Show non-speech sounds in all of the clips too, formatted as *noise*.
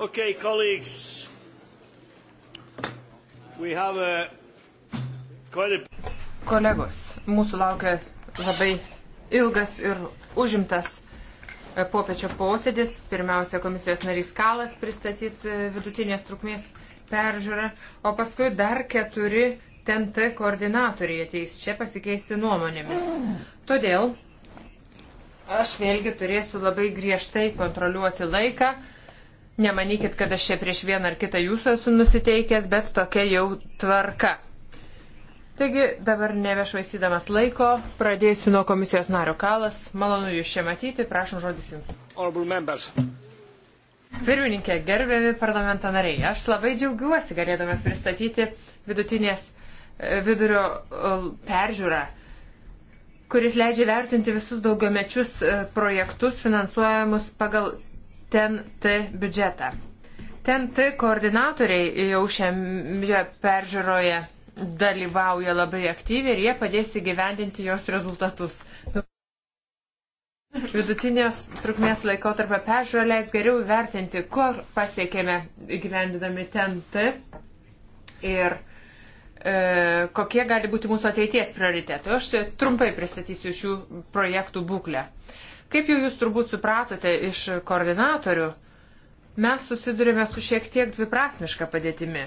Okay, colleagues, we have a quite a... Kolegos, mūsų laukia labai ilgas ir užimtas e, popiečio posėdis. Pirmiausia, komisijos narys Kalas pristatys e, vidutinės trukmės peržiūrą, o paskui dar keturi TNT koordinatoriai ateis čia pasikeisti nuomonėmis. Todėl aš vėlgi turėsiu labai griežtai kontroliuoti laiką Nemanykit, kad aš čia prieš vieną ar kitą jūsų esu nusiteikęs, bet tokia jau tvarka. Taigi dabar nevešvaistydamas laiko, pradėsiu nuo komisijos nario Kalas. Malonu jūs čia matyti, prašom žodis jums. Pirmininkė, gerbiami parlamento nariai, aš labai džiaugiuosi galėdamas pristatyti vidutinės e, vidurio e, peržiūrą kuris leidžia vertinti visus daugiamečius e, projektus finansuojamus pagal TNT biudžetą. TNT koordinatoriai jau šiame peržiūroje dalyvauja labai aktyviai ir jie padės įgyvendinti jos rezultatus. Vidutinės trukmės laikotarpio peržiūra leis geriau vertinti, kur pasiekėme gyvendinami TNT ir e, kokie gali būti mūsų ateities prioritetai. Aš trumpai pristatysiu šių projektų būklę. Kaip jau jūs turbūt supratote iš koordinatorių, mes susidurime su šiek tiek dviprasmiška padėtimi.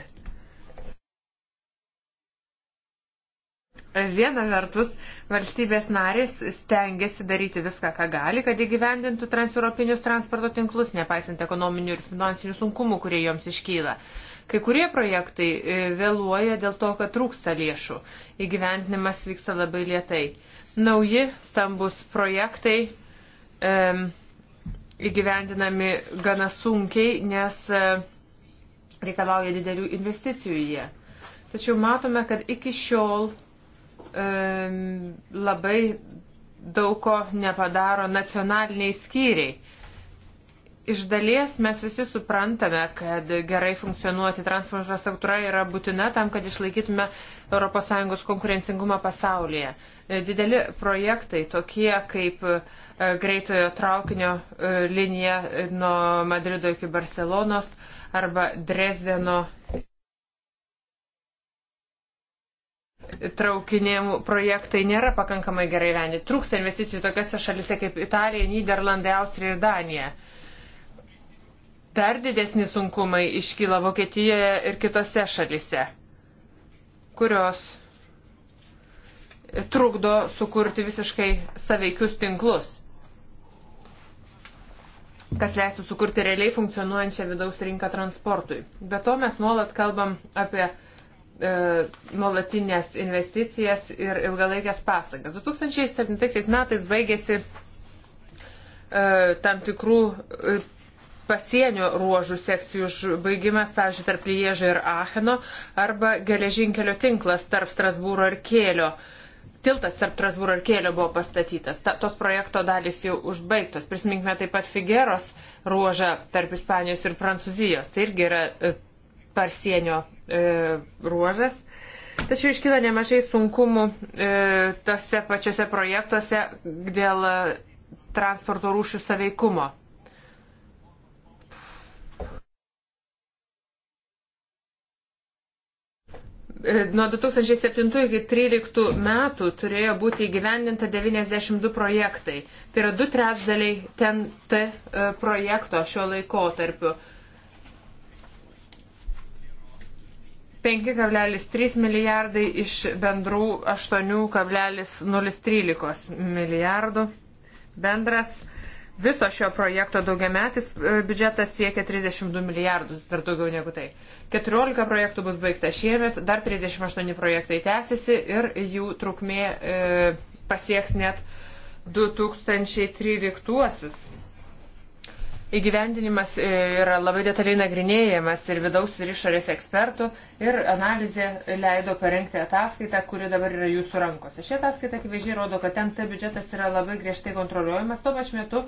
Viena vertus, valstybės narės stengiasi daryti viską, ką gali, kad įgyvendintų transeuropinius transporto tinklus, nepaisant ekonominių ir finansinių sunkumų, kurie joms iškyla. Kai kurie projektai e, vėluoja dėl to, kad trūksta lėšų. Įgyvendinimas vyksta labai lietai. Nauji stambus projektai įgyvendinami gana sunkiai, nes e, reikalauja didelių investicijų jie. Tačiau matome, kad iki šiol labai daug ko nepadaro nacionaliniai skyriai. Iš dalies mes visi suprantame, kad gerai funkcionuoti transporto infrastruktūra yra būtina tam, kad išlaikytume ES konkurencingumą pasaulyje. Dideli projektai, tokie kaip uh, E, greitojo traukinio e, linija e, nuo Madrido iki Barcelonos arba Dresdeno traukinimų projektai nėra pakankamai gerai vendi. Trūksta investicijų tokiose šalise kaip Italija, Niderlandai, Austrija ir Danija. Dar didesni sunkumai iškyla Vokietijoje ir kitose šalise, kurios trukdo sukurti visiškai saveikius tinklus kas leistų sukurti realiai funkcionuojančią vidaus rinką transportui. Be to mes nuolat kalbam apie e, nuolatinės investicijas ir ilgalaikės pasagas. 2007 metais baigėsi e, tam tikrų e, pasienio ruožų sekcijų užbaigimas, pavyzdžiui, tarp Liežo ir Acheno arba geležinkelio tinklas tarp Strasbūro ir Kėlio. E, tiltas tarp Trasbūro ir Kėlio buvo pastatytas. Ta, tos projekto dalys jau užbaigtos. Prisiminkime taip pat Figeros ruožą tarp Ispanijos ir Prancūzijos. Tai irgi yra e, parsienio e, ruožas. Tačiau iškyla nemažai sunkumų e, tose pačiose projektuose dėl e, transporto rūšių saveikumo. nuo 2007 iki 2013 metų turėjo būti įgyvendinta 92 projektai. Tai yra du trečdaliai TNT e, projekto šio laiko tarpiu. 5,3 milijardai iš bendrų 8,013 milijardų. Bendras viso šio projekto daugiametis e, biudžetas siekia 32 milijardus, dar daugiau negu tai. 14 projektų bus baigta šiemet, dar 38 projektai tęsiasi ir jų trukmė e, pasieks net 2013-uosius. Įgyvendinimas e, yra labai detaliai nagrinėjamas ir vidaus ir išorės ekspertų ir analizė leido parengti ataskaitą, kuri dabar yra jūsų rankose. Ši ataskaita akivaizdžiai rodo, kad TNT biudžetas yra labai griežtai kontroliuojamas, tuo pačiu metu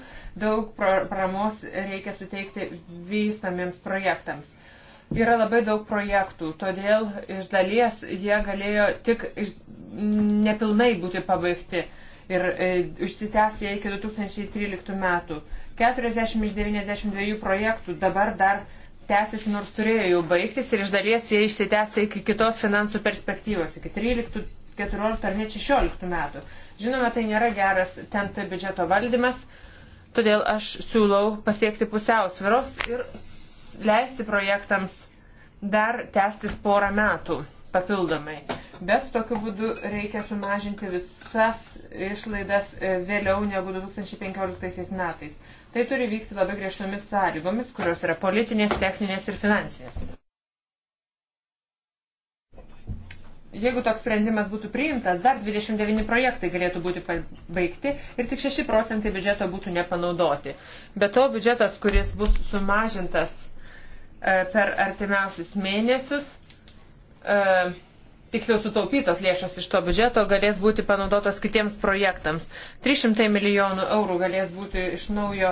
daug paramos reikia suteikti vystamiems projektams yra labai daug projektų, todėl iš dalies jie galėjo tik iš, nepilnai būti pabaigti ir e, išsitęs jie iki 2013 metų. 40 iš 92 projektų dabar dar tęsiasi, nors turėjo jau baigtis ir iš dalies jie išsitęsė iki kitos finansų perspektyvos, iki 13, 14 ar net 16 metų. Žinoma, tai nėra geras ten biudžeto valdymas, todėl aš siūlau pasiekti pusiausviros ir leisti projektams dar tęstis porą metų papildomai. Bet tokiu būdu reikia sumažinti visas išlaidas e, vėliau negu 2015 metais. Tai turi vykti labai griežtomis sąlygomis, kurios yra politinės, techninės ir finansinės. Jeigu toks sprendimas būtų priimtas, dar 29 projektai galėtų būti baigti ir tik 6 procentai biudžeto būtų nepanaudoti. Be to, biudžetas, kuris bus sumažintas E, per artimiausius mėnesius, e, tiksliau sutaupytos lėšos iš to biudžeto, galės būti panaudotos kitiems projektams. 300 milijonų eurų galės būti iš naujo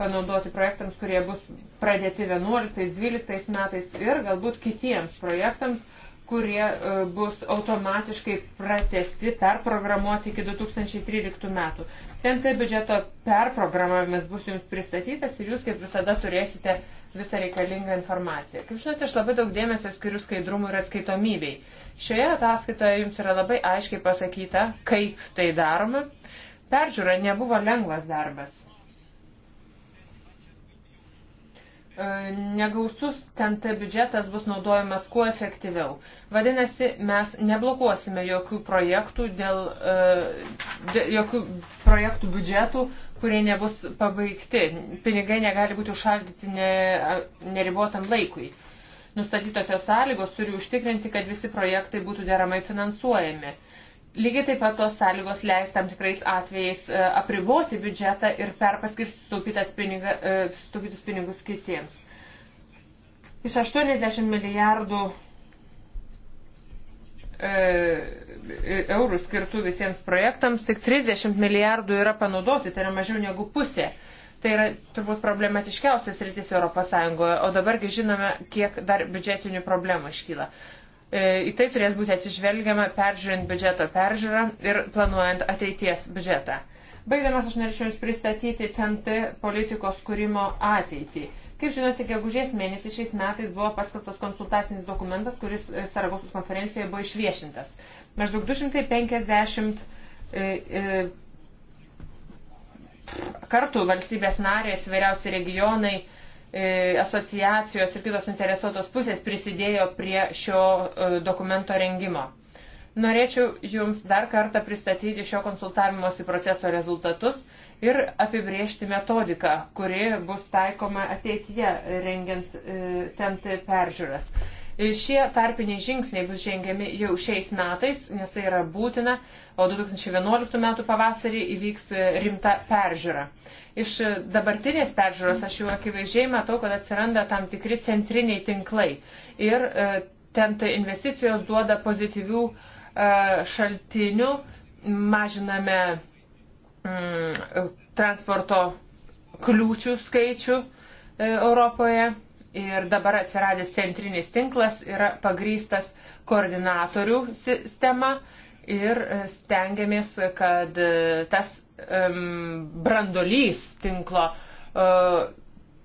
panaudoti projektams, kurie bus pradėti 11-12 metais ir galbūt kitiems projektams, kurie e, bus automatiškai pratesti, perprogramuoti iki 2013 metų. Ten tai biudžeto perprogramavimas bus jums pristatytas ir jūs kaip visada turėsite uh, visą reikalingą informaciją. Kaip žinote, aš labai daug dėmesio skiriu skaidrumui ir atskaitomybei. Šioje ataskaitoje jums yra labai aiškiai pasakyta, kaip tai daroma. Peržiūra nebuvo lengvas darbas. E, negausus TNT biudžetas bus naudojamas kuo efektyviau. Vadinasi, mes neblokuosime jokių projektų dėl, e, dėl jokių projektų biudžetų, kurie nebus pabaigti. Pinigai negali būti užšaldyti ne, neribotam laikui. Nustatytosios sąlygos turi užtikrinti, kad visi projektai būtų deramai finansuojami. Lygiai taip pat tos sąlygos leis tam tikrais atvejais e, apriboti biudžetą ir perpaskirti e, sutaupytus pinigus kitiems. Iš 80 milijardų E, eurų skirtų visiems projektams, tik 30 milijardų yra panaudoti, tai yra mažiau negu pusė. Tai yra turbūt problematiškiausias rytis ES, o dabargi žinome, kiek dar biudžetinių problemų iškyla. E, į tai turės būti atsižvelgiama peržiūrint biudžeto peržiūrą ir planuojant ateities biudžetą. Baigdamas aš norėčiau Jums pristatyti TNT politikos kūrimo ateitį. Kaip žinote, gegužės mėnesį šiais metais buvo paskelbtas konsultacinis dokumentas, kuris e, Saragosos konferencijoje buvo išviešintas. Maždaug 250 e, e, kartų valstybės narės, vairiausi regionai, asociacijos ir kitos interesuotos pusės prisidėjo prie šio dokumento rengimo. Norėčiau Jums dar kartą pristatyti šio konsultavimosi proceso rezultatus ir apibriežti metodiką, kuri bus taikoma ateityje, rengiant e, tent peržiūras. E, šie tarpiniai žingsniai bus žengiami jau šiais metais, nes tai yra būtina, o 2011 metų pavasarį įvyks e, rimta peržiūra. Iš dabartinės peržiūros aš jau akivaizdžiai matau, kad atsiranda tam tikri centriniai tinklai ir ten investicijos duoda pozityvių šaltinių, mažiname mm, transporto kliūčių skaičių e, Europoje. Ir dabar atsiradęs centrinis tinklas yra pagrystas koordinatorių sistema ir e, stengiamės, kad e, tas um, brandolys tinklo uh,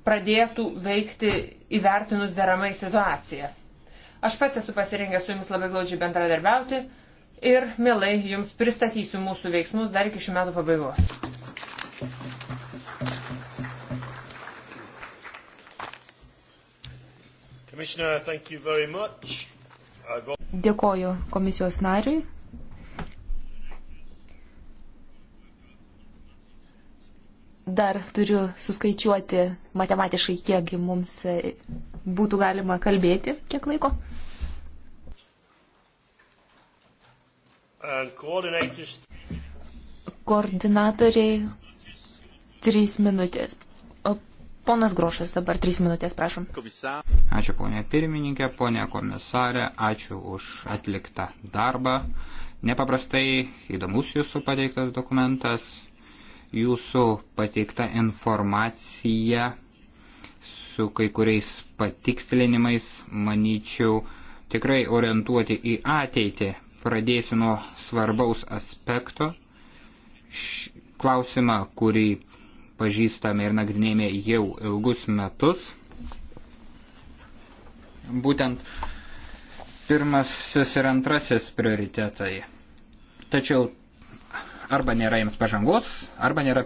pradėtų veikti įvertinus deramai situaciją. Aš pats esu pasirengęs su jumis labai glaudžiai bendradarbiauti. Uh, ir mielai jums pristatysiu mūsų veiksmus dar iki šių metų pabaigos. Dėkoju komisijos nariui. Dar turiu suskaičiuoti matematiškai, kiek mums e, būtų galima kalbėti, kiek laiko. Koordinatoriai trys minutės. Ponas Grošas dabar trys minutės, prašom. Ačiū ponė pirmininkė, ponė komisarė, ačiū už atliktą darbą. Nepaprastai įdomus jūsų pateiktas dokumentas, jūsų pateikta informacija su kai kuriais patikslinimais, manyčiau, tikrai orientuoti į ateitį. Pradėsiu nuo svarbaus aspekto. Š... Klausimą, kurį pažįstame ir nagrinėjame jau ilgus metus. Būtent pirmasis ir antrasis prioritetai. Tačiau arba nėra jiems pažangos, arba nėra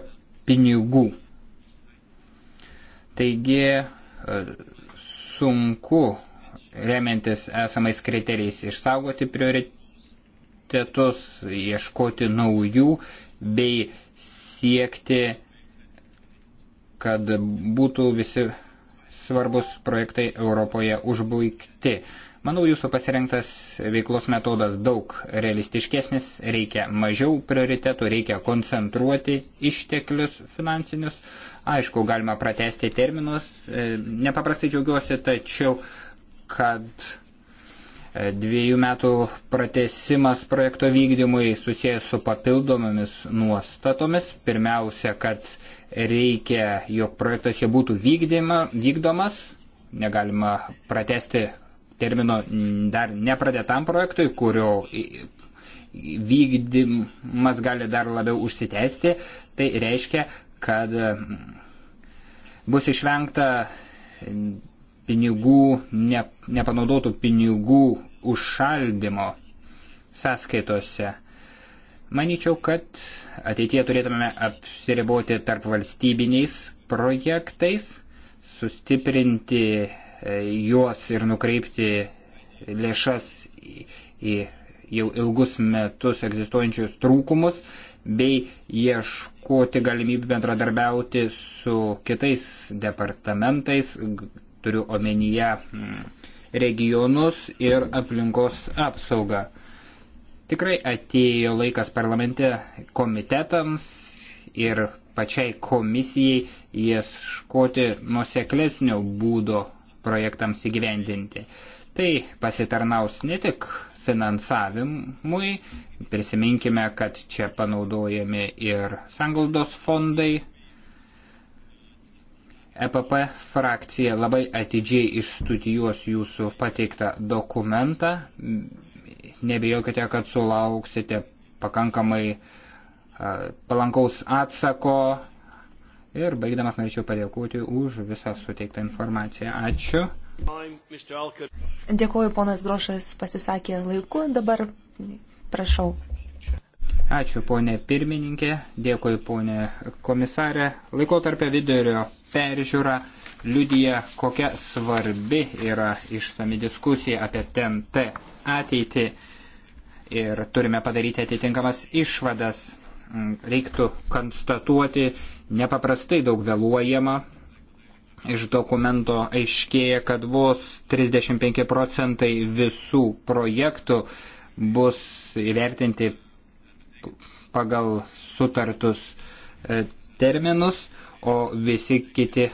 pinigų. Taigi e, sunku remiantis esamais kriterijais išsaugoti priori prioritetus, ieškoti naujų bei siekti, kad būtų visi svarbus projektai Europoje užbaigti. Manau, jūsų pasirinktas veiklos metodas daug realistiškesnis, reikia mažiau prioritetų, reikia koncentruoti išteklius finansinius. Aišku, galima pratesti terminus. E, nepaprastai džiaugiuosi, tačiau, kad dviejų metų pratesimas projekto vykdymui susijęs su papildomomis nuostatomis. Pirmiausia, kad reikia, jog projektas jau būtų vykdyma, vykdomas, negalima pratesti termino dar nepradėtam projektui, kurio vykdymas gali dar labiau užsitęsti. Tai reiškia, kad bus išvengta pinigų, ne, nepanaudotų pinigų užšaldimo sąskaitose. Maničiau, kad ateitie turėtume apsiriboti tarp valstybiniais projektais, sustiprinti e, juos ir nukreipti lėšas į jau ilgus metus egzistuojančius trūkumus, bei ieškoti galimybių bendradarbiauti su kitais departamentais, turiu omenyje mm, regionus ir aplinkos apsaugą. Tikrai atėjo laikas parlamente komitetams ir pačiai komisijai ieškoti nuseklesnio būdo projektams įgyvendinti. Tai pasitarnaus ne tik finansavimui, prisiminkime, kad čia panaudojami ir sangaldos fondai, EPP frakcija labai atidžiai išstudijuos jūsų pateiktą dokumentą. Nebijokite, kad sulauksite pakankamai palankaus atsako. Ir baigdamas norėčiau padėkoti už visą suteiktą informaciją. Ačiū. Dėkuoju, ponas Grošas pasisakė laiku, dabar prašau. Ačiū, ponė pirmininkė, dėkuoju, ponė komisarė. Laikotarpio vidurio peržiūra liudyja, kokia svarbi yra išsami diskusija apie TNT ateitį ir turime padaryti atitinkamas išvadas. Mm, reiktų konstatuoti nepaprastai daug vėluojama. Iš dokumento aiškėja, kad vos 35 procentai visų projektų bus įvertinti pagal sutartus e, terminus o visi kiti e,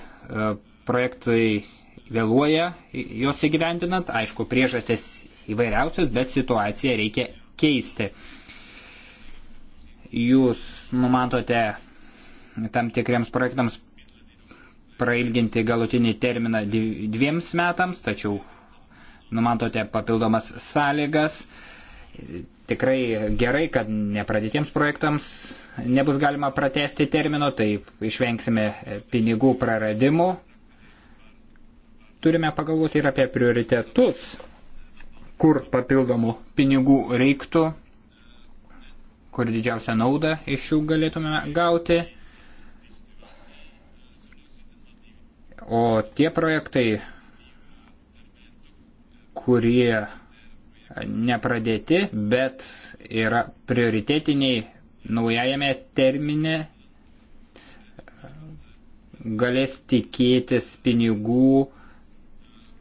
projektai vėluoja jos įgyvendinant. Aišku, priežastis įvairiausios, bet situaciją reikia keisti. Jūs numatote tam tikriems projektams prailginti galutinį terminą dviems metams, tačiau numatote papildomas sąlygas Tikrai gerai, kad nepradėtiems projektams nebus galima pratesti termino, taip išvengsime pinigų praradimų. Turime pagalvoti ir apie prioritetus, kur papildomų pinigų reiktų, kur didžiausią naudą iš jų galėtume gauti. O tie projektai, kurie nepradėti, bet yra prioritetiniai naujajame termine galės tikėtis pinigų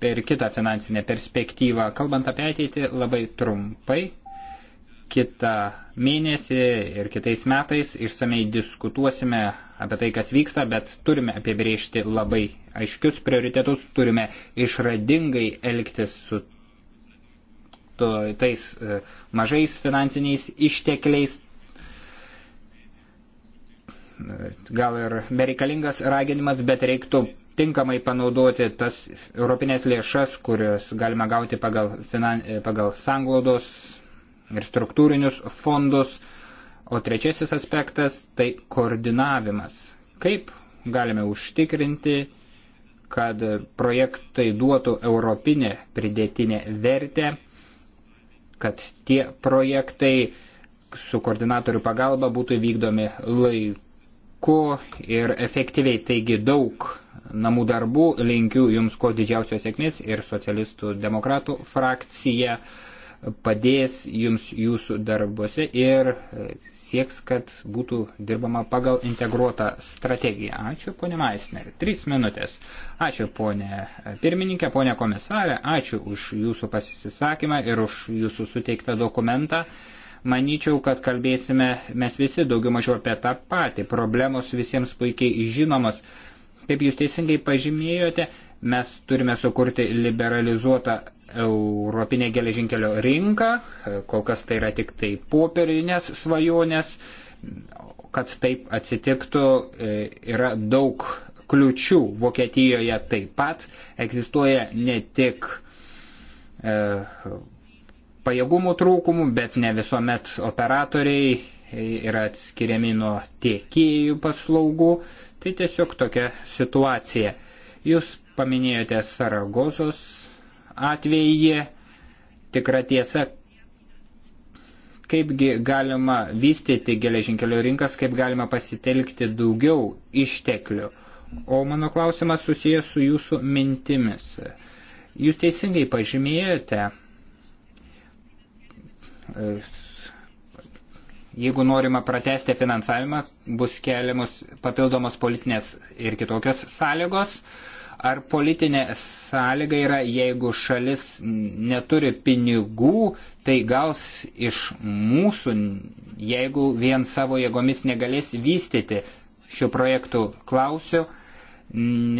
per kitą finansinę perspektyvą. Kalbant apie ateitį, labai trumpai, kitą mėnesį ir kitais metais išsamei diskutuosime apie tai, kas vyksta, bet turime apibriežti labai aiškius prioritetus, turime išradingai elgtis su tais e, mažais finansiniais ištekliais. E, gal ir bereikalingas raginimas, bet reiktų tinkamai panaudoti tas europinės lėšas, kurias galime gauti pagal, finan, e, pagal sanglaudos ir struktūrinius fondus. O trečiasis aspektas - tai koordinavimas. Kaip galime užtikrinti, kad projektai duotų europinę pridėtinę vertę kad tie projektai su koordinatorių pagalba būtų vykdomi laiku ir efektyviai. Taigi daug namų darbų linkiu Jums kuo didžiausios sėkmės ir socialistų demokratų frakcija padės Jums Jūsų darbuose ir sieks, kad būtų dirbama pagal integruotą strategiją. Ačiū, ponė Maisner. Trys minutės. Ačiū, ponė pirmininkė, ponė komisarė. Ačiū už jūsų pasisakymą ir už jūsų suteiktą dokumentą. Manyčiau, kad kalbėsime mes visi daugiau mažiau apie tą patį. Problemos visiems puikiai žinomos. Kaip jūs teisingai pažymėjote, mes turime sukurti liberalizuotą Europinė geležinkelio rinka, kol kas tai yra tik tai popierinės svajonės, kad taip atsitiktų e, yra daug kliučių. Vokietijoje taip pat egzistuoja ne tik e, pajėgumų trūkumų, bet ne visuomet operatoriai yra atskiriami nuo tiekėjų paslaugų. Tai tiesiog tokia situacija. Jūs paminėjote Saragosos atvejį. Tikra tiesa, kaipgi galima vystyti geležinkelio rinkas, kaip galima pasitelkti daugiau išteklių. O mano klausimas susijęs su jūsų mintimis. Jūs teisingai pažymėjote, jeigu norima pratesti finansavimą, bus keliamos papildomos politinės ir kitokios sąlygos. Ar politinė sąlyga yra, jeigu šalis neturi pinigų, tai gaus iš mūsų, jeigu vien savo jėgomis negalės vystyti šių projektų klausiu,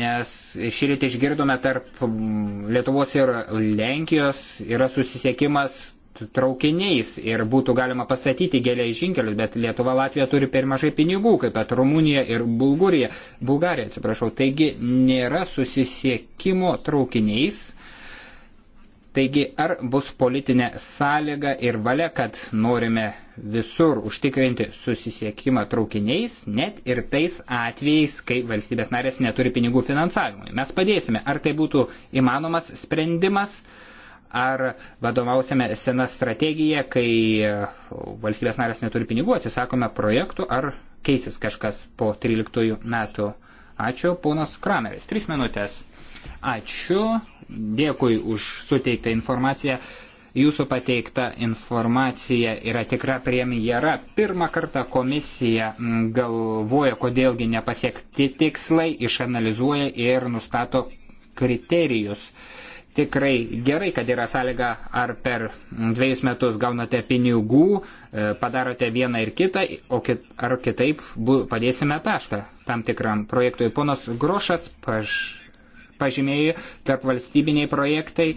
nes šį rytį išgirdome tarp Lietuvos ir Lenkijos yra susisiekimas traukiniais ir būtų galima pastatyti geležinkelius, bet Lietuva, Latvija turi per mažai pinigų, kaip pat Rumunija ir Bulgarija. Bulgarija, atsiprašau, taigi nėra susisiekimo traukiniais. Taigi, ar bus politinė sąlyga ir valia, kad norime visur užtikrinti susisiekimą traukiniais, net ir tais atvejais, kai valstybės narės neturi pinigų finansavimui? Mes padėsime, ar tai būtų įmanomas sprendimas? ar vadovausime seną strategiją, kai e, valstybės narės neturi pinigų, atsisakome projektų, ar keisis kažkas po 13 metų. Ačiū, ponas Krameris. Tris minutės. Ačiū, dėkui už suteiktą informaciją. Jūsų pateikta informacija yra tikra premjera. Pirmą kartą komisija mm, galvoja, kodėlgi nepasiekti tikslai, išanalizuoja ir nustato kriterijus. Uh, tikrai gerai, kad yra sąlyga, ar per dviejus metus gaunate pinigų, e, padarote vieną ir kitą, o kit, ar kitaip bu, padėsime tašką tam tikram projektui. Ponas Grošas paž, pažymėjo, tarp valstybiniai projektai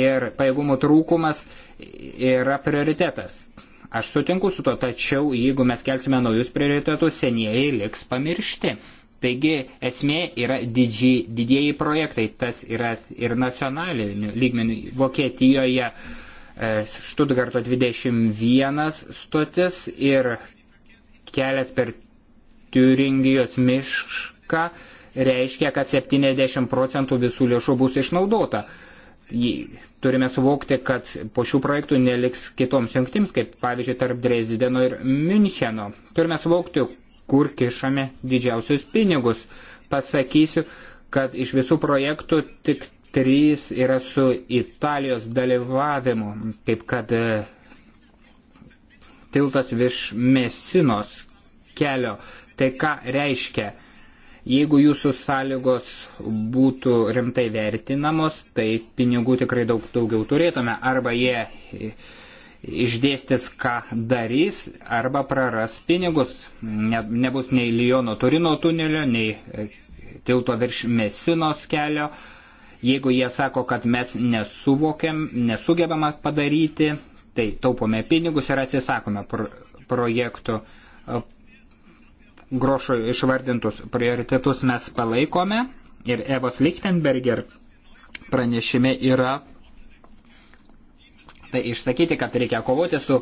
ir pajėgumų trūkumas yra prioritetas. Aš sutinku su to, tačiau jeigu mes kelsime naujus prioritetus, senieji liks pamiršti. Taigi esmė yra didžiai, didieji projektai, tas yra ir nacionaliniu lygmeniu. Vokietijoje e, Štutgarto 21 stotis ir kelias per Turingijos mišką reiškia, kad 70 procentų visų lėšų bus išnaudota. Turime suvokti, kad po šių projektų neliks kitoms jungtims, kaip pavyzdžiui tarp Dresdeno ir Müncheno. Turime suvokti, kur kišame didžiausius pinigus. Pasakysiu, kad iš visų projektų tik trys yra su Italijos dalyvavimu, kaip kad e, tiltas virš Mesinos kelio. Tai ką reiškia? Jeigu jūsų sąlygos būtų rimtai vertinamos, tai pinigų tikrai daug daugiau turėtume, arba jie išdėstys, ką darys arba praras pinigus. Ne, nebus nei Lyono Turino tunelio, nei e, tilto virš Mesinos kelio. Jeigu jie sako, kad mes nesuvokiam, nesugebama padaryti, tai taupome pinigus ir atsisakome pro, projektų. E, Grošo išvardintus prioritetus mes palaikome ir Evos Lichtenberger pranešime yra tai išsakyti, kad reikia kovoti su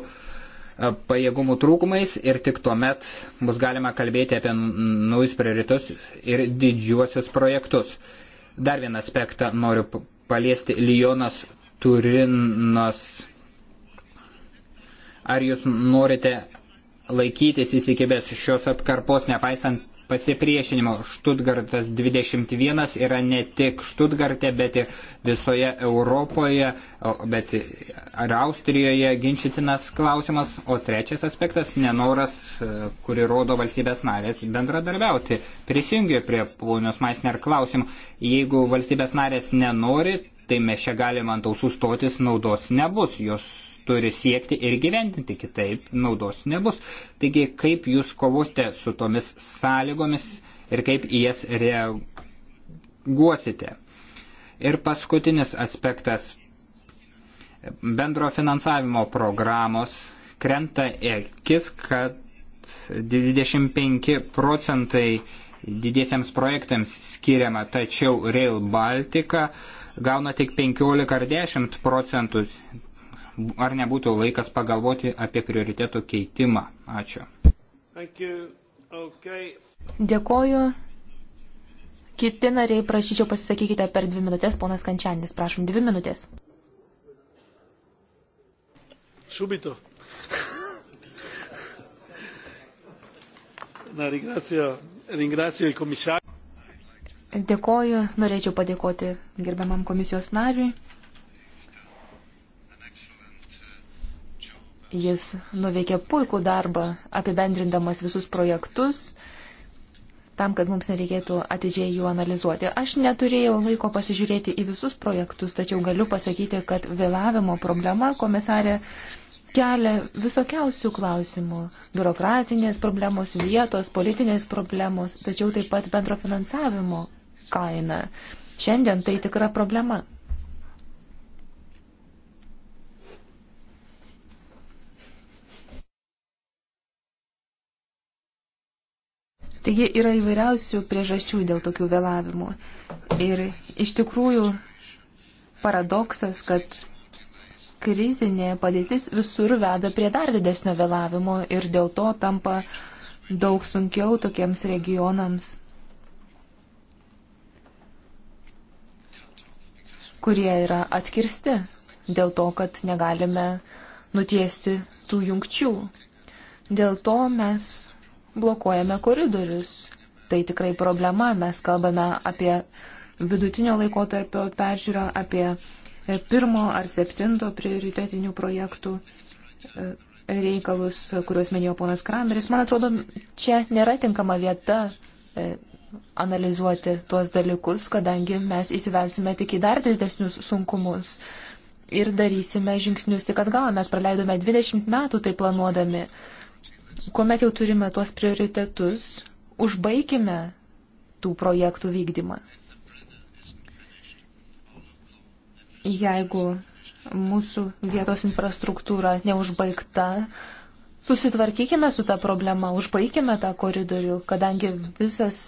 e, pajėgumų trūkumais ir tik tuomet bus galima kalbėti apie naujus prioritus ir didžiuosius projektus. Dar vieną aspektą noriu paliesti Lyonas Turinas. Ar jūs norite laikytis įsikibęs šios atkarpos, nepaisant pasipriešinimo. Štutgartas 21 yra ne tik Štutgarte, bet ir visoje Europoje, bet ar Austrijoje ginčytinas klausimas. O trečias aspektas - nenoras, e, kuri rodo valstybės narės bendradarbiauti. Prisijungiu prie ponios Maisner klausimų. Jeigu valstybės narės nenori, tai mes čia galime ant ausų stotis, naudos nebus. Jos turi siekti ir gyventinti, kitaip naudos nebus. Taigi, kaip jūs kovosite su tomis sąlygomis ir kaip į jas reaguosite. Ir paskutinis aspektas - bendro finansavimo programos krenta ekis, kad 25 procentai didiesiems projektams skiriama, tačiau Rail Baltica gauna tik 15 ar 10 procentų, ar nebūtų laikas pagalvoti apie prioritetų keitimą. Ačiū. Okay. Dėkoju. Kiti nariai, prašyčiau pasisakykite per dvi minutės, ponas Kančianis, prašom, dvi minutės. Subito. Na, ringrazio, ringrazio il komisario. Dėkoju, norėčiau padėkoti gerbiamam komisijos nariui. Jis nuveikė puikų darbą apibendrindamas visus projektus, tam, kad mums nereikėtų atidžiai jų analizuoti. Aš neturėjau laiko pasižiūrėti į visus projektus, tačiau galiu pasakyti, kad vėlavimo problema komisarė kelia visokiausių klausimų - biurokratinės problemos, vietos, politinės problemos, tačiau taip pat bendro finansavimo kaina. Šiandien tai tikra problema. Taigi yra įvairiausių priežasčių dėl tokių vėlavimų. Ir iš tikrųjų paradoksas, kad krizinė padėtis visur veda prie dar didesnio vėlavimo ir dėl to tampa daug sunkiau tokiems regionams, kurie yra atkirsti dėl to, kad negalime nutiesti tų jungčių. Dėl to mes blokuojame koridorius. Tai tikrai problema. Mes kalbame apie vidutinio laikotarpio peržiūrą, apie e, pirmo ar septinto prioritetinių projektų e, reikalus, kuriuos minėjo ponas Krameris. Man atrodo, čia nėra tinkama vieta e, analizuoti tuos dalykus, kadangi mes įsivelsime tik į dar didesnius sunkumus ir darysime žingsnius tik atgal. Mes praleidome 20 metų tai planuodami kuomet jau turime tuos prioritetus, užbaikime tų projektų vykdymą. Jeigu mūsų vietos infrastruktūra neužbaigta, susitvarkykime su tą problemą, užbaikime tą koridorių, kadangi visas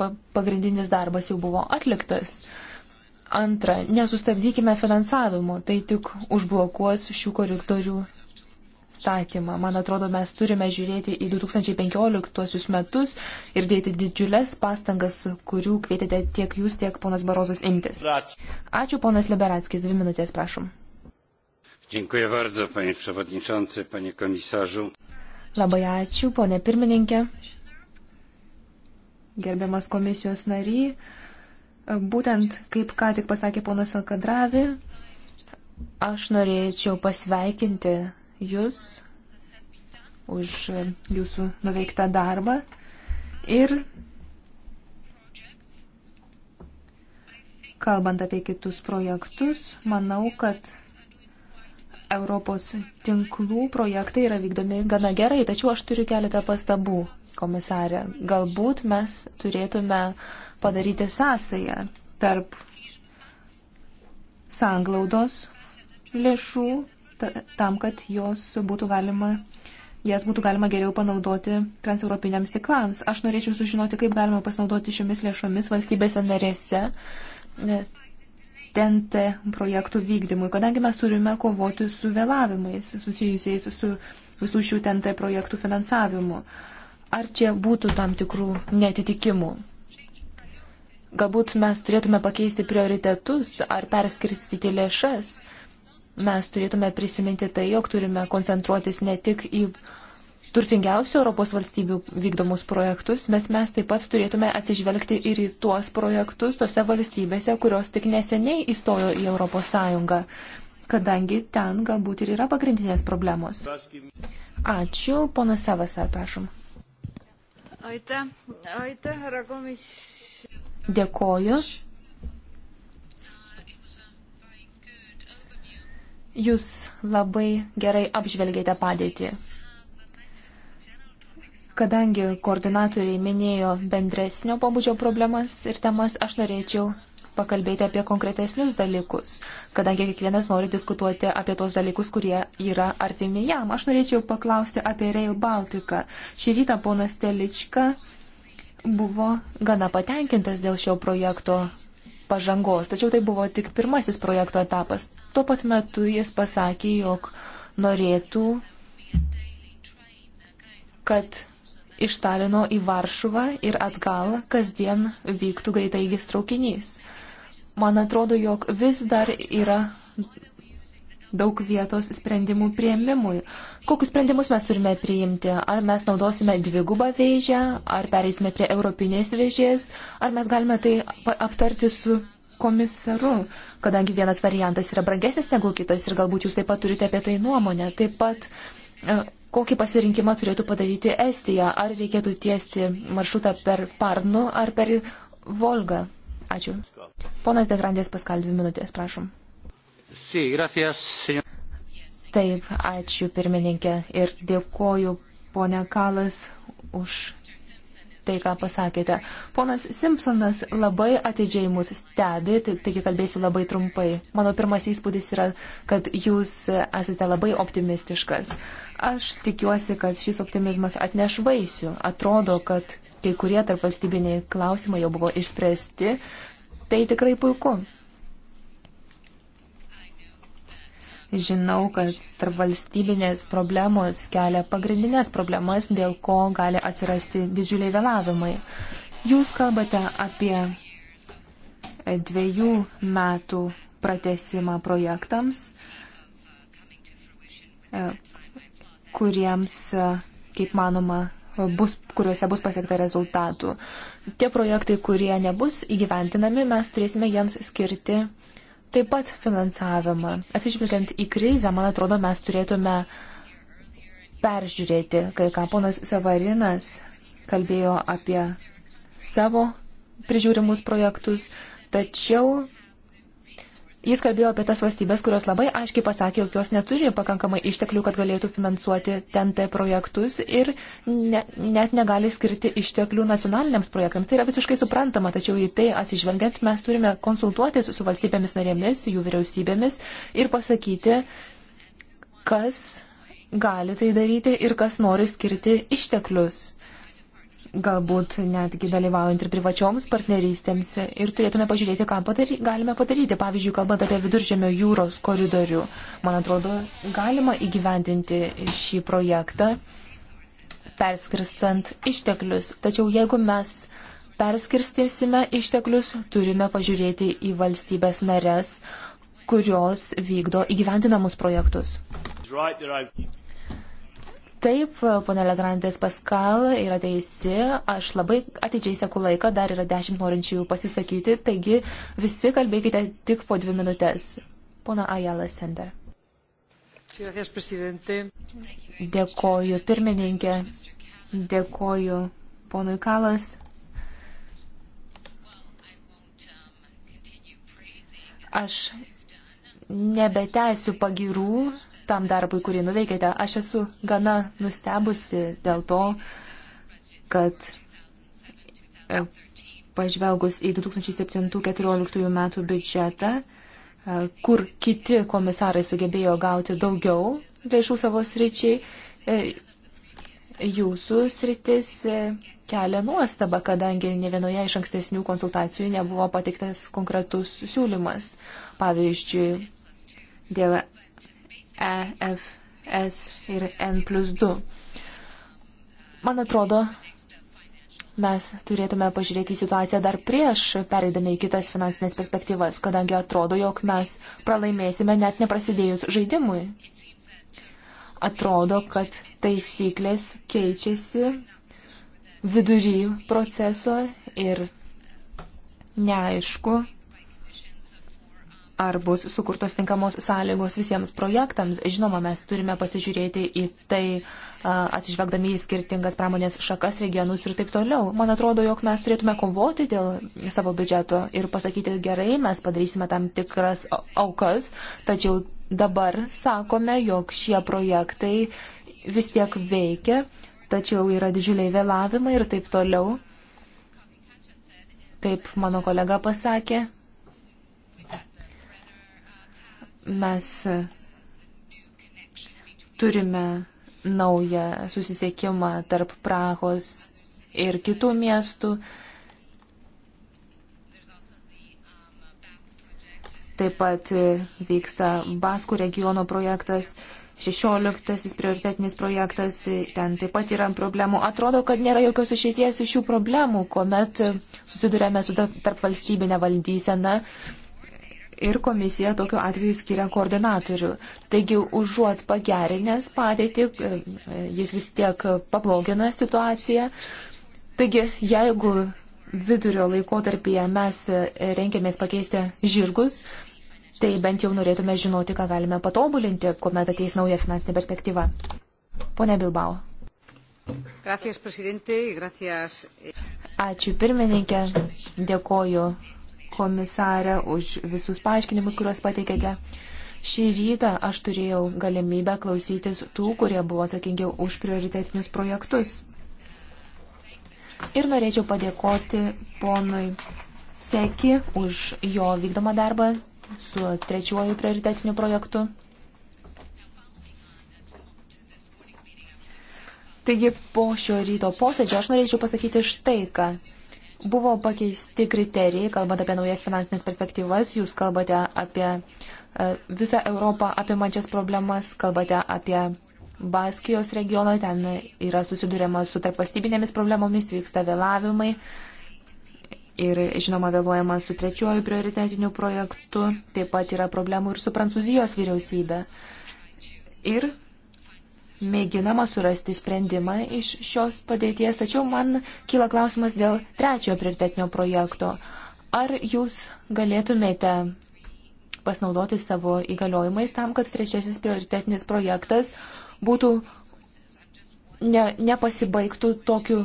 pa pagrindinis darbas jau buvo atliktas. Antra, nesustabdykime finansavimo, tai tik užblokuos šių koridorių statymą. Man atrodo, mes turime žiūrėti į 2015 metus ir dėti didžiulės pastangas, kurių kvietėte tiek jūs, tiek ponas Barozas imtis. Ačiū, ponas Liberatskis, dvi minutės, prašom. Dziękuję bardzo, panie przewodniczący, panie komisarzu. Labai ačiū, ponė pirmininkė. Gerbiamas komisijos nary, būtent kaip ką tik pasakė ponas Alkadravi, aš norėčiau pasveikinti Jūs už jūsų nuveiktą darbą ir kalbant apie kitus projektus, manau, kad Europos tinklų projektai yra vykdomi gana gerai, tačiau aš turiu keletą pastabų, komisarė. Galbūt mes turėtume padaryti sąsają tarp sanglaudos lėšų tam, kad jos būtų galima, jas būtų galima geriau panaudoti transeuropiniams tiklams. Aš norėčiau sužinoti, kaip galima pasinaudoti šiomis lėšomis valstybėse narėse TNT e, projektų vykdymui, kadangi mes turime kovoti su vėlavimais susijusiais su visų šių TNT projektų finansavimu. Ar čia būtų tam tikrų netitikimų? Galbūt mes turėtume pakeisti prioritetus ar perskirstyti lėšas mes turėtume prisiminti tai, jog turime koncentruotis ne tik į turtingiausių Europos valstybių vykdomus projektus, bet mes taip pat turėtume atsižvelgti ir į tuos projektus tose valstybėse, kurios tik neseniai įstojo į Europos Sąjungą, kadangi ten galbūt ir yra pagrindinės problemos. Ačiū, ponas Savasar, prašom. Aite, aite, Dėkoju. Jūs labai gerai apžvelgėte padėtį. Kadangi koordinatoriai minėjo bendresnio pobūdžio problemas ir temas, aš norėčiau pakalbėti apie konkretesnius dalykus, kadangi kiekvienas nori diskutuoti apie tos dalykus, kurie yra artimi jam. Aš norėčiau paklausti apie Rail Baltica. Šį rytą ponas Telička buvo gana patenkintas dėl šio projekto pažangos, tačiau tai buvo tik pirmasis projekto etapas. Tuo pat metu jis pasakė, jog norėtų, kad iš Talino į Varšuvą ir atgal kasdien vyktų greitai įgis traukinys. Man atrodo, jog vis dar yra daug vietos sprendimų prieimimui. Kokius sprendimus mes turime priimti? Ar mes naudosime dvigubą vėžę, ar pereisime prie europinės vėžės, ar mes galime tai aptarti su komisaru, kadangi vienas variantas yra brangesnis negu kitas ir galbūt jūs taip pat turite apie tai nuomonę. Taip pat e, kokį pasirinkimą turėtų padaryti Estija, ar reikėtų tiesti maršrutą per Parnu ar per Volgą. Ačiū. Ponas Degrandės Paskal, dvi minutės, prašom. Taip, ačiū pirmininkė ir dėkoju ponia Kalas už tai, ką pasakėte. Ponas Simpsonas labai atidžiai mus stebi, tai, taigi kalbėsiu labai trumpai. Mano pirmas įspūdis yra, kad jūs esate labai optimistiškas. Aš tikiuosi, kad šis optimizmas atneš vaisių. Atrodo, kad kai kurie tarp valstybiniai klausimai jau buvo išspręsti. Tai tikrai puiku. Žinau, kad tarpvalstybinės problemos kelia pagrindinės problemas, dėl ko gali atsirasti didžiuliai vėlavimai. Jūs kalbate apie dviejų metų pratesimą projektams, kuriems, kaip manoma, bus, kuriuose bus pasiekta rezultatų. Tie projektai, kurie nebus įgyventinami, mes turėsime jiems skirti taip pat finansavimą. Atsižvelgiant į krizę, man atrodo, mes turėtume peržiūrėti, kai ką ponas Savarinas kalbėjo apie savo prižiūrimus projektus, tačiau Jis kalbėjo apie tas valstybės, kurios labai aiškiai pasakė, jog jos neturi pakankamai išteklių, kad galėtų finansuoti TNT projektus ir ne, net negali skirti išteklių nacionaliniams projektams. Tai yra visiškai suprantama, tačiau į tai atsižvelgiant mes turime konsultuotis su valstybėmis narėmis, jų vyriausybėmis ir pasakyti, kas gali tai daryti ir kas nori skirti išteklius galbūt netgi dalyvaujant ir privačioms partnerystėms ir turėtume pažiūrėti, ką padary, galime padaryti. Pavyzdžiui, kalbant apie viduržėmio jūros koridorių, man atrodo, galima įgyvendinti šį projektą perskirstant išteklius. Tačiau jeigu mes perskirstysime išteklius, turime pažiūrėti į valstybės nares, kurios vykdo įgyvendinamus projektus. Taip, ponė Legrandės Paskal yra teisi, aš labai atidžiai seku laiką, dar yra dešimt norinčių pasisakyti, taigi visi kalbėkite tik po dvi minutės. Pona Ajala Sender. Dėkoju pirmininkė, dėkoju ponui Kalas. Aš nebetęsiu pagirų tam darbui, kurį nuveikėte. Aš esu gana nustebusi dėl to, kad e, pažvelgus į 2007-2014 metų biudžetą, e, kur kiti komisarai sugebėjo gauti daugiau lėšų savo sričiai, e, jūsų sritis kelia nuostaba, kadangi ne vienoje iš ankstesnių konsultacijų nebuvo patiktas konkretus siūlymas. Pavyzdžiui, dėl EFS ir N plus 2. Man atrodo, mes turėtume pažiūrėti į situaciją dar prieš pereidami į kitas finansinės perspektyvas, kadangi atrodo, jog mes pralaimėsime net neprasidėjus žaidimui. Atrodo, kad taisyklės keičiasi vidury proceso ir neaišku, ar bus sukurtos tinkamos sąlygos visiems projektams. Žinoma, mes turime pasižiūrėti į tai, atsižvelgdami į skirtingas pramonės šakas, regionus ir taip toliau. Man atrodo, jog mes turėtume kovoti dėl savo biudžeto ir pasakyti gerai, mes padarysime tam tikras aukas, tačiau dabar sakome, jog šie projektai vis tiek veikia, tačiau yra didžiuliai vėlavimai ir taip toliau. Kaip mano kolega pasakė, Mes turime naują susisiekimą tarp Prahos ir kitų miestų. Taip pat vyksta Baskų regiono projektas, 16 prioritetinis projektas, ten taip pat yra problemų. Atrodo, kad nėra jokios išeities iš šių problemų, kuomet susidurėme su tarp valstybinė valdysena. Na, ir komisija tokiu atveju skiria koordinatorių. Taigi, užuot pagerinęs padėtį, e, jis vis tiek pablogina situaciją. Taigi, jeigu vidurio laikotarpyje mes renkėmės pakeisti žirgus, tai bent jau norėtume žinoti, ką galime patobulinti, kuomet ateis nauja finansinė perspektyva. Pone Bilbao. Gracias, Ačiū pirmininkė, dėkoju komisarė, už visus paaiškinimus, kuriuos pateikėte. Šį rytą aš turėjau galimybę klausytis tų, kurie buvo atsakingi už prioritetinius projektus. Ir norėčiau padėkoti ponui Seki už jo vykdomą darbą su trečiuoju prioritetiniu projektu. Taigi po šio ryto posėdžio aš norėčiau pasakyti štai ką. Buvo pakeisti kriterijai, kalbant apie naujas finansinės perspektyvas, jūs kalbate apie e, visą Europą apimančias problemas, kalbate apie Baskijos regioną, ten yra susidurima su tarpastybinėmis problemomis, vyksta vėlavimai ir, žinoma, vėluojama su trečiuoju prioritetiniu projektu, taip pat yra problemų ir su Prancūzijos vyriausybė. Ir mėginama surasti sprendimą iš šios padėties, tačiau man kyla klausimas dėl trečiojo prioritetinio projekto. Ar jūs galėtumėte pasinaudoti savo įgaliojimais tam, kad trečiasis prioritetinis projektas būtų ne, nepasibaigtų tokiu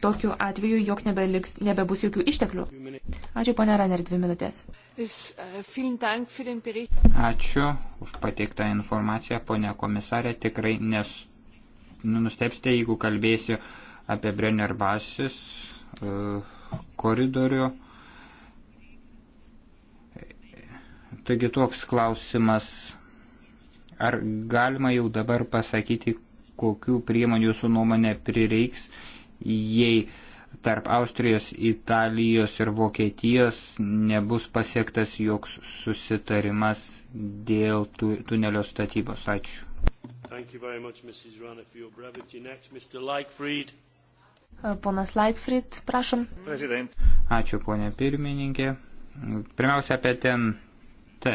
tokiu atveju, jog nebeliks, nebebus jokių išteklių. Ačiū, ponė Raner, dvi minutės. Uh, Ačiū už pateiktą informaciją, ponė komisarė. Tikrai nes, nu, nustepsite, jeigu kalbėsiu apie Brenner basis uh, koridorių. Taigi toks klausimas, ar galima jau dabar pasakyti, kokių priemonių jūsų nuomonė prireiks, jei tarp Austrijos, Italijos ir Vokietijos nebus pasiektas joks susitarimas dėl tu, tunelio statybos. Ačiū. Much, Rana, Next, uh, Ponas Lightfried, prašom. President. Ačiū, ponė pirmininkė. Pirmiausia, apie ten T.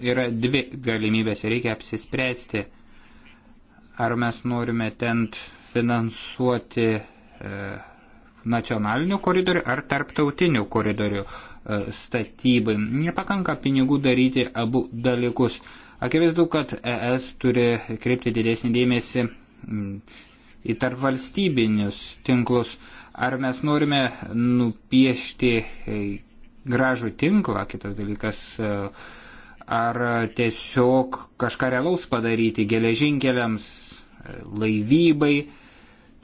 Yra dvi galimybės ir reikia apsispręsti, ar mes norime ten finansuoti E, nacionalinių koridorių ar tarptautinių koridorių e, statybai. Nepakanka pinigų daryti abu dalykus. Akivaizdu, kad ES turi kreipti didesnį dėmesį į tarpvalstybinius tinklus. Ar mes norime nupiešti e, gražų tinklą, kitas dalykas, ar tiesiog kažką realaus padaryti geležinkeliams, laivybai,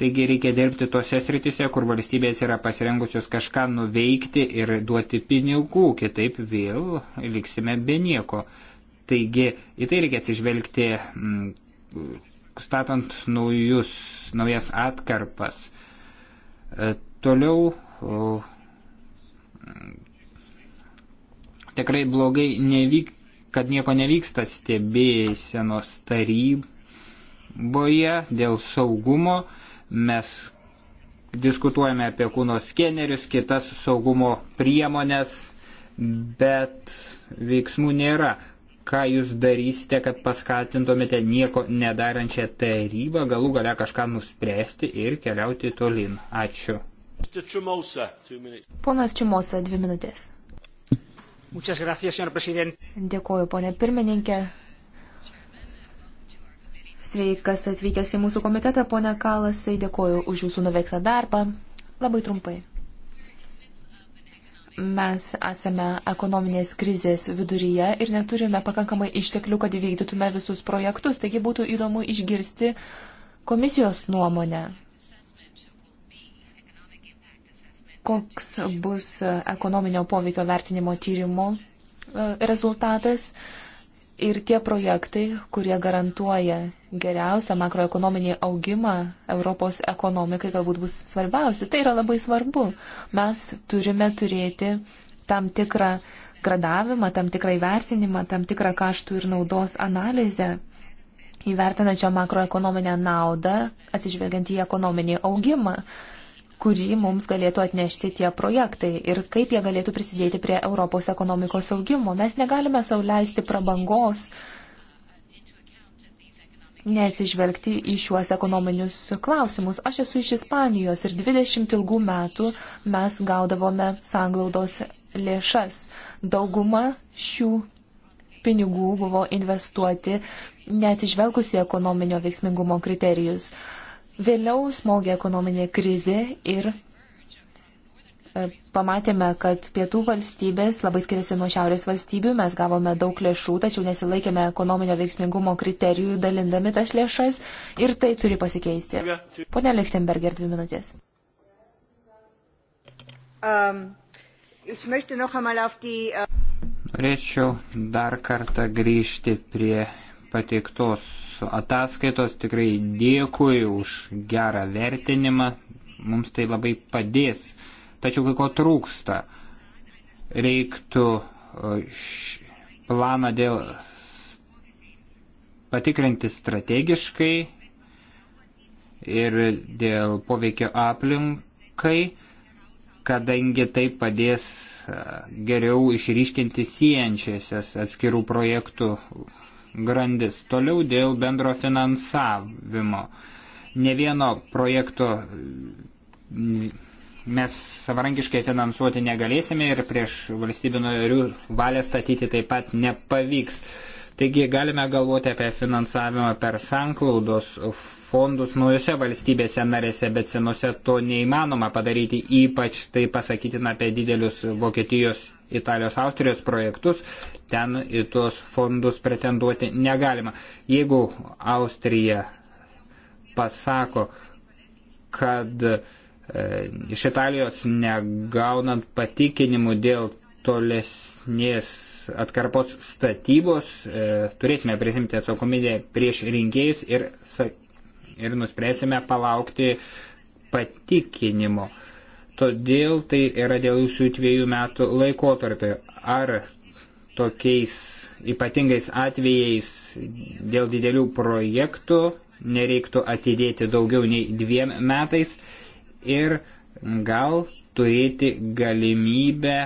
Taigi reikia dirbti tose sritise, kur valstybės yra pasirengusios kažką nuveikti ir duoti pinigų, kitaip vėl liksime be nieko. Taigi į tai reikia atsižvelgti mm, statant naujus, naujas atkarpas. E, toliau mm, tikrai blogai, nevyk, kad nieko nevyksta stebėjsenos taryboje dėl saugumo Mes diskutuojame apie kūno skenerius, kitas saugumo priemonės, bet veiksmų nėra. Ką jūs darysite, kad paskatintumėte nieko nedarančią tarybą, galų gale kažką nuspręsti ir keliauti tolin? Ačiū. Ponas Čimosa, dvi minutės. Gracias, Dėkuoju, ponė pirmininkė. Sveikas atvykęs į mūsų komitetą, ponia Kalasai, dėkoju už jūsų nuveiktą darbą. Labai trumpai. Mes esame ekonominės krizės viduryje ir neturime pakankamai išteklių, kad įvykdytume visus projektus, taigi būtų įdomu išgirsti komisijos nuomonę. Koks bus ekonominio poveikio vertinimo tyrimo e, rezultatas? Ir tie projektai, kurie garantuoja geriausią makroekonominį augimą Europos ekonomikai, galbūt bus svarbiausi. Tai yra labai svarbu. Mes turime turėti tam tikrą gradavimą, tam tikrą įvertinimą, tam tikrą kaštų ir naudos analizę, įvertinančią makroekonominę naudą, atsižvelgiant į ekonominį augimą kurį mums galėtų atnešti tie projektai ir kaip jie galėtų prisidėti prie Europos ekonomikos augimo. Mes negalime sauliaisti prabangos neatsižvelgti į šiuos ekonominius klausimus. Aš esu iš Ispanijos ir 20 ilgų metų mes gaudavome sanglaudos lėšas. Dauguma šių pinigų buvo investuoti neatsižvelgusi ekonominio veiksmingumo kriterijus. Vėliau smogė ekonominė krizė ir e, pamatėme, kad pietų valstybės labai skiriasi nuo šiaurės valstybių, mes gavome daug lėšų, tačiau nesilaikėme ekonominio veiksmingumo kriterijų, dalindami tas lėšas ir tai turi pasikeisti. Pone Lichtenberger, dvi minutės. Um, äh, Norėčiau dar kartą grįžti prie pateiktos jūsų ataskaitos. Tikrai dėkui už gerą vertinimą. Mums tai labai padės. Tačiau kai ko trūksta, reiktų planą dėl patikrinti strategiškai ir dėl poveikio aplinkai, kadangi tai padės geriau išryškinti siejančiasias atskirų projektų grandis. Toliau dėl bendro finansavimo. Ne vieno projekto mes savarankiškai finansuoti negalėsime ir prieš valstybių narių valią statyti taip pat nepavyks. Taigi galime galvoti apie finansavimą per sanklaudos fondus naujose valstybėse narėse, bet senose to neįmanoma padaryti, ypač tai pasakytina apie didelius Vokietijos, Italijos, Austrijos projektus ten į tuos fondus pretenduoti negalima. Jeigu Austrija pasako, kad e, iš Italijos negaunant patikinimų dėl tolesnės atkarpos statybos, e, turėsime prisimti atsakomybę prieš rinkėjus ir, ir nuspręsime palaukti patikinimo. Todėl tai yra dėl jūsų dviejų metų laikotarpio. Ar tokiais ypatingais atvejais dėl didelių projektų nereiktų atidėti daugiau nei dviem metais ir gal turėti galimybę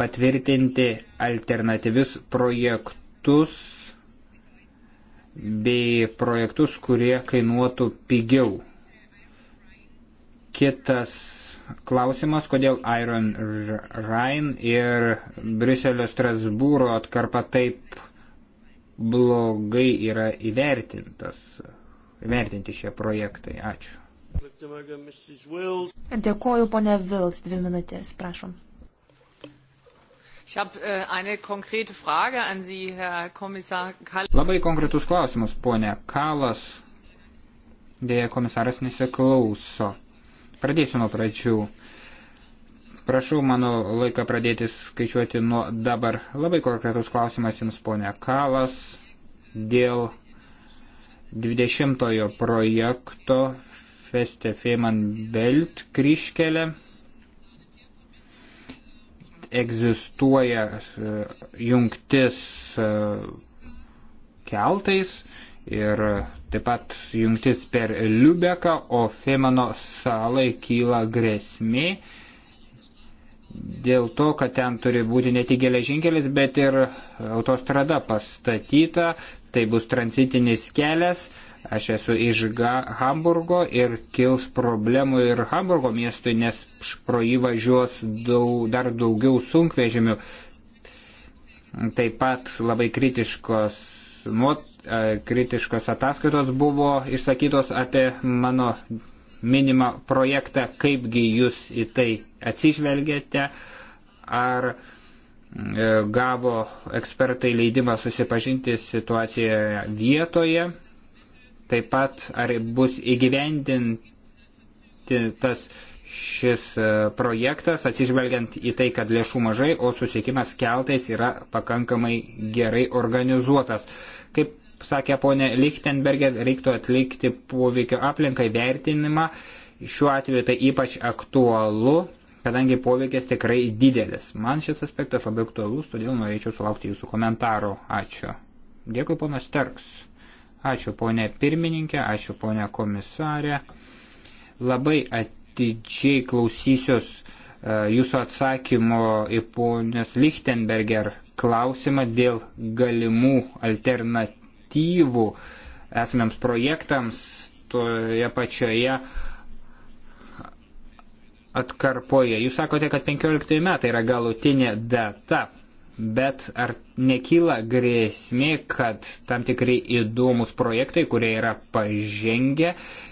patvirtinti alternatyvius projektus bei projektus, kurie kainuotų pigiau. Kitas klausimas, kodėl Iron Rhine ir Briuselio Strasbūro atkarpa taip blogai yra įvertintas, įvertinti šie projektai. Ačiū. Dėkoju, ponė Vils, dvi minutės, prašom. Äh, Labai konkretus klausimas, ponė Kalas. Dėja, komisaras nesiklauso. Pradėsiu nuo pradžių. Prašau mano laiką pradėti skaičiuoti nuo dabar. Labai konkretus klausimas Jums, ponia Kalas, dėl 20 projekto Feste Feiman Belt kryškelė egzistuoja e, jungtis e, keltais ir Taip pat jungtis per Liubeką, o Femano salai kyla grėsmė dėl to, kad ten turi būti ne tik geležinkelis, bet ir autostrada pastatyta, tai bus tranzitinis kelias. Aš esu iš Hamburgo ir kils problemų ir Hamburgo miestui, nes pro jį važiuos daug, dar daugiau sunkvežimių. Taip pat labai kritiškos nuot E, kritiškos ataskaitos buvo išsakytos apie mano minimą projektą, kaipgi jūs į tai atsižvelgėte, ar e, gavo ekspertai leidimą susipažinti situacijoje vietoje, taip pat ar bus įgyvendinti tas šis e, projektas, atsižvelgiant į tai, kad lėšų mažai, o susiekimas keltais yra pakankamai gerai organizuotas. Kaip sakė ponė Lichtenberger, reiktų atlikti poveikio aplinkai vertinimą. Šiuo atveju tai ypač aktualu, kadangi poveikis tikrai didelis. Man šis aspektas labai aktualus, todėl norėčiau sulaukti jūsų komentarų. Ačiū. Dėkui, ponas Terks. Ačiū, ponė pirmininkė, ačiū, ponė komisarė. Labai atidžiai klausysios e, jūsų atsakymo į ponios Lichtenberger klausimą dėl galimų alternatyvų iniciatyvų esamiams projektams toje pačioje atkarpoje. Jūs sakote, kad 15 metai yra galutinė data, bet ar nekyla grėsmė, kad tam tikri įdomus projektai, kurie yra pažengę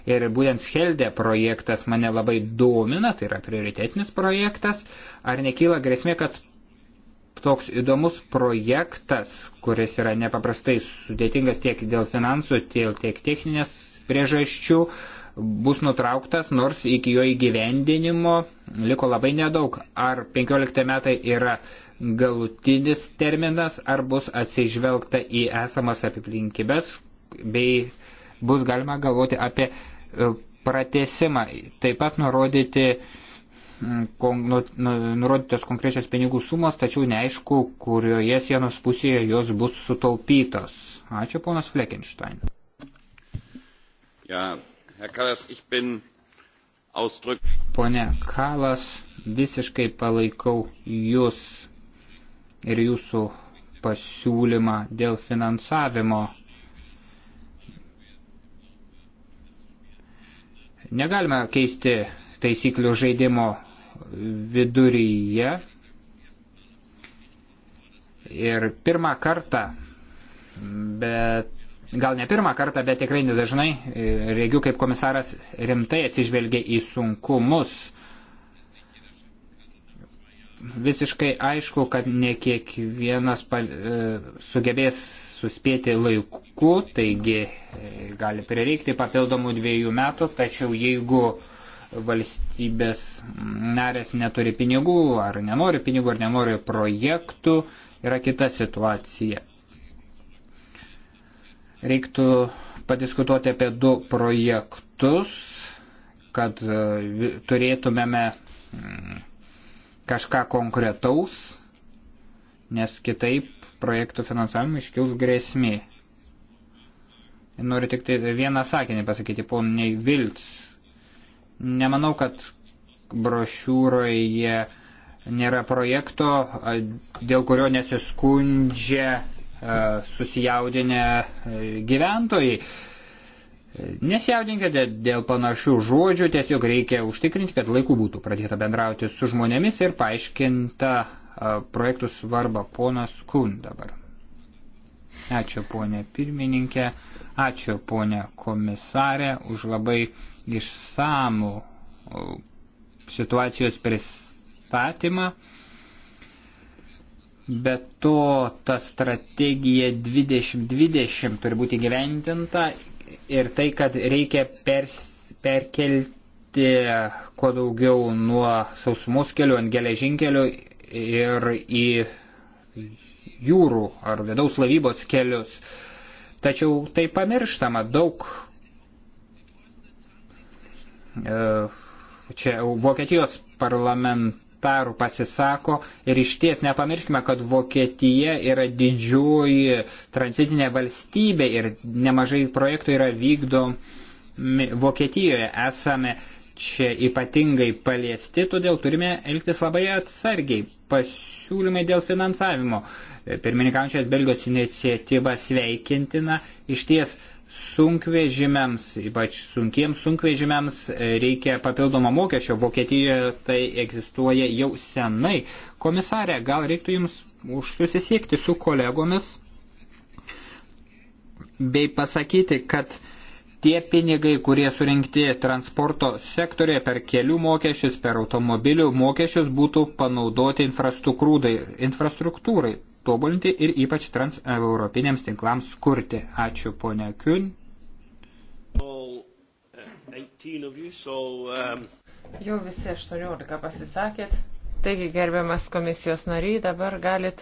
ir būtent Scheldė projektas mane labai domina, tai yra prioritetinis projektas, ar nekyla grėsmė, kad toks įdomus projektas, kuris yra nepaprastai sudėtingas tiek dėl finansų, tiek, tiek techninės priežasčių, bus nutrauktas, nors iki jo įgyvendinimo liko labai nedaug. Ar 15 metai yra galutinis terminas, ar bus atsižvelgta į esamas aplinkybės, bei bus galima galvoti apie e, pratesimą. Taip pat nurodyti uh, Mm, nu, nu, nurodytos konkrečios pinigų sumos, tačiau neaišku, kurioje sienos pusėje jos bus sutaupytos. Ačiū, ponas Fleckenstein. Ja, Kalas, ausdrück... Pone Kalas, visiškai palaikau jūs ir jūsų pasiūlymą dėl finansavimo. Negalime keisti taisyklių žaidimo viduryje. Ir pirmą kartą, bet gal ne pirmą kartą, bet tikrai nedažnai e, regiu, kaip komisaras rimtai atsižvelgia į sunkumus. Visiškai aišku, kad ne kiekvienas e, sugebės suspėti laiku, taigi e, gali prireikti papildomų dviejų metų, tačiau jeigu valstybės narės neturi pinigų, ar nenori pinigų, ar nenori projektų, yra kita situacija. Reiktų padiskutuoti apie du projektus, kad e, turėtumėme mm, kažką konkretaus, nes kitaip projektų finansavimui iškils grėsmė. Noriu tik tai vieną sakinį pasakyti, poniai Vilts Nemanau, kad brošiūroje nėra projekto, dėl kurio nesiskundžia susijaudinę gyventojai. Nesijaudinkite dėl panašių žodžių, tiesiog reikia užtikrinti, kad laiku būtų pradėta bendrauti su žmonėmis ir paaiškinta projektų svarbą ponas Kun dabar. Ačiū ponė pirmininkė, Ačiū, ponė komisarė, už labai išsamų situacijos pristatymą. Bet to ta strategija 2020 turi būti gyventinta ir tai, kad reikia pers, perkelti kuo daugiau nuo sausumos kelių ant geležinkelių ir į jūrų ar vidaus lavybos kelius. Uh, Tačiau tai pamirštama daug. E, čia Vokietijos parlamentarų pasisako ir iš ties nepamirškime, kad Vokietija yra didžioji tranzitinė valstybė ir nemažai projektų yra vykdomi Vokietijoje. Esame čia ypatingai paliesti, todėl turime elgtis labai atsargiai. Pasiūlymai dėl finansavimo pirmininkaujančios Belgijos iniciatyva sveikintina. Iš ties sunkvežimiams, ypač sunkiems sunkvežimiams e, reikia papildomo mokesčio. Vokietijoje tai egzistuoja jau senai. Komisarė, gal reiktų Jums susisiekti su kolegomis bei pasakyti, kad tie pinigai, kurie surinkti transporto sektorėje per kelių mokesčius, per automobilių mokesčius, būtų panaudoti infrastruktūrai. infrastruktūrai tobulinti ir ypač transeuropiniams tinklams kurti. Ačiū ponia Kiun. Jau visi 18 pasisakėt. Taigi, gerbiamas komisijos nariai, dabar galit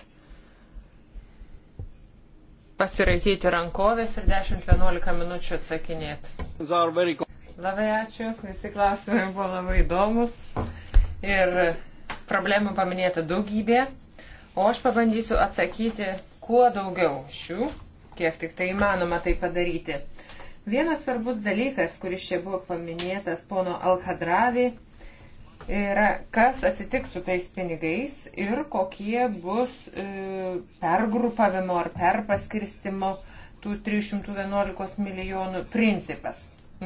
pasiraityti rankovės ir 10-11 minučių atsakinėti. Labai ačiū, visi klausimai buvo labai įdomus ir problemų paminėta daugybė. O aš pabandysiu atsakyti kuo daugiau šių, kiek tik tai įmanoma tai padaryti. Vienas svarbus dalykas, kuris čia buvo paminėtas pono Alhadravi, yra kas atsitiks su tais pinigais ir kokie bus e, pergrupavimo ar perpaskirstimo tų 311 milijonų principas.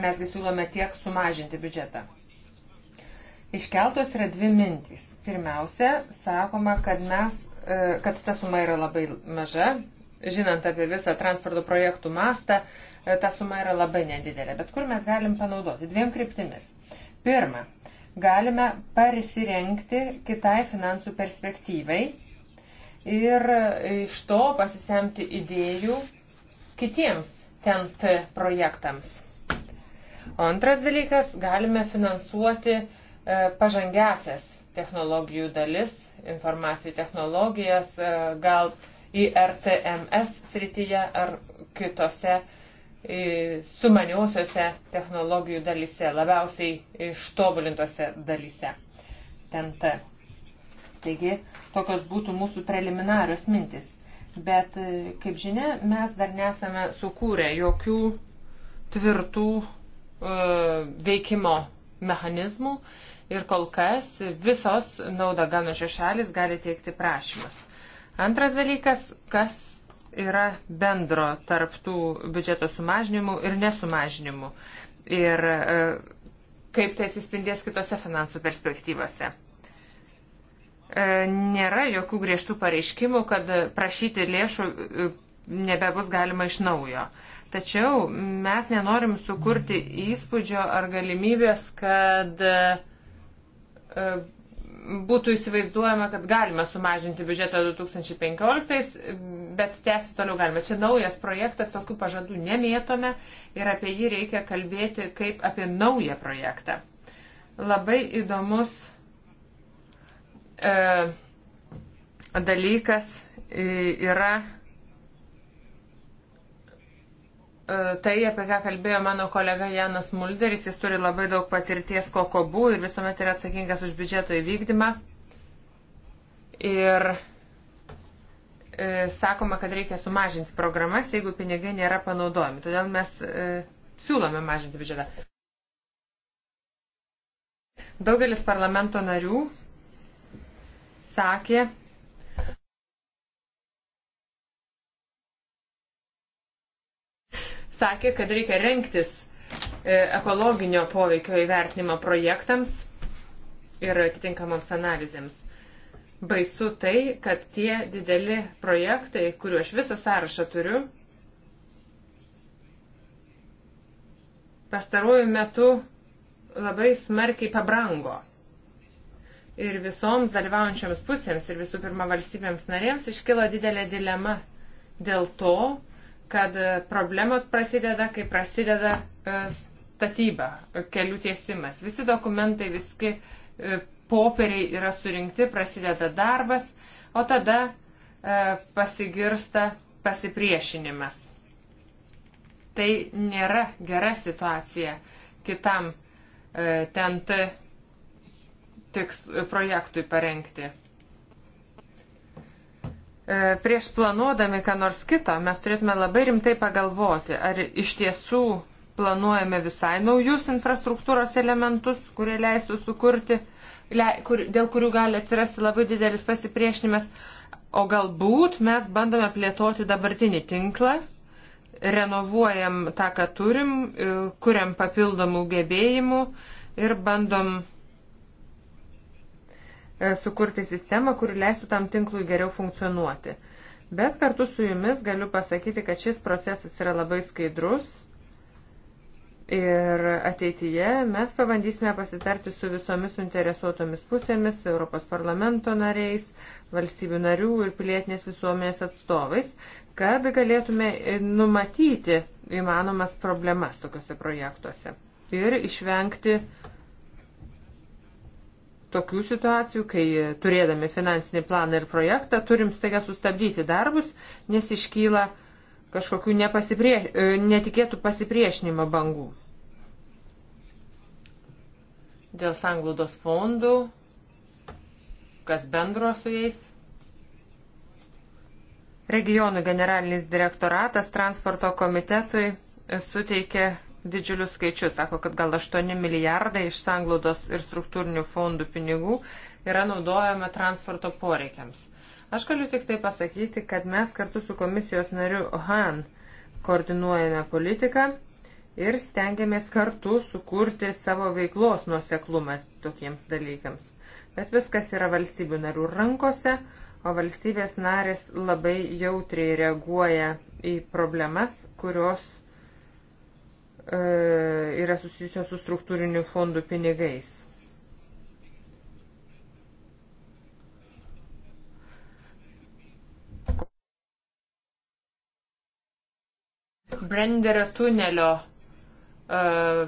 Mesgi siūlome tiek sumažinti biudžetą. Iškeltos yra dvi mintys. Pirmiausia, sakoma, kad mes E, kad ta suma yra labai maža. Žinant apie visą transporto projektų mastą, e, ta suma yra labai nedidelė. Bet kur mes galim panaudoti? Dviem kryptimis. Pirma, galime parisirengti kitai finansų perspektyvai ir iš to pasisemti idėjų kitiems TENT projektams. O antras dalykas, galime finansuoti e, pažangesias technologijų dalis, informacijų technologijas, e, gal IRTMS srityje ar kitose sumaniausiose technologijų dalise, labiausiai ištobulintose dalise. TNT. Taigi, tokios būtų mūsų preliminarios mintis. Bet, e, kaip žinia, mes dar nesame sukūrę jokių tvirtų e, veikimo mechanizmų. E, ir kol kas visos naudą ganušios šalis gali teikti prašymus. Antras dalykas, kas yra bendro tarptų biudžeto sumažinimų ir nesumažinimų ir e, kaip tai atsispindės kitose finansų perspektyvose. E, nėra jokių griežtų pareiškimų, kad prašyti lėšų e, nebebus galima iš naujo. Tačiau mes nenorim sukurti įspūdžio ar galimybės, kad uh, E, būtų įsivaizduojama, kad galime sumažinti biudžetą 2015, bet tęsti toliau galime. Čia naujas projektas, tokių pažadų nemėtome ir apie jį reikia kalbėti kaip apie naują projektą. Labai įdomus e, dalykas e, yra E, tai, apie ką kalbėjo mano kolega Janas Mulderis, jis turi labai daug patirties kokobų ir visuomet yra atsakingas už biudžeto įvykdymą. Ir e, sakoma, kad reikia sumažinti programas, jeigu pinigai nėra panaudojami. Todėl mes e, siūlome mažinti biudžetą. Daugelis parlamento narių sakė, sakė, kad reikia renktis e, ekologinio poveikio įvertinimo projektams ir atitinkamoms analizėms. Baisu tai, kad tie dideli projektai, kuriuo aš visą sąrašą turiu, pastaruoju metu labai smarkiai pabrango. Ir visoms dalyvaujančioms pusėms ir visų pirma valstybėms narėms iškilo didelė dilema dėl to, kad e, problemos prasideda, kai prasideda e, statyba, kelių tiesimas. Visi dokumentai, viski e, popieriai yra surinkti, prasideda darbas, o tada pasigirsta pasipriešinimas. Tai nėra gera situacija kitam ten tiks projektui parengti. E, prieš planuodami ką nors kito, mes turėtume labai rimtai pagalvoti, ar iš tiesų planuojame visai naujus infrastruktūros elementus, kurie leistų sukurti, le, kur, dėl kurių gali atsirasti labai didelis pasipriešinimas, o galbūt mes bandome plėtoti dabartinį tinklą, renovuojam tą, ką turim, e, kuriam papildomų gebėjimų ir bandom E, sukurti sistemą, kuri leistų tam tinklui geriau funkcionuoti. Bet kartu su jumis galiu pasakyti, kad šis procesas yra labai skaidrus ir ateityje mes pabandysime pasitarti su visomis suinteresuotomis pusėmis, Europos parlamento nariais, valstybių narių ir pilietinės visuomenės atstovais, kad galėtume e, numatyti įmanomas problemas tokiuose projektuose ir išvengti tokių situacijų, kai turėdami finansinį planą ir projektą turim staiga sustabdyti darbus, nes iškyla kažkokių pasiprie... E, netikėtų pasipriešinimo bangų. Dėl sanglaudos fondų, kas bendro su jais. Regionų generalinis direktoratas transporto komitetui suteikė didžiulius skaičius. Sako, kad gal 8 milijardai iš sanglaudos ir struktūrinių fondų pinigų yra naudojama transporto poreikiams. Aš galiu tik tai pasakyti, kad mes kartu su komisijos nariu Han koordinuojame politiką ir stengiamės kartu sukurti savo veiklos nuoseklumą tokiems dalykams. Bet viskas yra valstybių narių rankose, o valstybės narės labai jautriai reaguoja į problemas, kurios E, yra susijusios su struktūrinių fondų pinigais. Brenderio tunelio uh,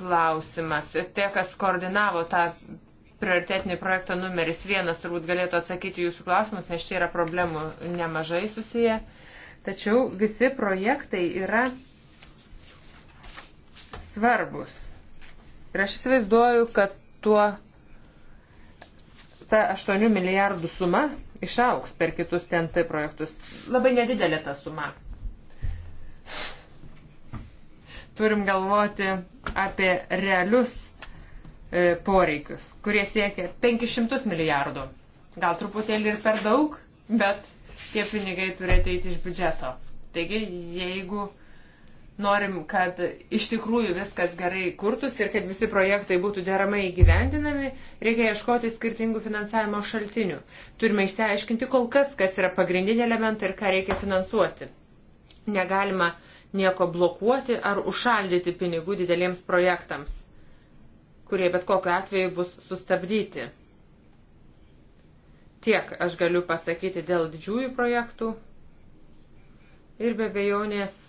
klausimas. Tie, kas koordinavo tą prioritetinį projektą numeris vienas, turbūt galėtų atsakyti jūsų klausimus, nes čia yra problemų nemažai susiję. Tačiau visi projektai yra uh, svarbus. Ir aš įsivaizduoju, kad tuo ta 8 milijardų suma išauks per kitus TNT tai projektus. Labai nedidelė ta suma. Turim galvoti apie realius e, poreikius, kurie siekia 500 milijardų. Gal truputėlį ir per daug, bet tie pinigai turi ateiti iš biudžeto. Taigi, jeigu Norim, kad iš tikrųjų viskas gerai kurtus ir kad visi projektai būtų deramai įgyvendinami, reikia ieškoti skirtingų finansavimo šaltinių. Turime išsiaiškinti kol kas, kas yra pagrindinė elementai ir ką reikia finansuoti. Negalima nieko blokuoti ar užšaldyti pinigų dideliems projektams, kurie bet kokiu atveju bus sustabdyti. Tiek aš galiu pasakyti dėl didžiųjų projektų ir be bejonės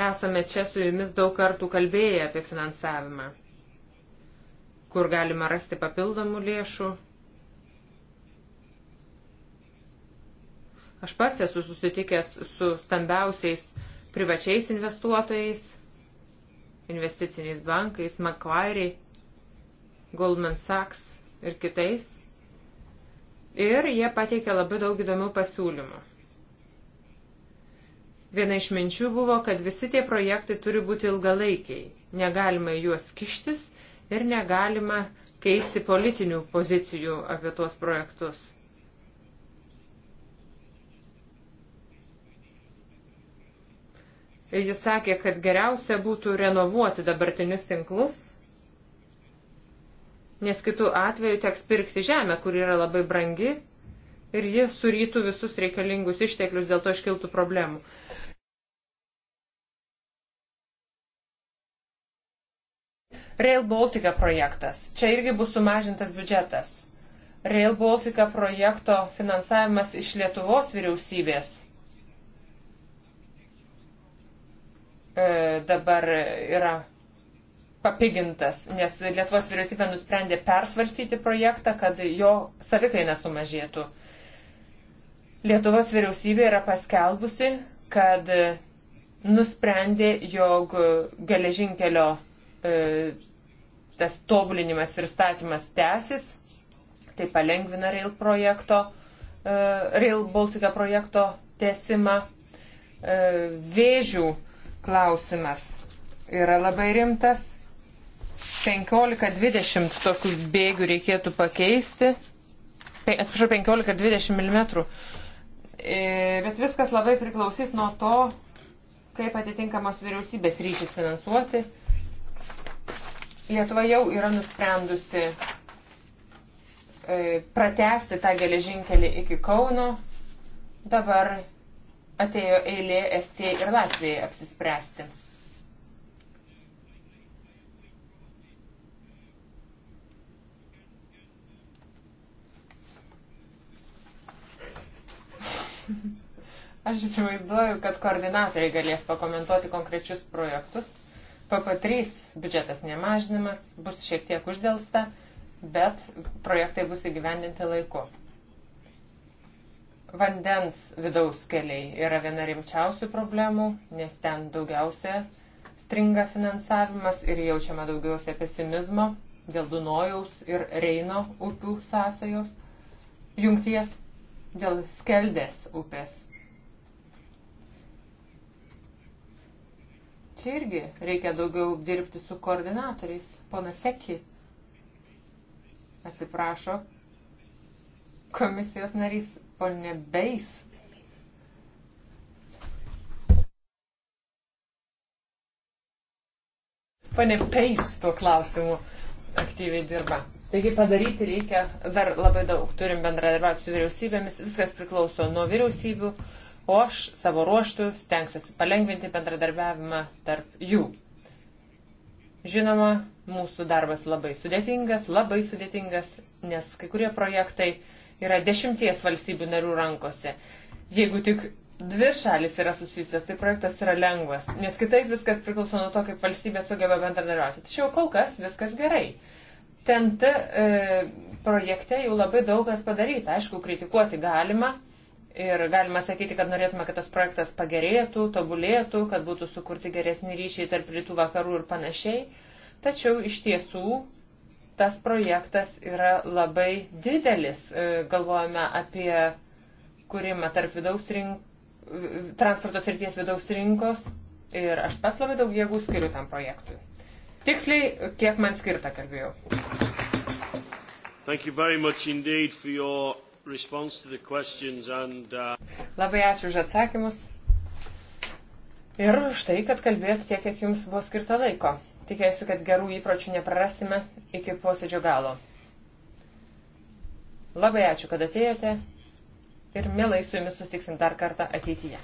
Esame čia su jumis daug kartų kalbėję apie finansavimą, kur galima rasti papildomų lėšų. Aš pats esu susitikęs su stambiausiais privačiais investuotojais, investiciniais bankais, Macquarie, Goldman Sachs ir kitais. Ir jie pateikė labai daug įdomių pasiūlymų. Viena iš minčių buvo, kad visi tie projektai turi būti ilgalaikiai. Negalima juos kištis ir negalima keisti politinių pozicijų apie tuos projektus. Ir jis sakė, kad geriausia būtų renovuoti dabartinius tinklus, nes kitų atveju teks pirkti žemę, kur yra labai brangi ir ji surytų visus reikalingus išteklius, dėl to iškiltų problemų. Rail Baltica projektas. Čia irgi bus sumažintas biudžetas. Rail Baltica projekto finansavimas iš Lietuvos vyriausybės e, dabar yra papigintas, nes Lietuvos vyriausybė nusprendė persvarstyti projektą, kad jo savikaina sumažėtų. Lietuvos vyriausybė yra paskelbusi, kad e, nusprendė, jog geležinkelio e, tas tobulinimas ir statymas tęsis, tai palengvina Rail, projekto, e, Rail Baltica projekto tęsimą. E, vėžių klausimas yra labai rimtas. 15-20 tokių bėgių reikėtų pakeisti. Atsiprašau, 15-20 mm E, bet viskas labai priklausys nuo to, kaip atitinkamos vyriausybės ryšys finansuoti. Lietuva jau yra nusprendusi e, pratesti tą geležinkelį iki Kauno. Dabar atėjo eilė Estijai ir Latvijai apsispręsti. Aš įsivaizduoju, kad koordinatoriai galės pakomentuoti konkrečius projektus. PP3 biudžetas nemažinimas, bus šiek tiek uždėlsta, bet projektai bus įgyvendinti laiku. Vandens vidaus keliai yra viena rimčiausių problemų, nes ten daugiausia stringa finansavimas ir jaučiama daugiausia pesimizmo dėl Dunojaus ir Reino upių sąsajos jungties dėl skeldės upės. Čia irgi reikia daugiau dirbti su koordinatoriais. Pana Seki atsiprašo komisijos narys, ponė Beis. Pane Peis tuo klausimu aktyviai dirba. Taigi padaryti reikia dar labai daug. Turim bendradarbiauti su vyriausybėmis, viskas priklauso nuo vyriausybių, o aš savo ruoštų stengsiuosi palengvinti bendradarbiavimą tarp jų. Žinoma, mūsų darbas labai sudėtingas, labai sudėtingas, nes kai kurie projektai yra dešimties valstybių narių rankose. Jeigu tik dvi šalis yra susijusios, tai projektas yra lengvas, nes kitaip viskas priklauso nuo to, kaip valstybė sugeba bendradarbiauti. Tačiau kol kas viskas gerai. TNT e, projekte jau labai daug kas padaryta. Aišku, kritikuoti galima ir galima sakyti, kad norėtume, kad tas projektas pagerėtų, tobulėtų, kad būtų sukurti geresni ryšiai tarp rytų vakarų ir panašiai. Tačiau iš tiesų tas projektas yra labai didelis. E, galvojame apie kūrimą tarp vidaus rinkos, transporto srities vidaus rinkos ir aš pas labai daug jėgų skiriu tam projektui. Tiksliai, kiek man skirta kalbėjau. And, uh... Labai ačiū už atsakymus ir už tai, kad kalbėjote tiek, kiek jums buvo skirta laiko. Tikėjusi, kad gerų įpročių neprarasime iki posėdžio galo. Labai ačiū, kad atėjote ir mielai su jumis susitiksim dar kartą ateityje.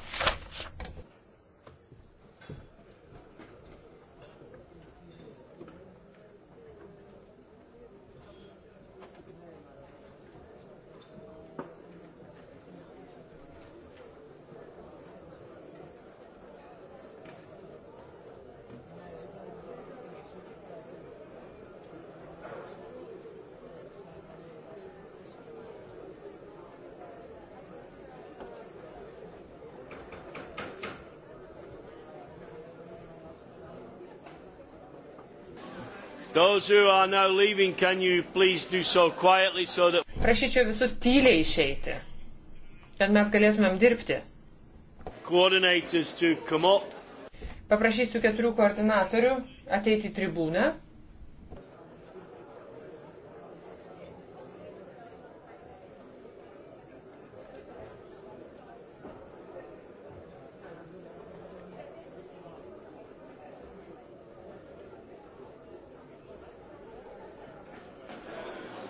Those who are now leaving, can you please do so quietly so that... Prašyčiau visus tyliai išeiti, kad mes galėtumėm dirbti. Coordinators to come up. Paprašysiu keturių koordinatorių ateiti į tribūną.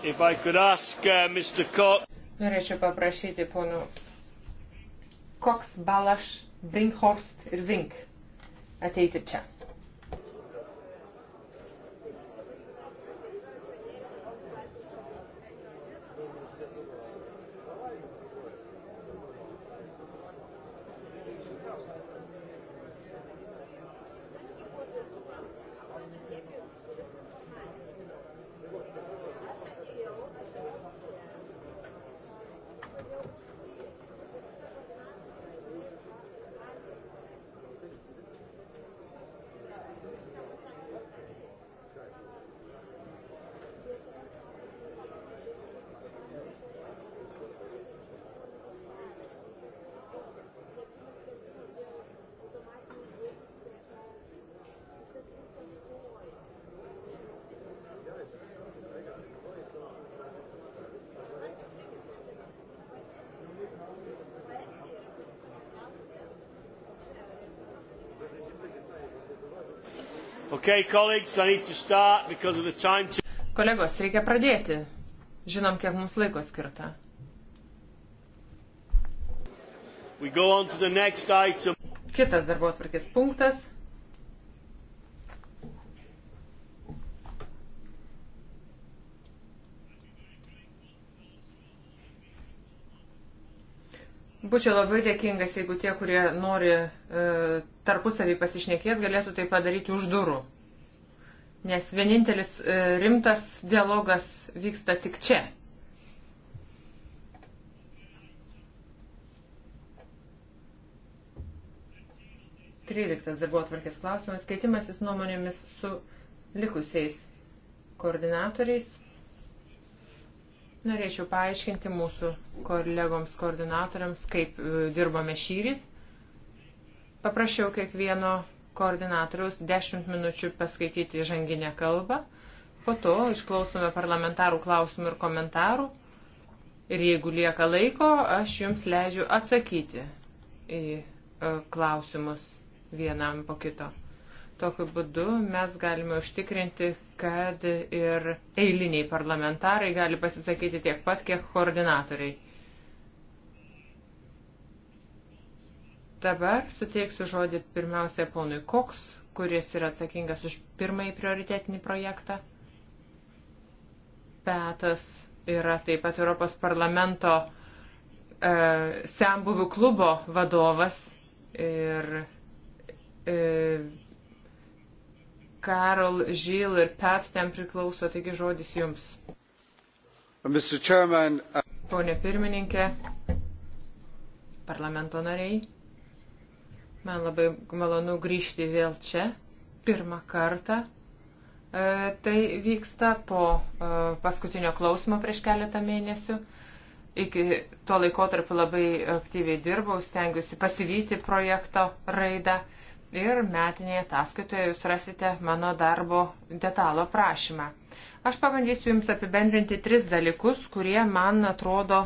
Ask, uh, Norėčiau paprašyti ponų Koks, Balaš, Brinkhorst ir Vink ateiti čia. Okay, to... Kolegos, reikia pradėti. Žinom, kiek mums laiko skirta. Kitas darbo atvarkės punktas. Būčiau labai dėkingas, jeigu tie, kurie nori e, tarpusavį pasišnekėti, galėtų tai padaryti už durų nes vienintelis e, rimtas dialogas vyksta tik čia. Tryliktas darbo atvarkės klausimas - keitimasis nuomonėmis su likusiais koordinatoriais. Norėčiau paaiškinti mūsų kolegoms koordinatoriams, kaip e, dirbome šyrit. Paprašiau kiekvieno koordinatoriaus 10 minučių paskaityti žanginę kalbą, po to išklausome parlamentarų klausimų ir komentarų ir jeigu lieka laiko, aš jums leidžiu atsakyti į e, klausimus vienam po kito. Tokiu būdu mes galime užtikrinti, kad ir eiliniai parlamentarai gali pasisakyti tiek pat, kiek koordinatoriai. Dabar suteiksiu žodį pirmiausia ponui Koks, kuris yra atsakingas už pirmąjį prioritetinį projektą. Petas yra taip pat Europos parlamento e, Sembuvių klubo vadovas ir e, Karol Žyl ir Pet ten priklauso, taigi žodis jums. Chairman, uh... Pone pirmininkė, parlamento nariai. Man labai malonu grįžti vėl čia. Pirmą kartą e, Tai vyksta po e, paskutinio klausimo prieš keletą mėnesių. Iki to laikotarpio labai aktyviai dirbau, stengiuosi pasivyti projekto raidą ir metinėje ataskaitoje jūs rasite mano darbo detalo prašymą. Aš pabandysiu jums apibendrinti tris dalykus, kurie man atrodo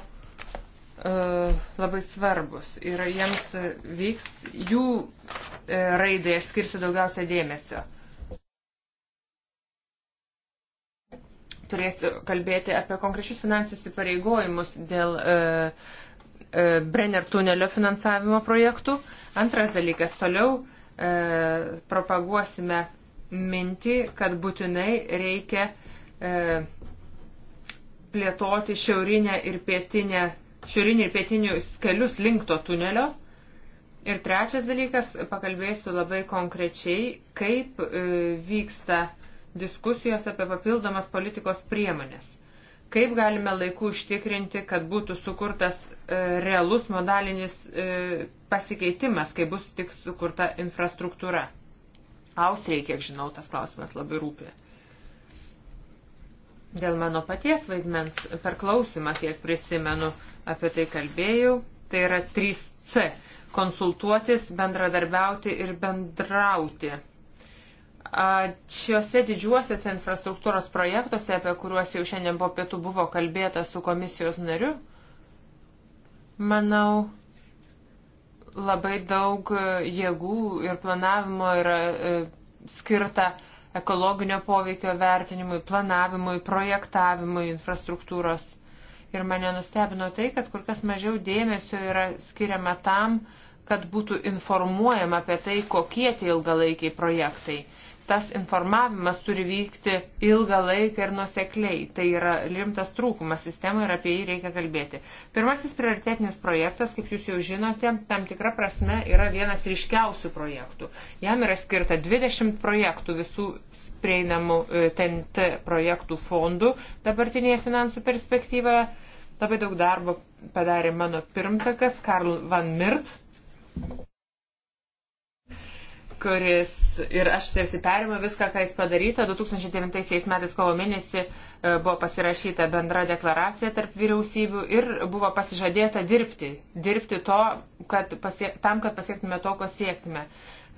E, labai svarbus ir jiems vyks jų e, raidai, aš skirsiu daugiausia dėmesio. Turėsiu kalbėti apie konkrečius finansinius įpareigojimus dėl e, e, Brenner tunelio finansavimo projektų. Antras dalykas, toliau e, propaguosime mintį, kad būtinai reikia e, plėtoti šiaurinę ir pietinę šiurinį ir pietinių kelius link to tunelio. Ir trečias dalykas, pakalbėsiu labai konkrečiai, kaip e, vyksta diskusijos apie papildomas politikos priemonės. Kaip galime laiku užtikrinti, kad būtų sukurtas e, realus modalinis e, pasikeitimas, kai bus tik sukurta infrastruktūra. Austrijai, kiek žinau, tas klausimas labai rūpė. Dėl mano paties vaidmens per klausimą, kiek prisimenu, apie tai kalbėjau. Tai yra 3C - konsultuotis, bendradarbiauti ir bendrauti. Šiuose didžiuosiuose infrastruktūros projektuose, apie kuriuos jau šiandien po pietų buvo kalbėta su komisijos nariu, manau, labai daug jėgų ir planavimo yra e, skirta ekologinio poveikio vertinimui, planavimui, projektavimui infrastruktūros. Ir mane nustebino tai, kad kur kas mažiau dėmesio yra skiriama tam, kad būtų informuojama apie tai, kokie tie ilgalaikiai projektai tas informavimas turi vykti ilgą laiką ir nusekliai. Tai yra rimtas trūkumas sistemai ir apie jį reikia kalbėti. Pirmasis prioritetinis projektas, kaip jūs jau žinote, tam tikra prasme yra vienas ryškiausių projektų. Jam yra skirta 20 projektų visų prieinamų TNT e, projektų fondų dabartinėje finansų perspektyvoje. Labai daug darbo padarė mano pirmtakas Karl Van Mirt kuris ir aš tarsi perimu viską, ką jis padaryta. 2009 metais kovo mėnesį e, buvo pasirašyta bendra deklaracija tarp vyriausybių ir buvo pasižadėta dirbti. Dirbti to, kad pasiek, tam, kad pasiektume to, ko siektume.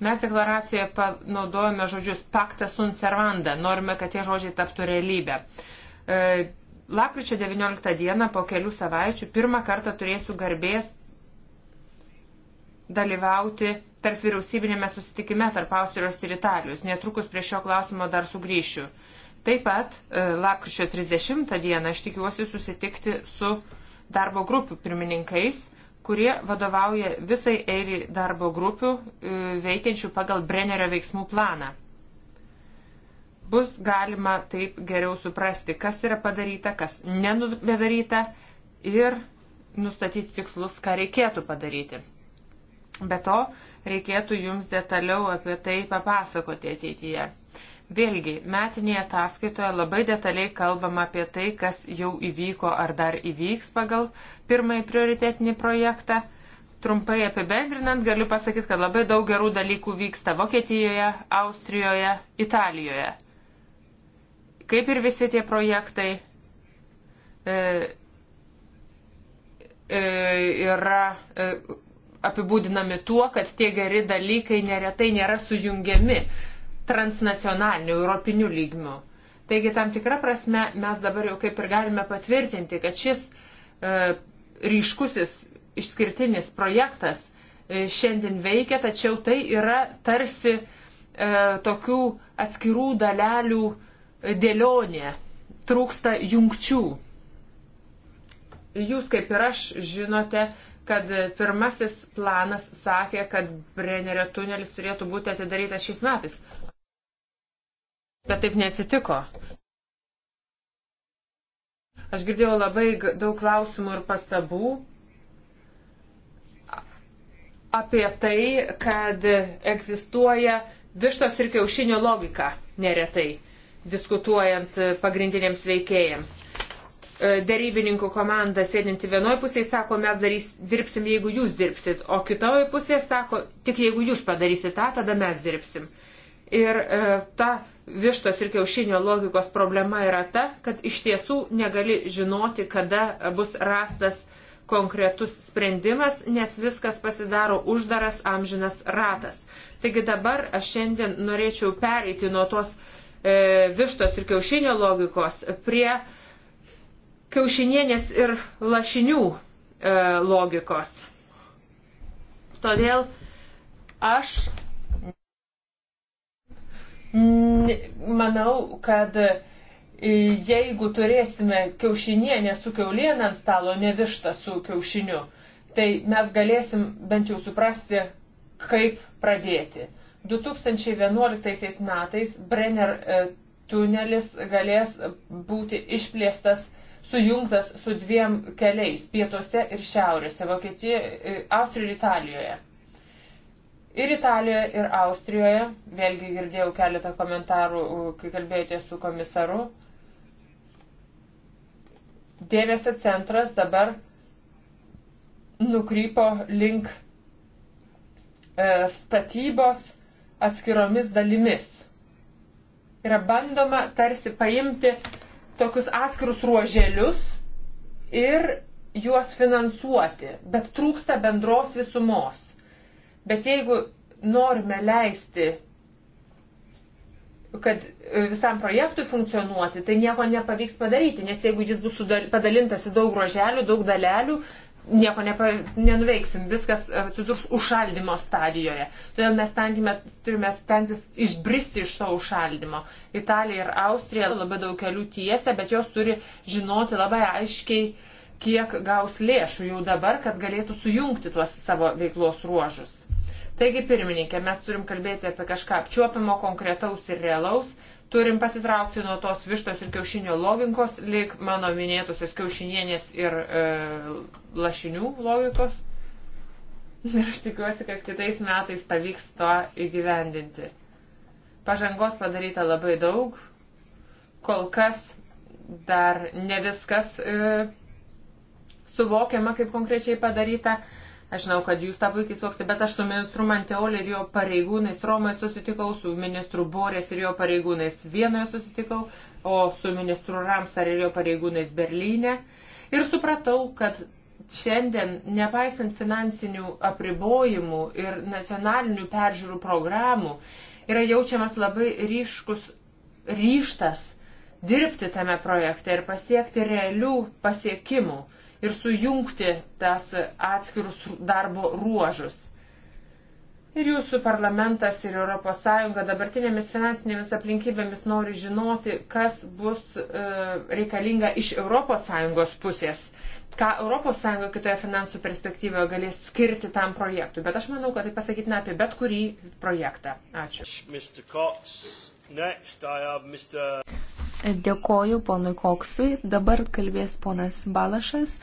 Mes deklaracijoje panaudojame žodžius paktą sun servanda. Norime, kad tie žodžiai taptų realybę. E, lapkričio 19 dieną po kelių savaičių pirmą kartą turėsiu garbės dalyvauti tarp vyriausybinėme susitikime tarp Austrijos ir Italijos. Netrukus prie šio klausimo dar sugrįšiu. Taip pat e, lapkričio 30 dieną aš tikiuosi susitikti su darbo grupių pirmininkais, kurie vadovauja visai eilį darbo grupių e, veikiančių pagal Brennerio veiksmų planą. Bus galima taip geriau suprasti, kas yra padaryta, kas nenudaryta ir nustatyti tikslus, ką reikėtų padaryti. Be to, reikėtų jums detaliau apie tai papasakoti ateityje. Vėlgi, metinėje ataskaitoje labai detaliai kalbama apie tai, kas jau įvyko ar dar įvyks pagal pirmąjį prioritetinį projektą. Trumpai apibendrinant, galiu pasakyti, kad labai daug gerų dalykų vyksta Vokietijoje, Austrijoje, Italijoje. Kaip ir visi tie projektai e, e, yra. E, apibūdinami tuo, kad tie geri dalykai neretai nėra sujungiami transnacionaliniu, europiniu lygmiu. Taigi tam tikrą prasme mes dabar jau kaip ir galime patvirtinti, kad šis e, ryškusis išskirtinis projektas e, šiandien veikia, tačiau tai yra tarsi e, tokių atskirų dalelių e, dėlionė. Trūksta jungčių. Jūs kaip ir aš žinote, kad pirmasis planas sakė, kad Brennerio tunelis turėtų būti atidarytas šiais metais. Bet taip neatsitiko. Aš girdėjau labai daug klausimų ir pastabų apie tai, kad egzistuoja vištos ir kiaušinio logika neretai, diskutuojant pagrindiniams veikėjams. E, dėrybininkų komanda sėdinti vienoje pusėje sako, mes darys, dirbsim, jeigu jūs dirbsit, o kitoje pusėje sako, tik jeigu jūs padarysit tą, tada mes dirbsim. Ir e, ta vištos ir kiaušinio logikos problema yra ta, kad iš tiesų negali žinoti, kada bus rastas konkretus sprendimas, nes viskas pasidaro uždaras amžinas ratas. Taigi dabar aš šiandien norėčiau pereiti nuo tos e, vištos ir kiaušinio logikos prie e, kiaušinienės ir lašinių e, logikos. Todėl aš manau, kad e, jeigu turėsime kiaušinienę su keulieną ant stalo, ne vištą su kiaušiniu, tai mes galėsim bent jau suprasti, kaip pradėti. 2011 metais Brenner e, tunelis galės būti išplėstas sujungtas su dviem keliais - pietuose ir šiaurėse - Vokietijoje, e, Austrijoje ir Italijoje. Ir Italijoje, ir Austrijoje, vėlgi girdėjau keletą komentarų, kai kalbėjote su komisaru, dėmesio centras dabar nukrypo link e, statybos atskiromis dalimis. Yra bandoma tarsi paimti tokius atskirus ruoželius ir juos finansuoti, bet trūksta bendros visumos. Bet jeigu norime leisti, kad e, visam projektui funkcionuoti, tai nieko nepavyks padaryti, nes jeigu jis bus padalintas į daug ruoželių, daug dalelių, nieko nepa, nenuveiksim, viskas atsidurs užšaldimo stadijoje. Todėl mes stengime, turime stengtis išbristi iš to užšaldimo. Italija ir Austrija labai daug kelių tiesia, bet jos turi žinoti labai aiškiai, kiek gaus lėšų jau dabar, kad galėtų sujungti tuos savo veiklos ruožus. Taigi, pirmininkė, mes turim kalbėti apie kažką apčiuopimo, konkretaus ir realaus Turim pasitraukti nuo tos vištos ir kiaušinio loginkos, lik mano minėtusios kiaušinienės ir e, lašinių logikos. *laughs* Ir aš tikiuosi, kad kitais metais pavyks to įgyvendinti. Pažangos padaryta labai daug. Kol kas dar ne viskas e, suvokiama, kaip konkrečiai padaryta. E, Aš žinau, kad jūs tą puikiai suvokti, bet aš su ministru Manteolė ir jo pareigūnais Romoje susitikau, su ministru Borės ir jo pareigūnais Vienoje susitikau, o su ministru Ramsar ir jo pareigūnais Berlyne. Ir supratau, kad šiandien, nepaisant finansinių apribojimų ir nacionalinių peržiūrų programų, yra jaučiamas labai ryškus ryštas dirbti tame projekte ir pasiekti realių pasiekimų ir sujungti tas atskirus darbo ruožus. Ir jūsų parlamentas ir ES dabartinėmis finansinėmis aplinkybėmis nori žinoti, kas bus e, reikalinga iš ES pusės, ką ES kitoje finansų perspektyvoje galės skirti tam projektui. Bet aš manau, kad tai pasakytina apie bet kurį projektą. Ačiū. Mr. Cox, next, Mr... Dėkoju ponui Koksui. Dabar kalbės ponas Balašas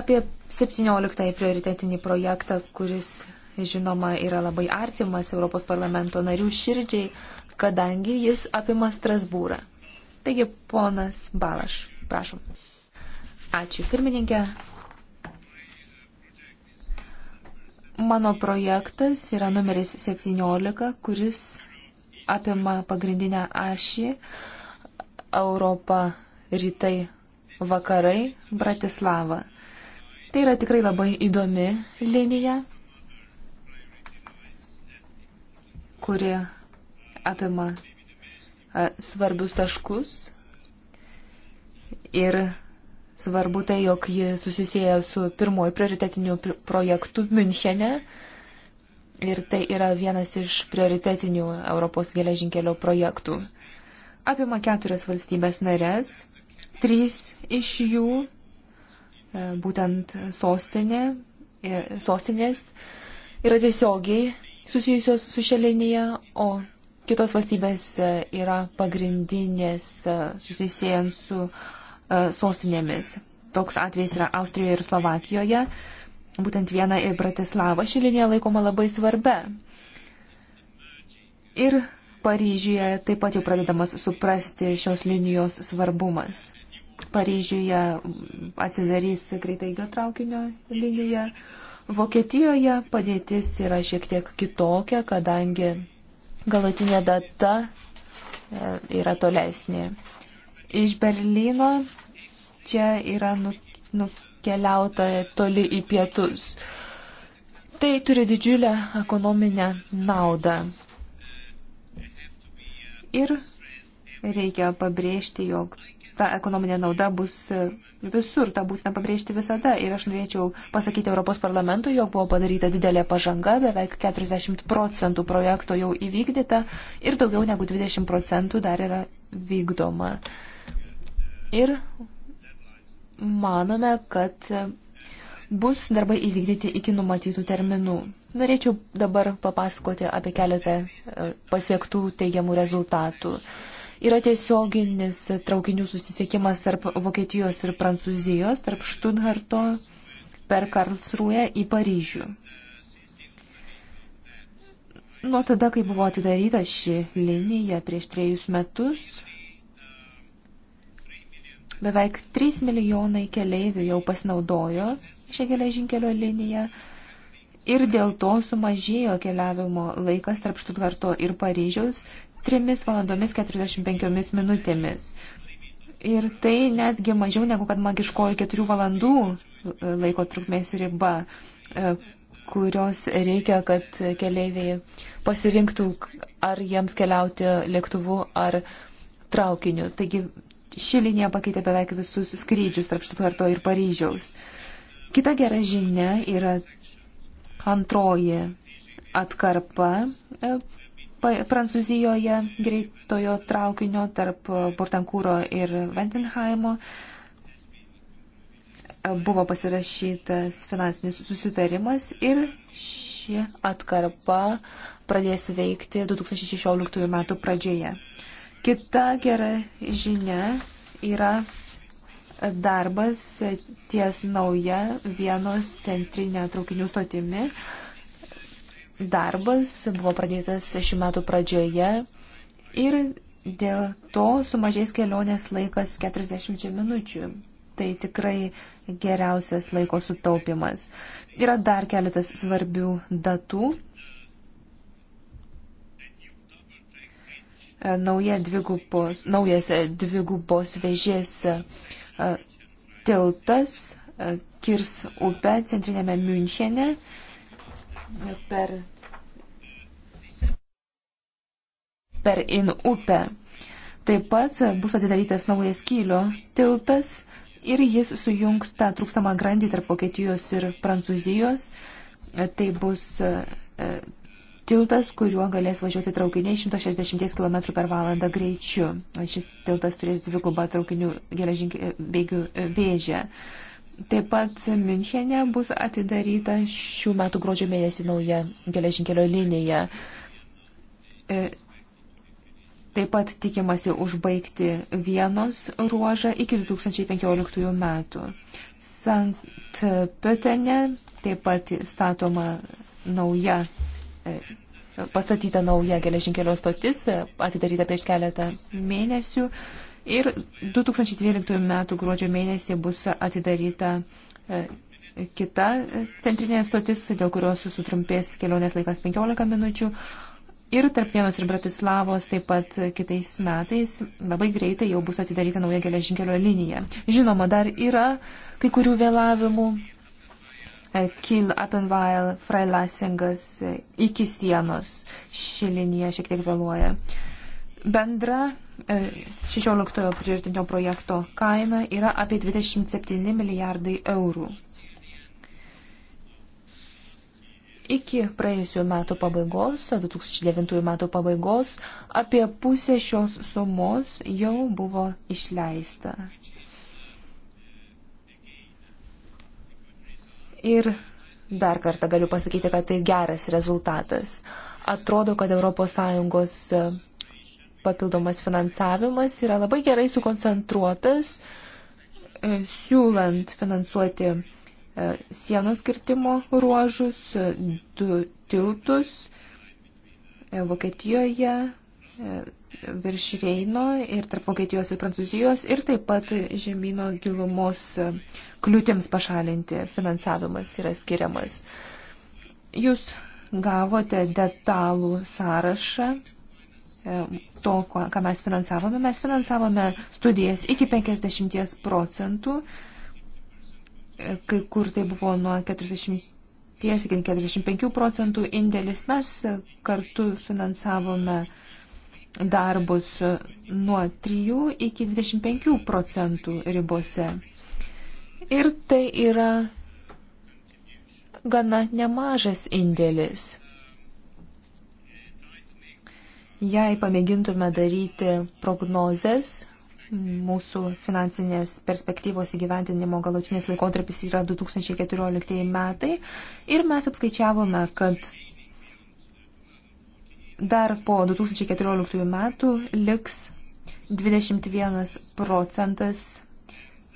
apie 17 prioritetinį projektą, kuris, žinoma, yra labai artimas Europos parlamento narių širdžiai, kadangi jis apima Strasbūrą. Taigi, ponas Balaš, prašom. Ačiū, pirmininkė. Mano projektas yra numeris 17, kuris apima pagrindinę ašį Europa rytai vakarai Bratislava. Tai yra tikrai labai įdomi linija, kuri apima e, svarbius taškus ir svarbu tai, jog ji susisėja su pirmoju prioritetiniu projektu Münchene ir tai yra vienas iš prioritetinių Europos geležinkelio projektų apima keturias valstybės narės, trys iš jų, e, būtent sostinė, e, sostinės, yra tiesiogiai susijusios su šia linija, o kitos valstybės e, yra pagrindinės susisėjant su sostinėmis. Toks atvejis yra Austrijoje ir Slovakijoje. Būtent viena ir Bratislava ši linija laikoma labai svarbia. Ir Paryžiuje taip pat jau pradedamas suprasti šios linijos svarbumas. Paryžiuje atsidarys greitaigio traukinio linija. Vokietijoje padėtis yra šiek tiek kitokia, kadangi galutinė data e, yra tolesnė. Iš Berlyno čia yra nu, nukeliauta toli į pietus. Tai turi didžiulę ekonominę naudą ir reikia pabrėžti, jog ta ekonominė nauda bus visur, tą būtina pabrėžti visada. Ir aš norėčiau pasakyti Europos parlamentui, jog buvo padaryta didelė pažanga, beveik 40 procentų projekto jau įvykdyta ir daugiau negu 20 procentų dar yra vykdoma. Ir manome, kad bus darbai įvykdyti iki numatytų terminų. Norėčiau dabar papasakoti apie keletą e, pasiektų teigiamų rezultatų. Yra tiesioginis traukinių susisiekimas tarp Vokietijos ir Prancūzijos, tarp Štutharto per Karlsruę į Paryžių. Nuo tada, kai buvo atidaryta ši linija prieš trejus metus, beveik 3 milijonai keleivių jau pasinaudojo šią geležinkelio liniją ir dėl to sumažėjo keliavimo laikas tarp Štutgarto ir Paryžiaus 3 valandomis 45 minutėmis. Ir tai netgi mažiau negu kad magiškoji 4 valandų e, laiko trukmės riba, e, kurios reikia, kad keleiviai pasirinktų, ar jiems keliauti lėktuvu ar traukiniu. Taigi ši linija pakeitė beveik visus skrydžius tarp Štutgarto ir Paryžiaus. Kita gera žinia yra Antroji atkarpa e, Prancūzijoje greitojo traukinio tarp Portankūro ir Ventenheimo e, buvo pasirašytas finansinis susitarimas ir ši atkarpa pradės veikti 2016 m. pradžioje. Kita gera žinia yra darbas ties nauja vienos centrinė traukinių stotimi. Darbas buvo pradėtas šių metų pradžioje ir dėl to sumažės kelionės laikas 40 minučių. Tai tikrai geriausias laiko sutaupimas. Yra dar keletas svarbių datų. Nauja dvigubos, naujas dvigubos vežės tiltas kirs upę centrinėme Münchene per, per In upę. Taip pat bus atidarytas naujas Kylio tiltas ir jis sujungs tą trūkstamą grandį tarp Vokietijos ir Prancūzijos. Tai bus tiltas, kuriuo galės važiuoti traukiniai 160 km per valandą greičiu. Šis tiltas turės dvigubą traukinių geležinkių bėgių e, vėžę. Taip pat Münchenė bus atidaryta šių metų gruodžio mėnesį nauja geležinkelio linija. E, taip pat tikimasi užbaigti vienos ruožą iki 2015 metų. Sankt Pötenė taip pat statoma nauja pastatyta nauja geležinkelio stotis, atidaryta prieš keletą mėnesių. Ir 2012 m. gruodžio mėnesį bus atidaryta e, kita centrinė stotis, dėl kurios sutrumpės kelionės laikas 15 minučių. Ir tarp vienos ir Bratislavos taip pat kitais metais labai greitai jau bus atidaryta nauja geležinkelio linija. Žinoma, dar yra kai kurių vėlavimų, Eh, Kil Appenweil, Freilasingas eh, iki sienos. Ši linija šiek tiek vėluoja. Bendra 16 eh, priešdinio projekto kaina yra apie 27 milijardai eurų. Iki praėjusių metų pabaigos, 2009 metų pabaigos, apie pusę šios sumos jau buvo išleista. Ir dar kartą galiu pasakyti, kad tai geras rezultatas. Atrodo, kad ES e, papildomas finansavimas yra labai gerai sukoncentruotas, e, siūlant finansuoti e, sienos kirtimo ruožus, du tiltus Vokietijoje, virš Reino ir tarp Vokietijos ir Prancūzijos ir taip pat žemynų gilumos kliūtims pašalinti finansavimas yra skiriamas. Jūs gavote detalų sąrašą e, to, ką mes finansavome. Mes finansavome studijas iki 50 procentų, e, kai kur tai buvo nuo 40 iki 45 procentų indėlis. Mes kartu finansavome uh, darbus nuo 3 iki 25 procentų ribose. Ir tai yra gana nemažas indėlis. Jei pamėgintume daryti prognozes, mūsų finansinės perspektyvos įgyventinimo galutinės laikotarpis yra 2014 metai ir mes apskaičiavome, kad dar po 2014 metų liks 21 procentas,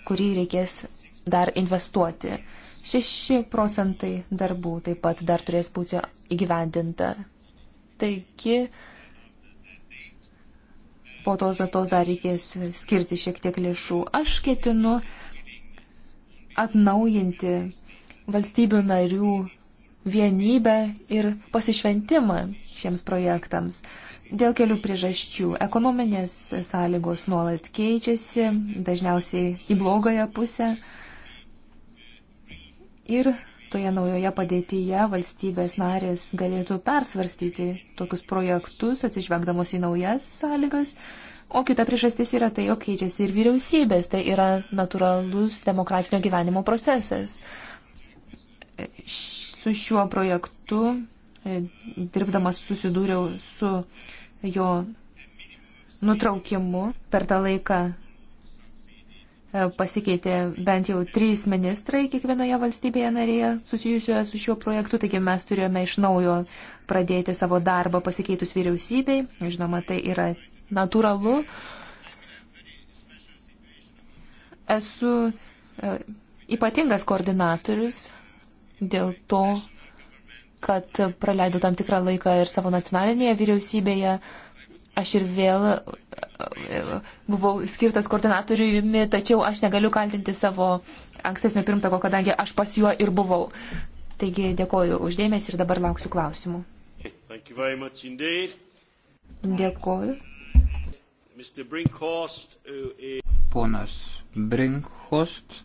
kurį reikės dar investuoti. 6 procentai darbų taip pat dar turės būti įgyvendinta. Taigi, po tos datos dar reikės skirti šiek tiek lėšų. Aš ketinu atnaujinti valstybių narių vienybę ir pasišventimą šiems projektams. Dėl kelių priežasčių. Ekonominės sąlygos nuolat keičiasi, dažniausiai į blogąją pusę. Ir toje naujoje padėtyje valstybės narės galėtų persvarstyti tokius projektus, atsižvegdamos į naujas sąlygas. O kita priežastis yra tai, jog keičiasi ir vyriausybės, tai yra natūralus demokratinio gyvenimo procesas. Ši Su šiuo projektu e, dirbdamas susidūriau su jo nutraukimu. Per tą laiką e, pasikeitė bent jau trys ministrai kiekvienoje valstybėje narėje susijusioje su šiuo projektu, taigi mes turėjome iš naujo pradėti savo darbą pasikeitus vyriausybei. Žinoma, tai yra natūralu. Esu e, ypatingas koordinatorius dėl to, kad praleidau tam tikrą laiką ir savo nacionalinėje vyriausybėje. Aš ir vėl e, e, buvau skirtas koordinatoriumi, tačiau aš negaliu kaltinti savo ankstesnio pirmtako, kadangi aš pas juo ir buvau. Taigi dėkoju uždėmės ir dabar lauksiu klausimų. Dėkoju. Ponas Brinkhost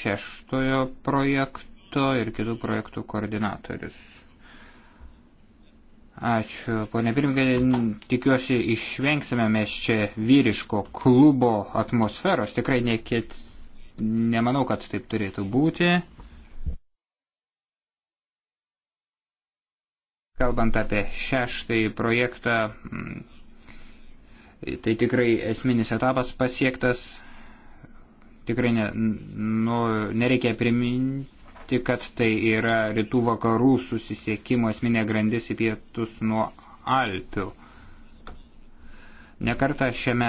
šeštojo projekto projekto ir kitų projektų koordinatorius. Ačiū, ponė pirmininkė, tikiuosi išvengsime mes čia vyriško klubo atmosferos, tikrai nekit, nemanau, kad taip turėtų būti. Kalbant apie šeštąjį projektą, mm, tai tikrai esminis etapas pasiektas, tikrai ne, nu, nereikia priminti tik kad tai yra rytų vakarų susisiekimo esminė grandis į pietus nuo Alpių. Nekarta šiame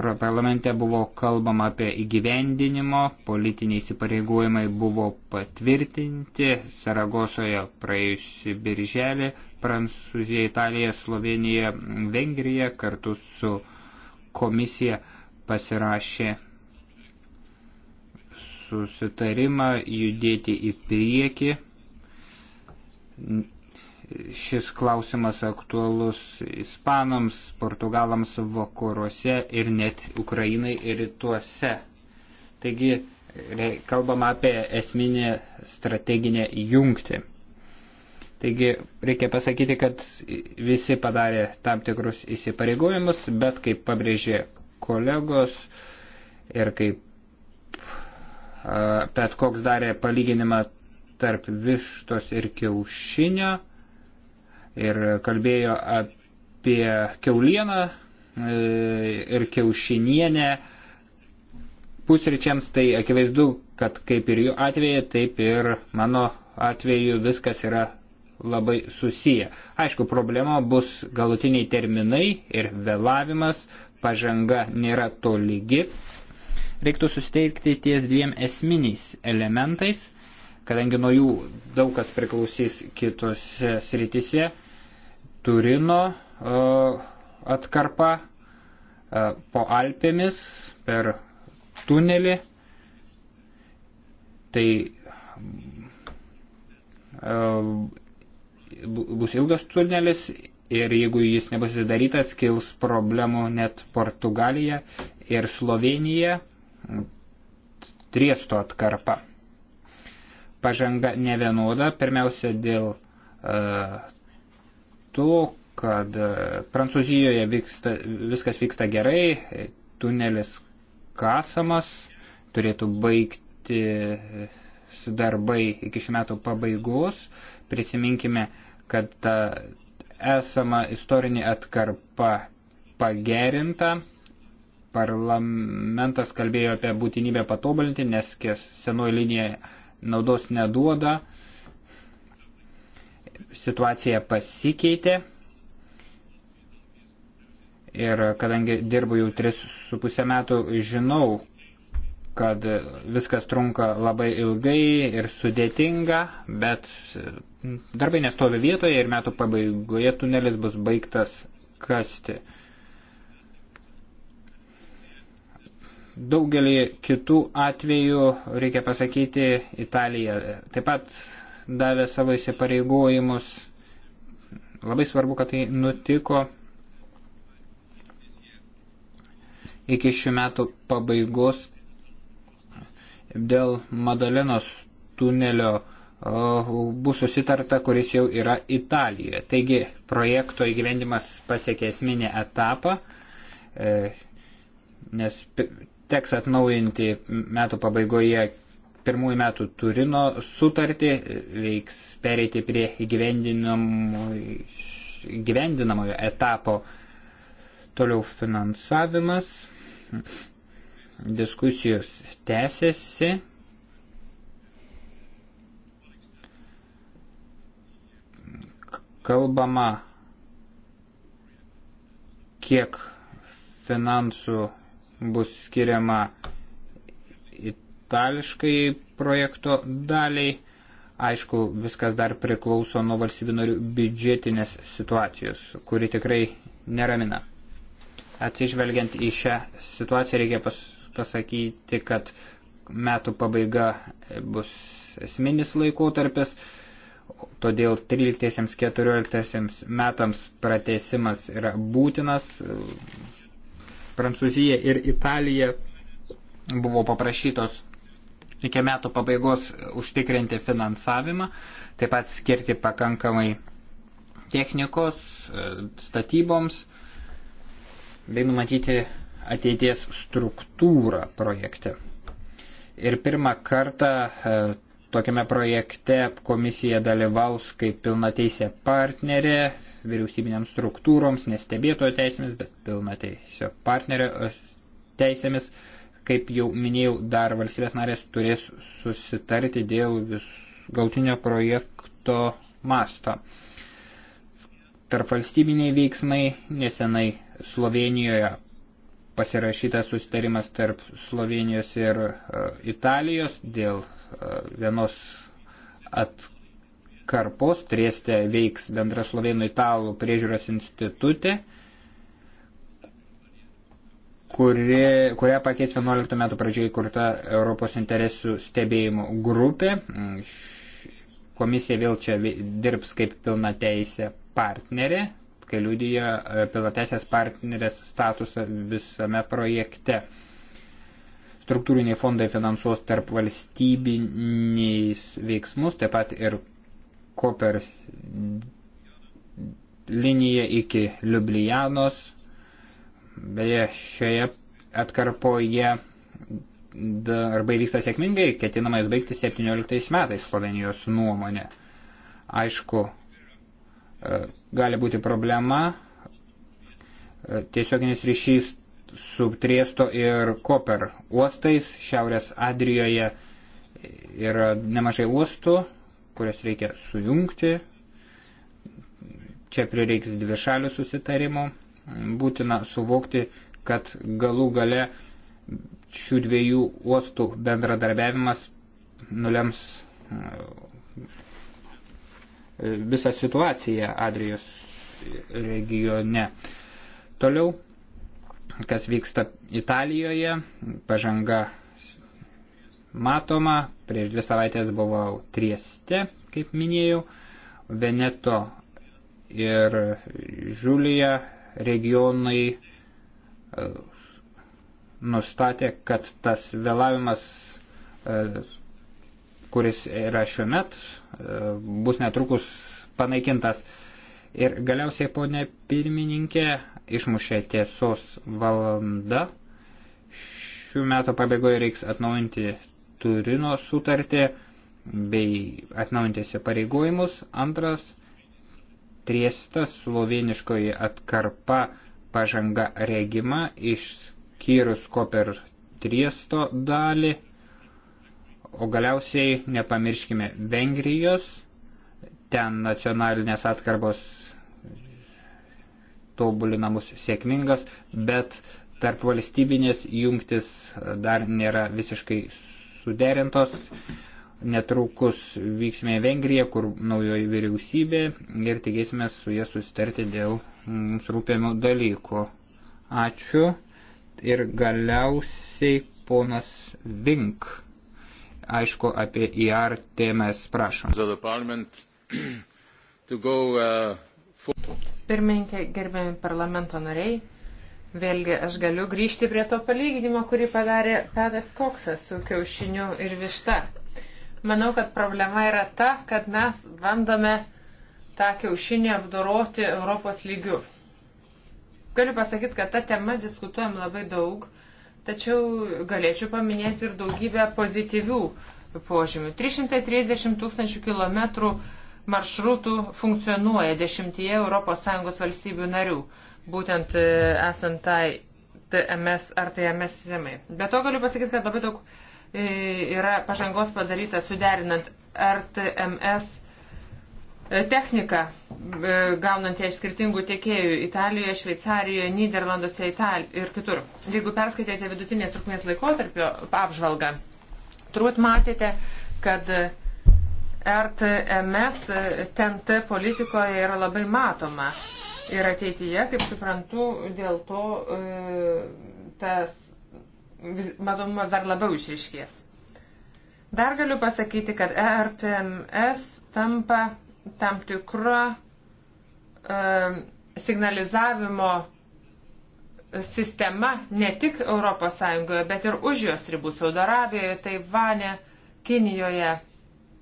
parlamente buvo kalbama apie įgyvendinimo, politiniai įsipareigojimai buvo patvirtinti Saragosoje praėjusi birželį, Prancūzija, Italija, Slovenija, Vengrija kartu su komisija pasirašė susitarimą, judėti į priekį. Šis klausimas aktualus ispanams, portugalams vakaruose ir net Ukrainai rytuose. Taigi kalbam apie esminę strateginę jungtį. Taigi reikia pasakyti, kad visi padarė tam tikrus įsipareigojimus, bet kaip pabrėžė kolegos ir kaip Pet Koks darė palyginimą tarp vištos ir kiaušinio ir kalbėjo apie keulieną e, ir kiaušinienę pusryčiams, tai akivaizdu, kad kaip ir jų atveju, taip ir mano atveju viskas yra labai susiję. Aišku, problema bus galutiniai terminai ir vėlavimas, pažanga nėra to lygi, reiktų susteikti ties dviem esminiais elementais, kadangi nuo jų daug kas priklausys kitose sritise. Turino e, atkarpa e, po Alpėmis per tunelį. Tai e, bus ilgas tunelis ir jeigu jis nebus įdarytas, kils problemų net Portugalija ir Slovenija. Triesto atkarpa. Pažanga nevienoda, pirmiausia dėl e, to, kad e, Prancūzijoje vyksta, viskas vyksta gerai, tunelis kasamas, turėtų baigti e, darbai iki šių metų pabaigos. Prisiminkime, kad ta esama istorinė atkarpa pagerinta, Parlamentas kalbėjo apie būtinybę patobulinti, nes senoji linija naudos neduoda. Situacija pasikeitė. Ir kadangi dirbu jau 3,5 metų, žinau, kad viskas trunka labai ilgai ir sudėtinga, bet darbai nestovi vietoje ir metų pabaigoje tunelis bus baigtas kasti. Daugelį kitų atvejų, reikia pasakyti, Italija taip pat davė savo įsipareigojimus. Labai svarbu, kad tai nutiko iki šių metų pabaigos dėl Madalinos tunelio bus susitarta, kuris jau yra Italijoje. Taigi projekto įgyvendimas pasiekė esminį etapą, e, nes teks atnaujinti metų pabaigoje pirmųjų metų Turino sutartį, reiks pereiti prie įgyvendinamojo etapo toliau finansavimas, diskusijos tęsiasi. Kalbama, kiek finansų bus skiriama itališkai projekto daliai. Aišku, viskas dar priklauso nuo valstybių narių biudžetinės situacijos, kuri tikrai neramina. Atsižvelgiant į šią situaciją, reikia pas, pasakyti, kad metų pabaiga bus esminis laikotarpis, todėl 13-14 metams pratesimas yra būtinas, Prancūzija ir Italija buvo paprašytos iki metų pabaigos užtikrinti finansavimą, taip pat skirti pakankamai technikos e, statyboms bei numatyti ateities struktūrą projekte. Ir pirmą kartą e, Tokiame projekte komisija dalyvaus kaip pilnateisė partnerė vyriausybinėms struktūroms, nestebėtojo teisėmis, bet pilnateisio partnerio e, teisėmis. Kaip jau minėjau, dar valstybės narės turės susitarti dėl vis gautinio projekto masto. Tarp valstybiniai veiksmai nesenai Slovenijoje pasirašytas susitarimas tarp Slovenijos ir e, Italijos dėl vienos atkarpos, Trieste veiks bendra slovėnų italų priežiūros institutė, kuri, kurią pakeis 11 metų pradžioje įkurta Europos interesų stebėjimo grupė. Komisija vėl čia dirbs kaip pilna teisė partnerė, kai liudyja e, pilna teisės partnerės statusą visame projekte. Struktūriniai fondai finansuos tarp valstybiniais veiksmus, taip pat ir koper liniją iki Liublianos. Beje, šioje atkarpoje darbai vyksta sėkmingai, ketinama jūs baigti 17 metais Slovenijos nuomonė. Aišku, e, gali būti problema, e, tiesioginis ryšys su Triesto ir Koper uostais. Šiaurės Adrijoje yra nemažai uostų, kurias reikia sujungti. Čia prireiks dvi šalių susitarimų. Būtina suvokti, kad galų gale šių dviejų uostų bendradarbiavimas nulems e, visą situaciją Adrijos regione. Toliau kas vyksta Italijoje, pažanga matoma, prieš dvi savaitės buvau Trieste, kaip minėjau, Veneto ir Žiulija regionai e, nustatė, kad tas vėlavimas, e, kuris yra šiuo met, e, bus netrukus panaikintas. Ir galiausiai, ponė pirmininkė, išmušė tiesos valanda. Šių metų pabaigoje reiks atnaujinti Turino sutartį bei atnaujinti įsipareigojimus. Antras, triestas sloveniškoji atkarpa pažanga regima išskyrus koper triesto dalį. O galiausiai nepamirškime Vengrijos, ten nacionalinės atkarbos tobulinamus sėkmingas, bet tarp valstybinės jungtis dar nėra visiškai suderintos. Netrukus vyksime į Vengriją, kur naujoji vyriausybė ir tikėsime su jie susitarti dėl mums rūpiamų dalykų. Ačiū. Ir galiausiai ponas Vink. Aišku, apie IR temas prašom. So Pirmininkė, gerbėmi parlamento nariai, vėlgi aš galiu grįžti prie to palyginimo, kurį padarė Pedas Koksas su kiaušiniu ir višta. Manau, kad problema yra ta, kad mes bandome tą kiaušinį apdoroti Europos lygiu. Galiu pasakyti, kad tą temą diskutuojam labai daug, tačiau galėčiau paminėti ir daugybę pozityvių požymių. 330 tūkstančių kilometrų maršrutų funkcionuoja dešimtyje ES valstybių narių, būtent e, esant tai TMS ar TMS sistemai. Be to galiu pasakyti, kad labai daug e, yra pažangos padaryta suderinant RTMS e, techniką, gaunant ją iš skirtingų tiekėjų Italijoje, Šveicarijoje, Niderlanduose Itali ir kitur. Jeigu perskaitėte vidutinės trukmės laikotarpio apžvalgą, turbūt matėte, kad RTMS TNT politikoje yra labai matoma. Ir ateityje, kaip suprantu, dėl to e, tas matomumas dar labiau išriškės. Dar galiu pasakyti, kad ERTMS tampa tam tikra e, signalizavimo sistema ne tik ES, bet ir už jos ribų - Saudo Arabijoje, Taivane, Kinijoje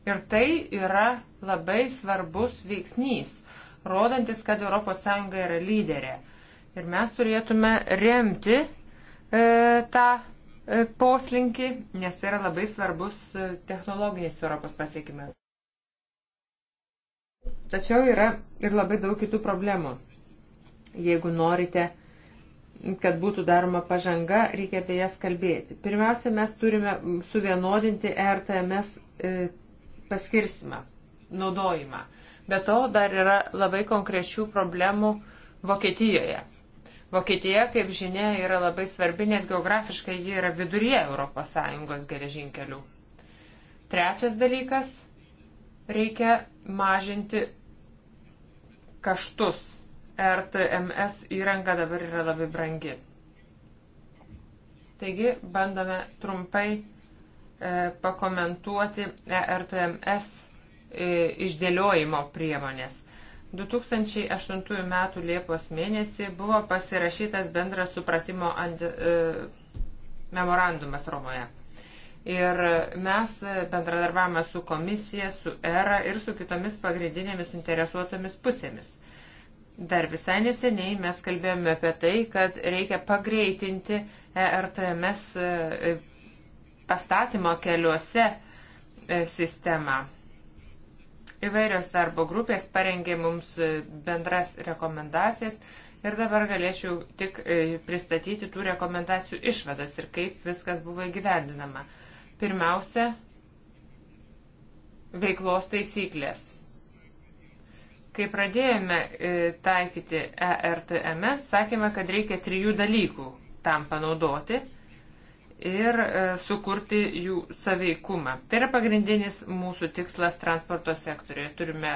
Ir tai yra labai svarbus veiksnys, rodantis, kad ES yra lyderė. Ir mes turėtume remti e, tą e, poslinkį, nes tai yra labai svarbus e, technologinis Europos pasiekimas. Tačiau yra ir labai daug kitų problemų. Jeigu norite, kad būtų daroma pažanga, reikia apie jas kalbėti. Pirmiausia, mes turime suvienodinti RTMS e, paskirstimą, naudojimą. Be to dar yra labai konkrečių problemų Vokietijoje. Vokietija, kaip žinia, yra labai svarbi, nes geografiškai ji yra viduryje ES geležinkelių. Trečias dalykas - reikia mažinti kaštus. RTMS įranga dabar yra labai brangi. Taigi bandome trumpai E, pakomentuoti ERTMS e, išdėliojimo priemonės. 2008 m. Liepos mėnesį buvo pasirašytas bendras supratimo ant, e, memorandumas Romoje. Ir mes bendradarbiavome su komisija, su ERA ir su kitomis pagrindinėmis interesuotomis pusėmis. Dar visai neseniai mes kalbėjome apie tai, kad reikia pagreitinti ERTMS e, pastatymo keliuose e, sistemą. Įvairios darbo grupės parengė mums e, bendras rekomendacijas ir dabar galėčiau tik e, pristatyti tų rekomendacijų išvadas ir kaip viskas buvo įgyvendinama. Pirmiausia, veiklos taisyklės. Kai pradėjome taikyti ERTMS, sakėme, kad reikia trijų dalykų tam panaudoti – ir e, sukurti jų saveikumą. Tai yra pagrindinis mūsų tikslas transporto sektorėje. Turime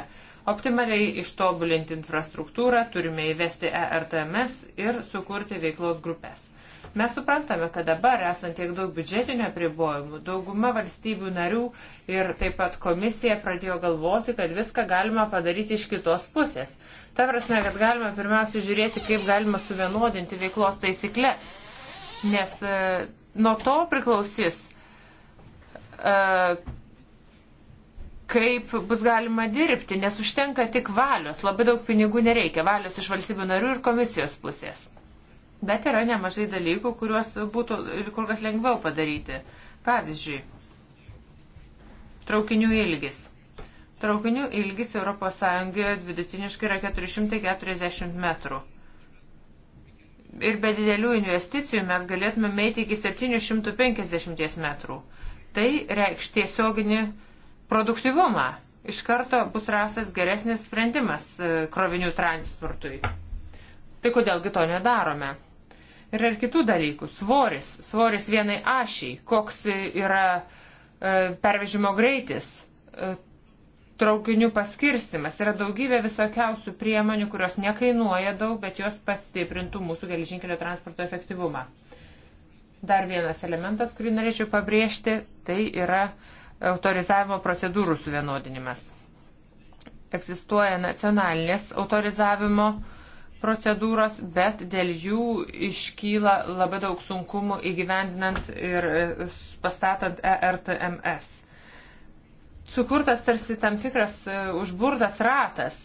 optimaliai ištobulinti infrastruktūrą, turime įvesti ERTMS ir sukurti veiklos grupės. Mes suprantame, kad dabar esant tiek daug biudžetinio apribojimų, dauguma valstybių narių ir taip pat komisija pradėjo galvoti, kad viską galima padaryti iš kitos pusės. Ta prasme, kad galima pirmiausia žiūrėti, kaip galima suvienodinti veiklos taisyklės. Nes e, Nuo to priklausys, e, kaip bus galima dirbti, nes užtenka tik valios, labai daug pinigų nereikia, valios iš valstybių narių ir komisijos pusės. Bet yra nemažai dalykų, kuriuos būtų kur kas lengviau padaryti. Pavyzdžiui, traukinių ilgis. Traukinių ilgis ES vidutiniškai yra 440 metrų ir be didelių investicijų mes galėtume meiti iki 750 metrų. Tai reikš tiesioginį produktivumą. Iš karto bus rastas geresnis sprendimas e, krovinių transportui. Tai kodėlgi to nedarome? Ir ar kitų dalykų. Svoris, svoris vienai ašiai, koks yra e, pervežimo greitis, e, traukinių paskirstimas. Yra daugybė visokiausių priemonių, kurios nekainuoja daug, bet jos pastiprintų mūsų geležinkelio transporto efektyvumą. Dar vienas elementas, kurį norėčiau pabrėžti, tai yra autorizavimo procedūrų suvienodinimas. Egzistuoja nacionalinės autorizavimo procedūros, bet dėl jų iškyla labai daug sunkumų įgyvendinant ir e, pastatant ERTMS sukurtas tarsi tam tikras e, užburtas ratas.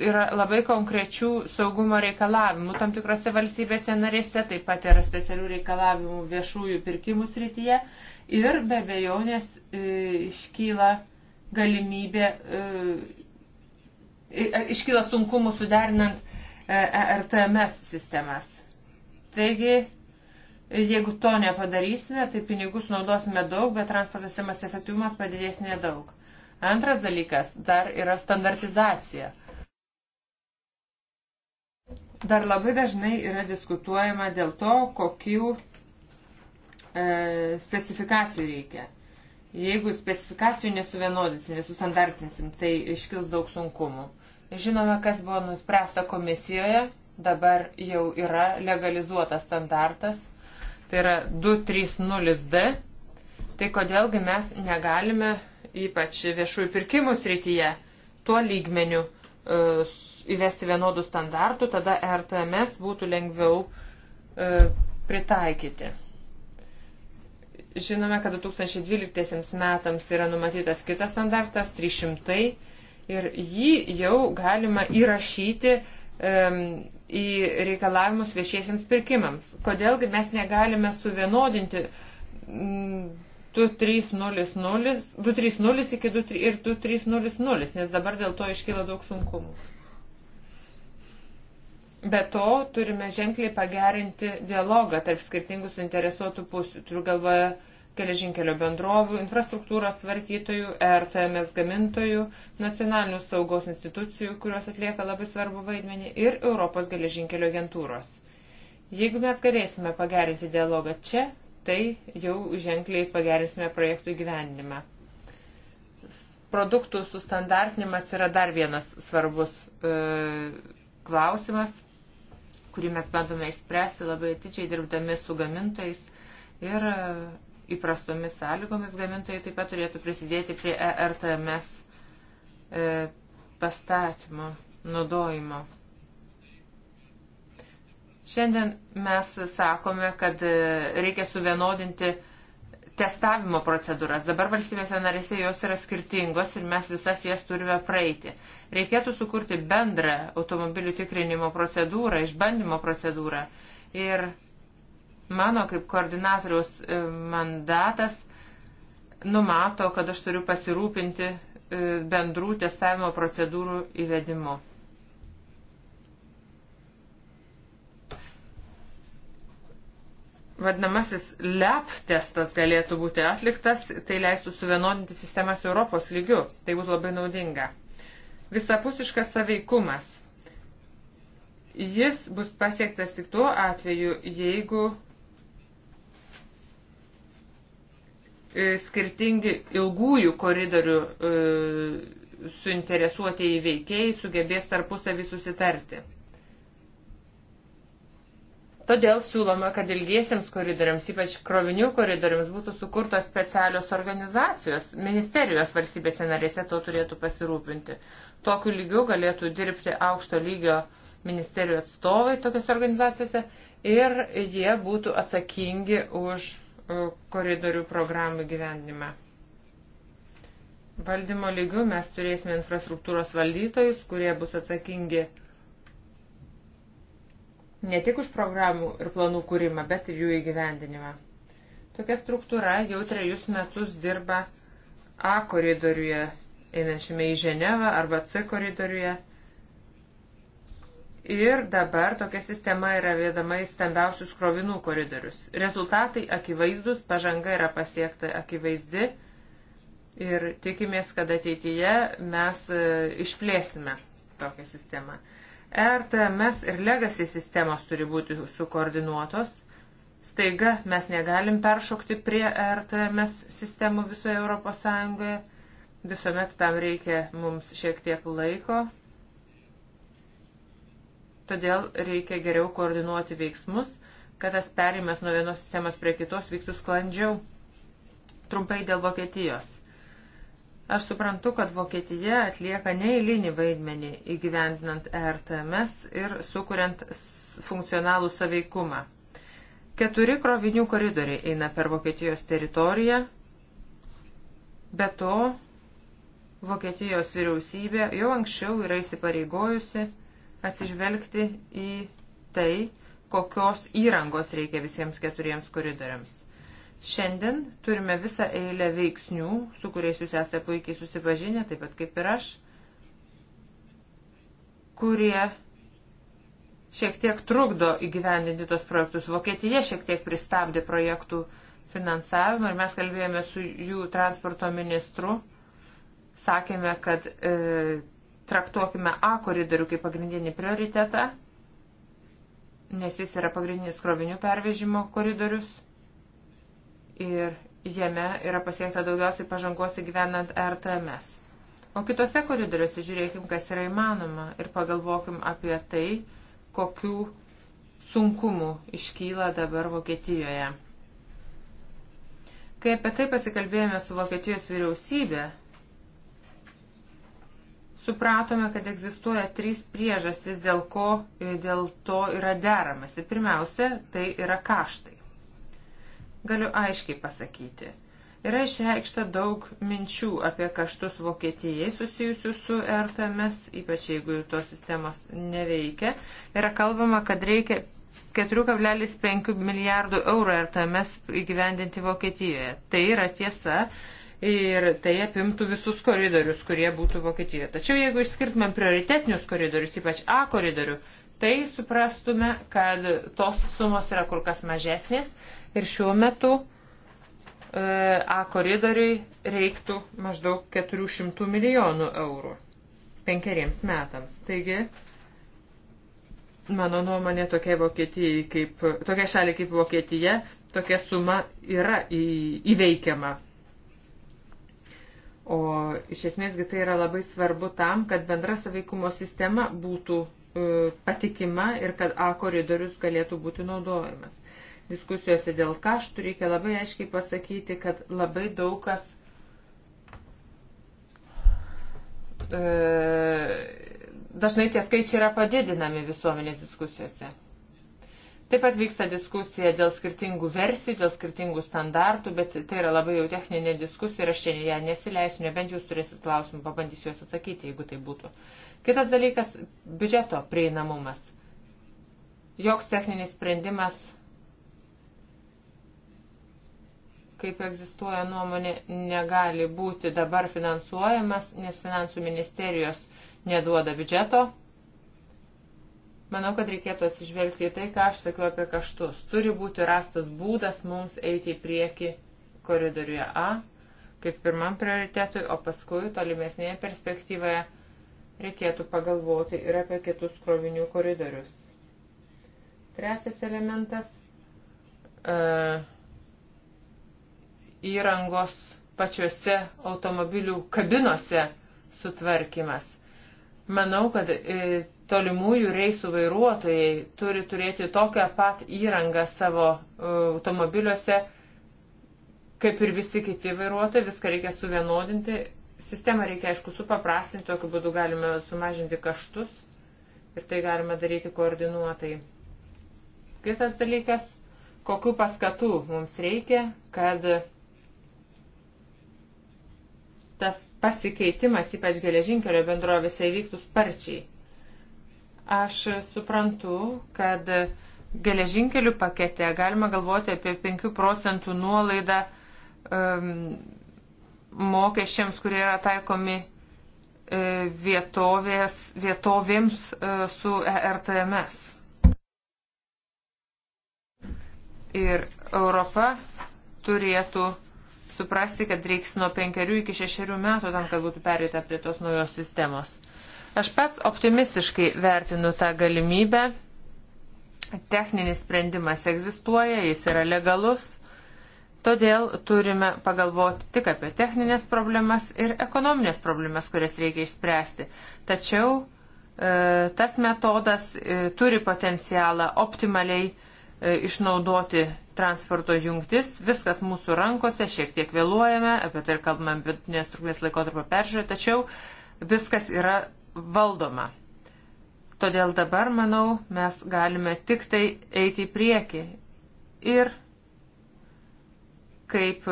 Yra labai konkrečių saugumo reikalavimų. Tam tikrose valstybėse narėse taip pat yra specialių reikalavimų viešųjų pirkimų srityje. Ir be bejonės e, iškyla galimybė, e, iškyla sunkumų suderinant RTMS sistemas. Taigi Jeigu to nepadarysime, tai pinigus naudosime daug, bet transporto sistemos efektyvumas padidės nedaug. Antras dalykas dar yra standartizacija. Dar labai dažnai yra diskutuojama dėl to, kokių e, specifikacijų reikia. Jeigu specifikacijų nesuvienodinsim, nesusandartinsim, tai iškils daug sunkumų. Žinome, kas buvo nuspręsta komisijoje, dabar jau yra legalizuotas standartas tai yra 230D, tai kodėlgi mes negalime, ypač viešųjų pirkimų srityje, tuo lygmeniu uh, įvesti vienodų standartų, tada RTMS būtų lengviau uh, pritaikyti. Žinome, kad 2012 metams yra numatytas kitas standartas 300 ir jį jau galima įrašyti uh, į reikalavimus viešiesiams pirkimams. Kodėlgi mes negalime suvienodinti 2300, mm, 230 iki 23, ir 2300, nes dabar dėl to iškyla daug sunkumų. Be to turime ženkliai pagerinti dialogą tarp skirtingų suinteresuotų pusių. Turiu galvoje geležinkelio bendrovių, infrastruktūros tvarkytojų, RTMS gamintojų, nacionalinių saugos institucijų, kurios atlieka labai svarbu vaidmenį, ir Europos geležinkelio agentūros. Jeigu mes galėsime pagerinti dialogą čia, tai jau ženkliai pagerinsime projektų gyvenimą. Produktų sustandartinimas yra dar vienas svarbus e, klausimas, kurį mes bandome išspręsti labai atidžiai dirbdami su gamintojais ir įprastomis sąlygomis gamintojai taip pat turėtų prisidėti prie ERTMS e, pastatymo, naudojimo. Šiandien mes sakome, kad e, reikia suvienodinti testavimo procedūras. Dabar valstybėse narėse jos yra skirtingos ir mes visas jas turime praeiti. Reikėtų sukurti bendrą automobilių tikrinimo procedūrą, išbandymo procedūrą ir Mano kaip koordinatoriaus e, mandatas numato, kad aš turiu pasirūpinti e, bendrų testavimo procedūrų įvedimu. vadinamasis LEP testas galėtų būti atliktas, tai leistų suvienodinti sistemas Europos lygiu. Tai būtų labai naudinga. Visapusiškas saveikumas. Jis bus pasiektas tik tuo atveju, jeigu E, skirtingi ilgųjų koridorių e, suinteresuotieji veikėjai sugebės tarpusavį susitarti. Todėl siūloma, kad ilgiesiams koridoriams, ypač krovinių koridoriams, būtų sukurtos specialios organizacijos, ministerijos valstybėse narėse to turėtų pasirūpinti. Tokiu lygiu galėtų dirbti aukšto lygio ministerijų atstovai tokios organizacijose ir jie būtų atsakingi už koridorių programų gyvendimą. Valdymo lygių mes turėsime infrastruktūros valdytojus, kurie bus atsakingi ne tik už programų ir planų kūrimą, bet ir jų įgyvendinimą. Tokia struktūra jau trejus metus dirba A koridoriuje, einančiame į Ženevą arba C koridoriuje Ir dabar tokia sistema yra vėdama į stambiausius krovinų koridorius. Rezultatai akivaizdus, pažanga yra pasiekta akivaizdi ir tikimės, kad ateityje mes e, išplėsime tokią sistemą. RTMS ir legacy sistemos turi būti sukoordinuotos. Staiga mes negalim peršokti prie RTMS sistemų visoje ES. Visuomet tam reikia mums šiek tiek laiko, Todėl reikia geriau koordinuoti veiksmus, kad tas perimas nuo vienos sistemos prie kitos vyktų sklandžiau. Trumpai dėl Vokietijos. Aš suprantu, kad Vokietija atlieka neįlinį vaidmenį įgyvendinant ERTMS ir sukuriant funkcionalų saveikumą. Keturi krovinių koridoriai eina per Vokietijos teritoriją. Be to, Vokietijos vyriausybė jau anksčiau yra įsipareigojusi atsižvelgti į tai, kokios įrangos reikia visiems keturiems koridoriams. Šiandien turime visą eilę veiksnių, su kuriais jūs esate puikiai susipažinę, taip pat kaip ir aš, kurie šiek tiek trukdo įgyvendinti tos projektus. Vokietija šiek tiek pristabdė projektų finansavimą ir mes kalbėjome su jų transporto ministru, sakėme, kad e, traktuokime A koridorių kaip pagrindinį prioritetą, nes jis yra pagrindinis krovinių pervežimo koridorius ir jame yra pasiekta daugiausiai pažangos įgyvenant RTMS. O kitose koridoriuose žiūrėkim, kas yra įmanoma ir pagalvokim apie tai, kokių sunkumų iškyla dabar Vokietijoje. Kai apie tai pasikalbėjome su Vokietijos vyriausybė, supratome, kad egzistuoja trys priežastys, dėl ko e, dėl to yra deramasi. Pirmiausia, tai yra kaštai. Galiu aiškiai pasakyti. Yra išreikšta daug minčių apie kaštus Vokietijai susijusius su RTMS, ypač jeigu tos sistemos neveikia. Yra kalbama, kad reikia 4,5 milijardų eurų RTMS įgyvendinti Vokietijoje. Tai yra tiesa, ir tai apimtų visus koridorius, kurie būtų Vokietijoje. Tačiau jeigu išskirtumėm prioritetinius koridorius, ypač A koridorių, tai suprastume, kad tos sumos yra kur kas mažesnės ir šiuo metu e, A koridoriui reiktų maždaug 400 milijonų eurų penkeriems metams. Taigi, mano nuomonė, tokia, kaip, tokia šalia kaip Vokietija, tokia suma yra į, įveikiama O iš esmėsgi tai yra labai svarbu tam, kad bendra saveikumo sistema būtų e, patikima ir kad A koridorius galėtų būti naudojamas. Diskusijose dėl kaštų reikia labai aiškiai pasakyti, kad labai daug kas e, dažnai tie skaičiai yra padidinami visuomenės diskusijose. Taip pat vyksta diskusija dėl skirtingų versijų, dėl skirtingų standartų, bet tai yra labai jau techninė diskusija ir aš čia ją nesileisiu, nebent jūs turėsit klausimų, pabandysiu juos atsakyti, jeigu tai būtų. Kitas dalykas - biudžeto prieinamumas. Joks techninis sprendimas, kaip egzistuoja nuomonė, negali būti dabar finansuojamas, nes finansų ministerijos neduoda biudžeto Manau, kad reikėtų atsižvelgti į tai, ką aš sakiau apie kaštus. Turi būti rastas būdas mums eiti į priekį koridoriuje A, kaip pirmam prioritetui, o paskui tolimesnėje perspektyvoje reikėtų pagalvoti ir apie kitus krovinių koridorius. Trečias elementas e, - įrangos pačiuose automobilių kabinose sutvarkymas. Manau, kad e, tolimųjų reisų vairuotojai turi turėti tokią pat įrangą savo e, automobiliuose, kaip ir visi kiti vairuotojai, viską reikia suvienodinti. Sistemą reikia, aišku, supaprastinti, tokiu būdu galime sumažinti kaštus ir tai galime daryti koordinuotai. Kitas dalykas, kokiu paskatų mums reikia, kad tas pasikeitimas, ypač geležinkelio bendrovėse, įvyktų sparčiai Aš suprantu, kad geležinkelių pakete galima galvoti apie 5 procentų nuolaidą um, mokesčiams, kurie yra taikomi e, vietovės, vietovėms e, su ERTMS. Ir Europa turėtų suprasti, kad reiks nuo penkerių iki šešerių metų tam, kad būtų perėta prie tos naujos sistemos. Aš pats optimistiškai vertinu tą galimybę. Techninis sprendimas egzistuoja, jis yra legalus, todėl turime pagalvoti tik apie techninės problemas ir ekonominės problemas, kurias reikia išspręsti. Tačiau e, tas metodas e, turi potencialą optimaliai e, išnaudoti transporto jungtis, viskas mūsų rankose, šiek tiek vėluojame, apie tai ir kalbame vidutinės trukmės laikotarpio peržiūrė, tačiau viskas yra valdoma. Todėl dabar, manau, mes galime tik tai eiti į priekį. Ir, kaip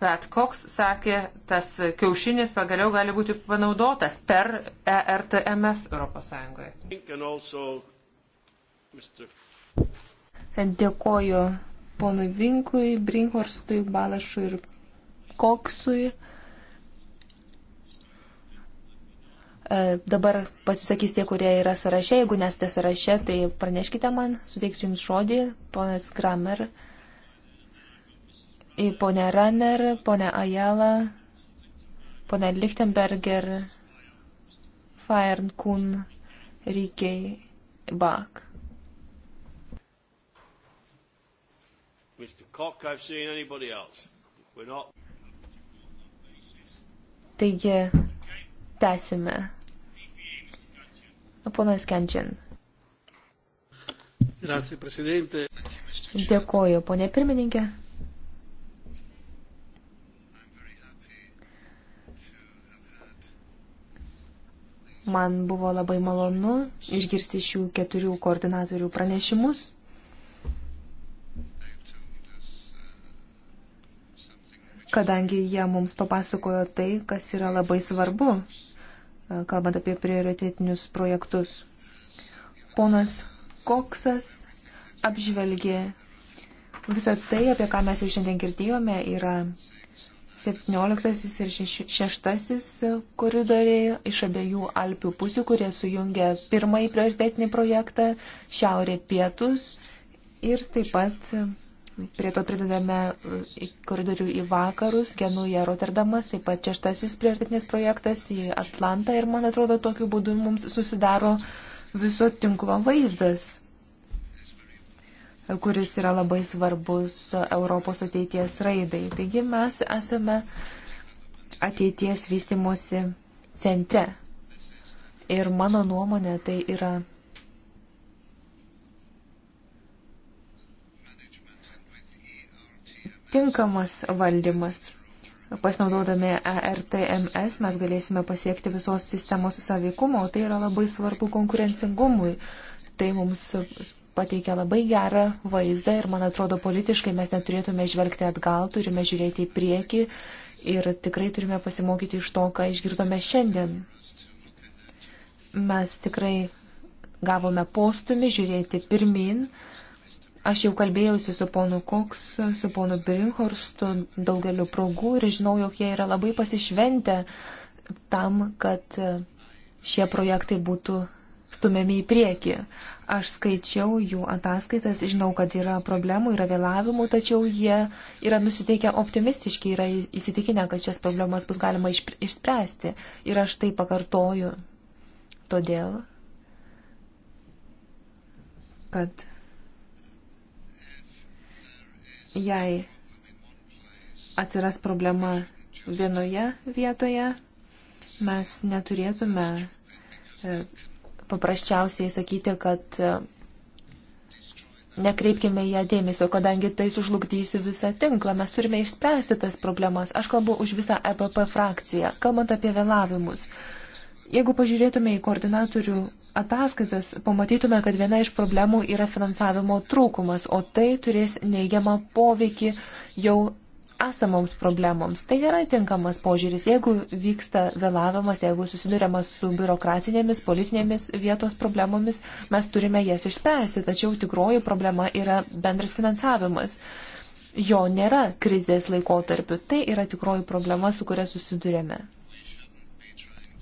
Pat Cox sakė, tas kiaušinis pagaliau gali būti panaudotas per ERTMS ES. Dėkoju ponui Vinkui, Brinkhorstui, Balašui ir Koksui. E, dabar pasisakys tie, kurie yra sąraše. Jeigu nesate sąraše, tai praneškite man, suteiksiu Jums žodį, ponas Kramer, ponė Runner, ponė Ajala, ponė Lichtenberger, Fajernkun, Rykiai, Bak. Mr. Cock, I've seen anybody else. We're not. Taigi, tęsime. Ponas Kenčian. Dėkoju, ponė pirmininkė. Man buvo labai malonu išgirsti šių keturių koordinatorių pranešimus. Kadangi jie mums papasakojo tai, kas yra labai svarbu kalbant apie prioritetinius projektus. Ponas Koksas apžvelgė visą tai, apie ką mes jau šiandien girdėjome, yra 17 ir 6 koridoriai iš abiejų Alpių pusių, kurie sujungia pirmąjį prioritetinį projektą Šiaurė pietus ir taip pat prie to pridedame e, koridorių į vakarus, Genuja, Rotterdamas, taip pat šeštasis prioritetinis projektas į Atlantą ir, man atrodo, tokiu būdu mums susidaro viso tinklo vaizdas kuris yra labai svarbus Europos ateities raidai. Taigi mes esame ateities vystimosi centre. Ir mano nuomonė tai yra tinkamas valdymas. Pasinaudodami ERTMS mes galėsime pasiekti visos sistemos savykumo, tai yra labai svarbu konkurencingumui. Tai mums pateikia labai gerą vaizdą ir, man atrodo, politiškai mes neturėtume žvelgti atgal, turime žiūrėti į priekį ir tikrai turime pasimokyti iš to, ką išgirdome šiandien. Mes tikrai gavome postumį žiūrėti pirmin Aš jau kalbėjausi su ponu Koks, su ponu Brinkhorstu daugeliu progų ir žinau, jog jie yra labai pasišventę tam, kad šie projektai būtų stumiami į priekį. Aš skaičiau jų ataskaitas, žinau, kad yra problemų, yra vėlavimų, tačiau jie yra nusiteikę optimistiškai, yra įsitikinę, kad šias problemas bus galima išspręsti. Ir aš tai pakartoju. Todėl, kad jei atsiras problema vienoje vietoje, mes neturėtume e, paprasčiausiai sakyti, kad e, nekreipkime ją dėmesio, kadangi tai sužlugdysi visą tinklą. Mes turime išspręsti tas problemas. Aš kalbu už visą EPP frakciją. Kalbant apie vėlavimus, Jeigu pažiūrėtume į koordinatorių ataskaitas, pamatytume, kad viena iš problemų yra finansavimo trūkumas, o tai turės neigiamą poveikį jau esamoms problemoms. Tai nėra tinkamas požiūris. Jeigu vyksta vėlavimas, jeigu susidurėma su biurokratinėmis, politinėmis vietos problemomis, mes turime jas išspręsti, tačiau tikroji problema yra bendras finansavimas. Jo nėra krizės laikotarpiu. Tai yra tikroji problema, su kuria susidurėme.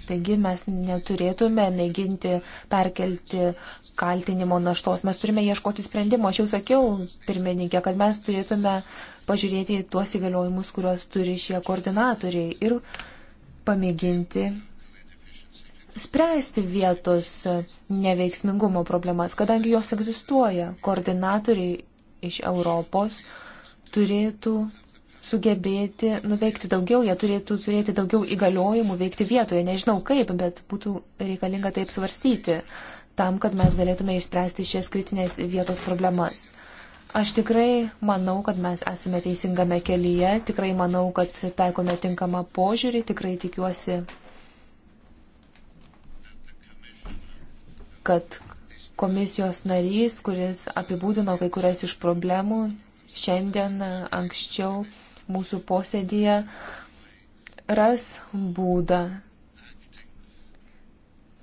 Taigi mes neturėtume mėginti perkelti kaltinimo naštos. Mes turime ieškoti sprendimo. Aš jau sakiau, pirmininkė, kad mes turėtume pažiūrėti tuos įgaliojimus, kuriuos turi šie koordinatoriai ir pamėginti spręsti vietos neveiksmingumo problemas, kadangi jos egzistuoja. Koordinatoriai iš Europos turėtų sugebėti nuveikti daugiau, jie turėtų turėti daugiau įgaliojimų veikti vietoje. Nežinau kaip, bet būtų reikalinga taip svarstyti, tam, kad mes galėtume išspręsti šias kritinės vietos problemas. Aš tikrai manau, kad mes esame teisingame kelyje, tikrai manau, kad taikome tinkamą požiūrį, tikrai tikiuosi, kad komisijos narys, kuris apibūdino kai kurias iš problemų, šiandien anksčiau mūsų posėdėje ras būdą,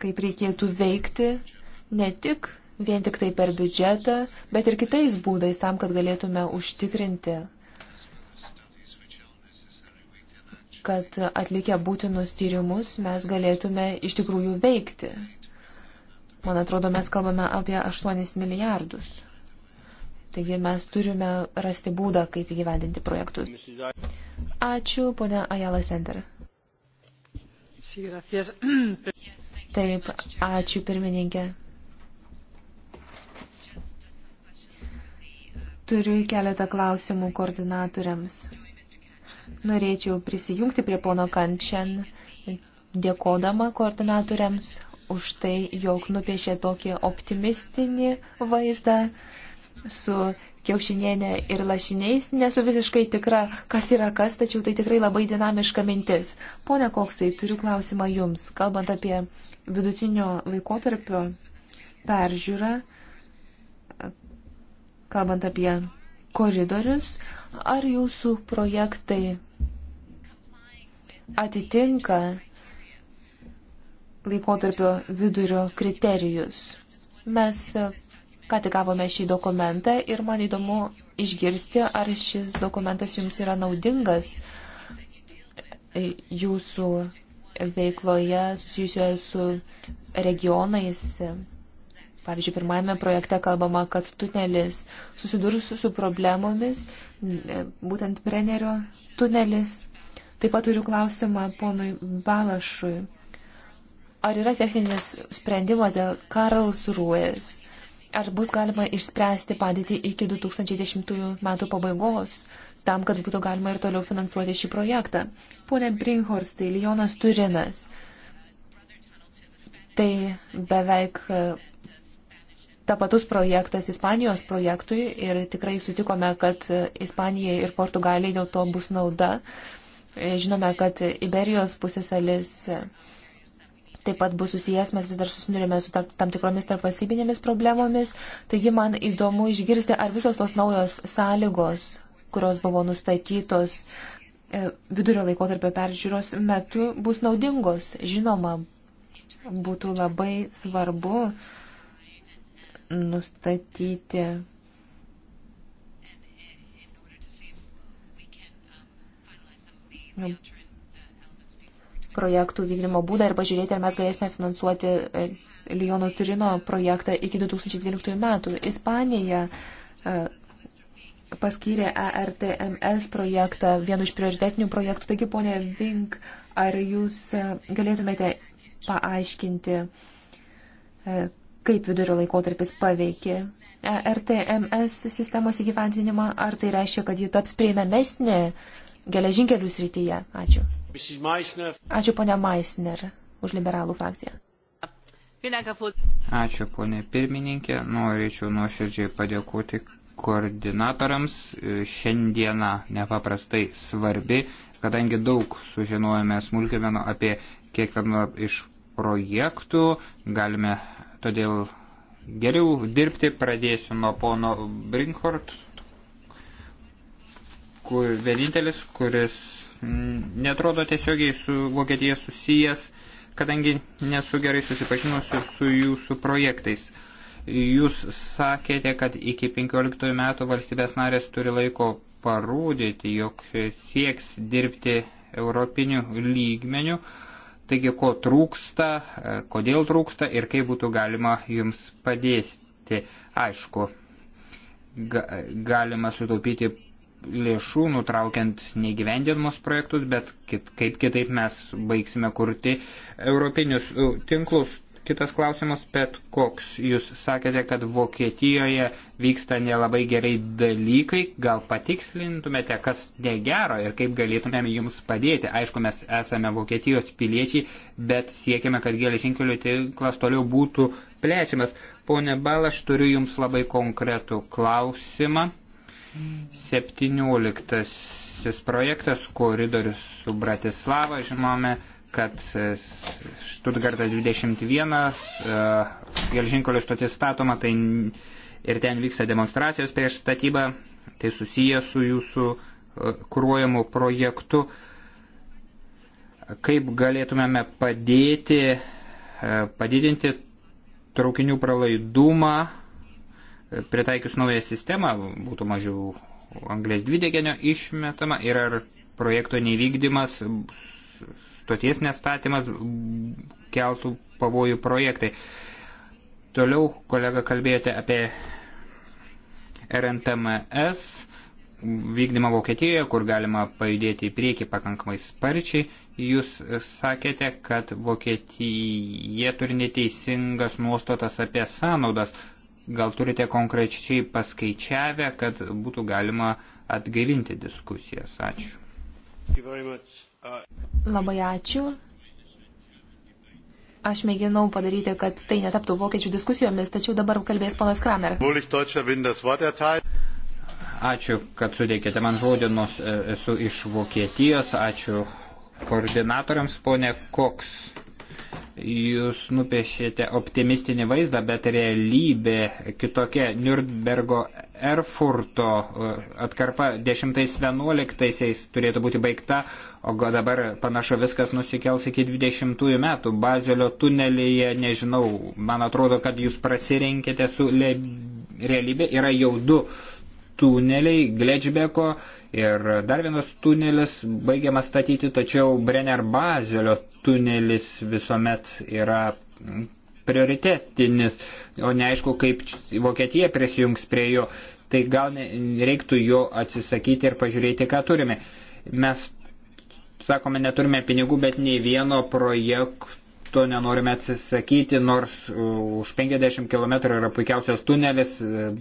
kaip reikėtų veikti ne tik vien tik tai per biudžetą, bet ir kitais būdais tam, kad galėtume užtikrinti, kad atlikę būtinus tyrimus mes galėtume iš tikrųjų veikti. Man atrodo, mes kalbame apie 8 milijardus. Taigi mes turime rasti būdą, kaip įgyvendinti projektus. Ačiū, ponia Ajala Center. Taip, ačiū pirmininkė. Turiu keletą klausimų koordinatoriams. Norėčiau prisijungti prie pono Kančian, dėkodama koordinatoriams už tai, jog nupiešė tokį optimistinį vaizdą su kiaušinienė ir lašiniais. Nesu visiškai tikra, kas yra kas, tačiau tai tikrai labai dinamiška mintis. Pone Koksai, turiu klausimą Jums, kalbant apie vidutinio laikotarpio peržiūrą, kalbant apie koridorius, ar Jūsų projektai atitinka laikotarpio vidurio kriterijus. Mes Ką tik gavome šį dokumentą ir man įdomu išgirsti, ar šis dokumentas jums yra naudingas e, jūsų veikloje susijusioje su regionais. Pavyzdžiui, pirmajame projekte kalbama, kad tunelis susidurs su problemomis, e, būtent Brennerio tunelis. Taip pat turiu klausimą ponui Balašui. Ar yra techninis sprendimas dėl Karls Ruės? ar bus galima išspręsti padėtį iki 2010 metų pabaigos, tam, kad būtų galima ir toliau finansuoti šį projektą. Pone Brinkhorstai, Lionas Turinas. Tai beveik e, tapatus projektas Ispanijos projektui ir tikrai sutikome, kad e, Ispanijai ir Portugalijai dėl to bus nauda. E, žinome, kad Iberijos pusėsalis. salis taip pat bus susijęs, mes vis dar susidurime su tarp, tam tikromis tarpvalstybinėmis problemomis. Taigi man įdomu išgirsti, ar visos tos naujos sąlygos, kurios buvo nustatytos e, vidurio laikotarpio peržiūros metu, bus naudingos. Žinoma, būtų labai svarbu nustatyti. Yep projektų vykdymo būdą ir pažiūrėti, ar mes galėsime finansuoti e, Lyono Turino projektą iki 2012 metų. Ispanija e, paskyrė ERTMS projektą vienu iš prioritetinių projektų. Taigi, ponė Vink, ar jūs e, galėtumėte paaiškinti, kaip vidurio laikotarpis paveikė ERTMS sistemos įgyvendinimą, ar tai reiškia, kad ji taps prieinamesnė geležinkelių srityje? Ačiū. Ačiū ponia Maisner už liberalų frakciją. Ačiū ponė pirmininkė, norėčiau nuoširdžiai padėkoti koordinatoriams. Šiandiena nepaprastai svarbi, kadangi daug sužinojame smulkimeno apie kiekvieno iš projektų, galime todėl geriau dirbti. Pradėsiu nuo pono Brinkhort, kur vienintelis, kuris Mm, netrodo tiesiogiai su Vokietija susijęs, kadangi nesu gerai susipažinusi su jūsų projektais. Jūs sakėte, kad iki 15 metų valstybės narės turi laiko parodyti, jog sieks dirbti europinių lygmenių. Taigi, ko trūksta, kodėl trūksta ir kaip būtų galima jums padėti. Aišku, ga, galima sutaupyti lėšų, nutraukiant negyvendinamus projektus, bet kit, kaip kitaip mes baigsime kurti europinius e, tinklus. Kitas klausimas, bet koks jūs sakėte, kad Vokietijoje vyksta nelabai gerai dalykai, gal patikslintumėte, kas negero ir kaip galėtumėm jums padėti. Aišku, mes esame Vokietijos piliečiai, bet siekime, kad geležinkelių tinklas toliau būtų plečiamas. Pone Balaš, turiu jums labai konkretų klausimą 17 projektas koridorius su Bratislava, žinome, kad Štutgartas e, 21, e, Gelžinkolio stotis statoma, tai ir ten vyksta demonstracijos prieš statybą, tai susiję su jūsų e, kruojamu projektu. Kaip galėtumėme padėti, padidinti traukinių pralaidumą pritaikius naują sistemą būtų mažiau anglės dvideginio išmetama ir ar projekto nevykdymas, stoties nestatymas keltų pavojų projektai. Toliau, kolega, kalbėjote apie RNTMS vykdymą Vokietijoje, kur galima pajudėti į priekį pakankamai sparčiai. Jūs sakėte, kad Vokietija turi neteisingas nuostatas apie sąnaudas. Gal turite konkrečiai paskaičiavę, kad būtų galima atgaivinti diskusijas? Ačiū. Uh, Labai ačiū. Aš mėginau padaryti, kad tai netaptų vokiečių diskusijomis, tačiau dabar kalbės ponas Kramer. Ačiū, kad suteikėte man žodį, nors e, esu iš Vokietijos. Ačiū koordinatoriams, ponė Koks. Jūs nupiešėte optimistinį vaizdą, bet realybė kitokia. Nürnbergo Erfurto e, atkarpa 10-11 turėtų būti baigta, o dabar panašu viskas nusikels iki 20 metų. Bazelio tunelėje, nežinau, man atrodo, kad jūs prasirinkite su le... realybė. Yra jau du tuneliai Glečbeko Ir dar vienas tunelis baigiamas statyti, tačiau Brenner Bazelio tunelis visuomet yra prioritetinis, o neaišku, kaip Vokietija prisijungs prie jo, tai gal reiktų jo atsisakyti ir pažiūrėti, ką turime. Mes, sakome, neturime pinigų, bet nei vieno projekto nenorime atsisakyti, nors e, už 50 km yra puikiausias tunelis, e,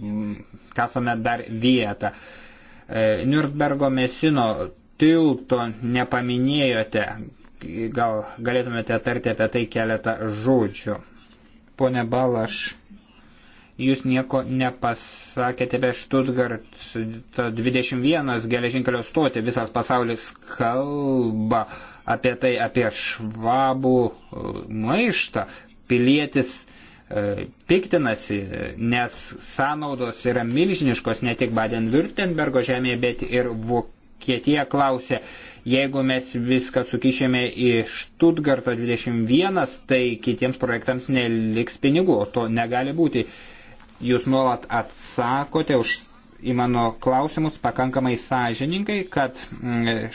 kasome dar vietą. Uh, E, Nürnbergo mesino tilto nepaminėjote, gal galėtumėte tarti apie tai keletą žodžių. Pone Balaš, jūs nieko nepasakėte apie Stuttgart 21 geležinkelio stotį, visas pasaulis kalba apie tai, apie švabų maištą, pilietis E, piktinasi, e, nes sąnaudos yra milžiniškos ne tik Baden-Württembergo žemėje, bet ir Vokietija klausė, jeigu mes viską sukišėme į Stuttgarto 21, tai kitiems projektams neliks pinigų, o to negali būti. Jūs nuolat atsakote už į mano klausimus pakankamai sąžininkai, kad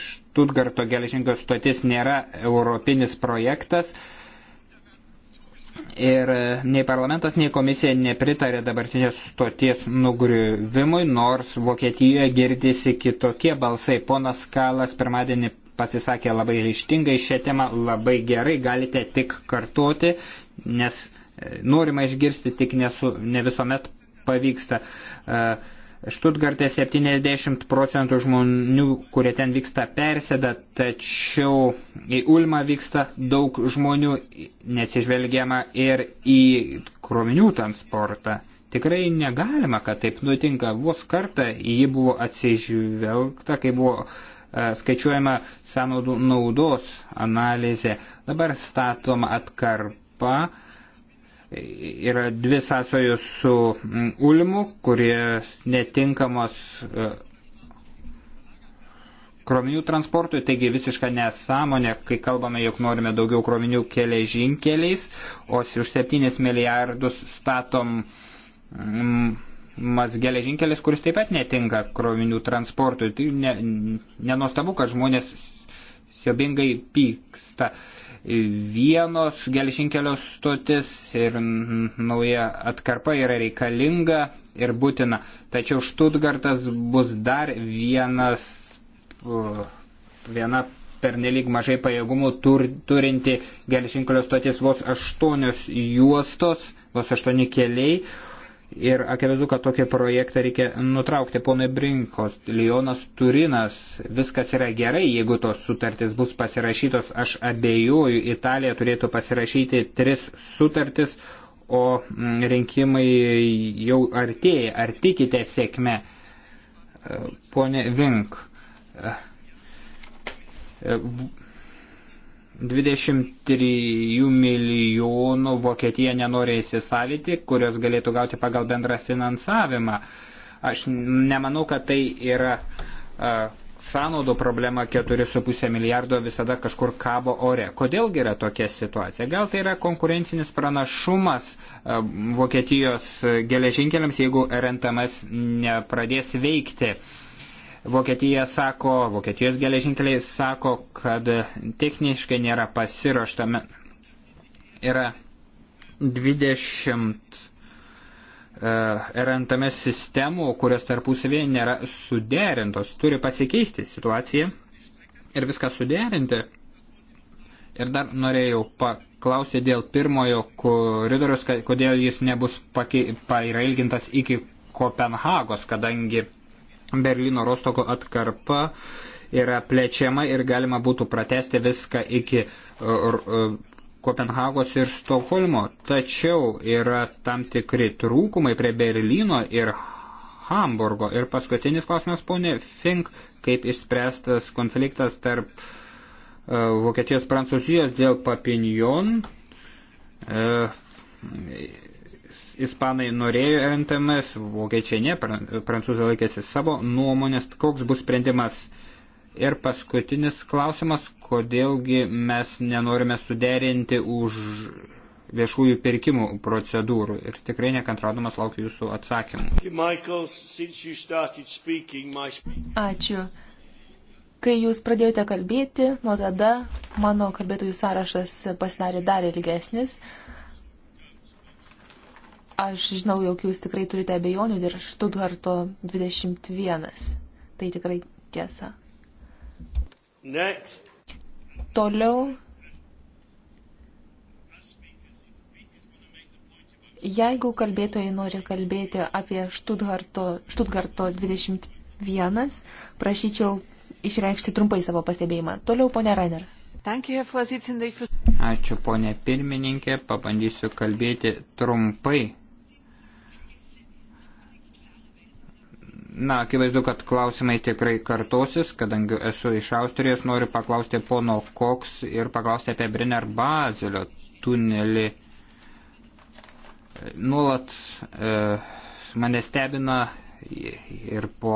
Štutgarto mm, geležinkio stotis nėra europinis projektas, Ir e, nei parlamentas, nei komisija nepritarė dabartinės stoties nugriuvimui, nors Vokietijoje girdisi kitokie balsai. Ponas Kalas pirmadienį pasisakė labai ryštingai šią temą, labai gerai, galite tik kartuoti, nes e, norima išgirsti, tik nesu, ne visuomet pavyksta. Uh, Štutgarte 70 procentų žmonių, kurie ten vyksta, persėda, tačiau į Ulmą vyksta daug žmonių, neatsižvelgiama ir į krovinių transportą. Tikrai negalima, kad taip nutinka. Vos kartą į jį buvo atsižvelgta, kai buvo e, skaičiuojama sąnaudų naudos analizė. Dabar statoma atkarpa yra dvi sąsojos su mm, Ulmu, kurie netinkamos e, krovinių transportui, taigi visiška nesąmonė, kai kalbame, jog norime daugiau krovinių keležinkeliais, o už 7 milijardus statom mm, mas geležinkelis, kuris taip pat netinka krovinių transportui. Tai ne, nenostabu, kad žmonės siobingai pyksta. Uh, vienos gelžinkelio stotis ir nauja atkarpa yra reikalinga ir būtina. Tačiau Štutgartas bus dar vienas, viena pernelyg mažai pajėgumų tur, turinti gelžinkelio stotis vos aštuonios juostos, vos aštuoni keliai, Ir akivaizdu, kad tokį projektą reikia nutraukti. Ponai Brinkos, Lionas Turinas, viskas yra gerai, jeigu tos sutartys bus pasirašytos. Aš abejoju, Italija turėtų pasirašyti tris sutartis, o mm, rinkimai jau artėja. Ar tikite sėkme? E, Pone Vink e, 23 milijonų Vokietija nenori įsisavyti, kurios galėtų gauti pagal bendrą finansavimą. Aš nemanau, kad tai yra uh, sąnaudų problema 4,5 milijardo visada kažkur kabo ore. Kodėlgi yra tokia situacija? Gal tai yra konkurencinis pranašumas uh, Vokietijos geležinkeliams, jeigu RNTMS nepradės veikti. Uh, Vokietija sako, Vokietijos geležinkeliai sako, kad techniškai nėra pasiruošta. Yra 20 e, RNTM sistemų, kurios tarpusavėje nėra suderintos. Turi pasikeisti situaciją ir viską suderinti. Ir dar norėjau paklausyti dėl pirmojo koridorius, kodėl jis nebus pailgintas iki Kopenhagos, kadangi Berlyno Rostoko atkarpa yra plečiama ir galima būtų pratesti viską iki e, e, Kopenhagos ir Stokholmo, tačiau yra tam tikri trūkumai prie Berlyno ir Hamburgo. Ir paskutinis klausimas, ponė Fink, kaip išspręstas konfliktas tarp uh, Vokietijos Prancūzijos dėl Papinjon. Uh, ispanai norėjo RNTMS, vokiečiai ne, prancūzai laikėsi savo nuomonės, koks bus sprendimas. Ir paskutinis klausimas, kodėlgi mes nenorime suderinti už viešųjų pirkimų procedūrų. Ir tikrai nekantraudamas laukiu jūsų atsakymų. Ačiū. Kai jūs pradėjote kalbėti, nuo tada mano kalbėtojų sąrašas pasidarė dar ilgesnis. Uh, Aš žinau, jog jūs tikrai turite abejonių dėl Štutgarto 21. Tai tikrai tiesa. Next. Toliau. Jeigu kalbėtojai nori kalbėti apie Štutgarto, Štutgarto 21, prašyčiau išreikšti trumpai savo pastebėjimą. Toliau, ponė Rainer. Ačiū, ponė pirmininkė, pabandysiu kalbėti trumpai Na, akivaizdu, kad klausimai tikrai kartosis, kadangi esu iš Austrijos, noriu paklausti pono Koks ir paklausti apie Briner Bazelio tunelį. Nuolat e, mane stebina ir po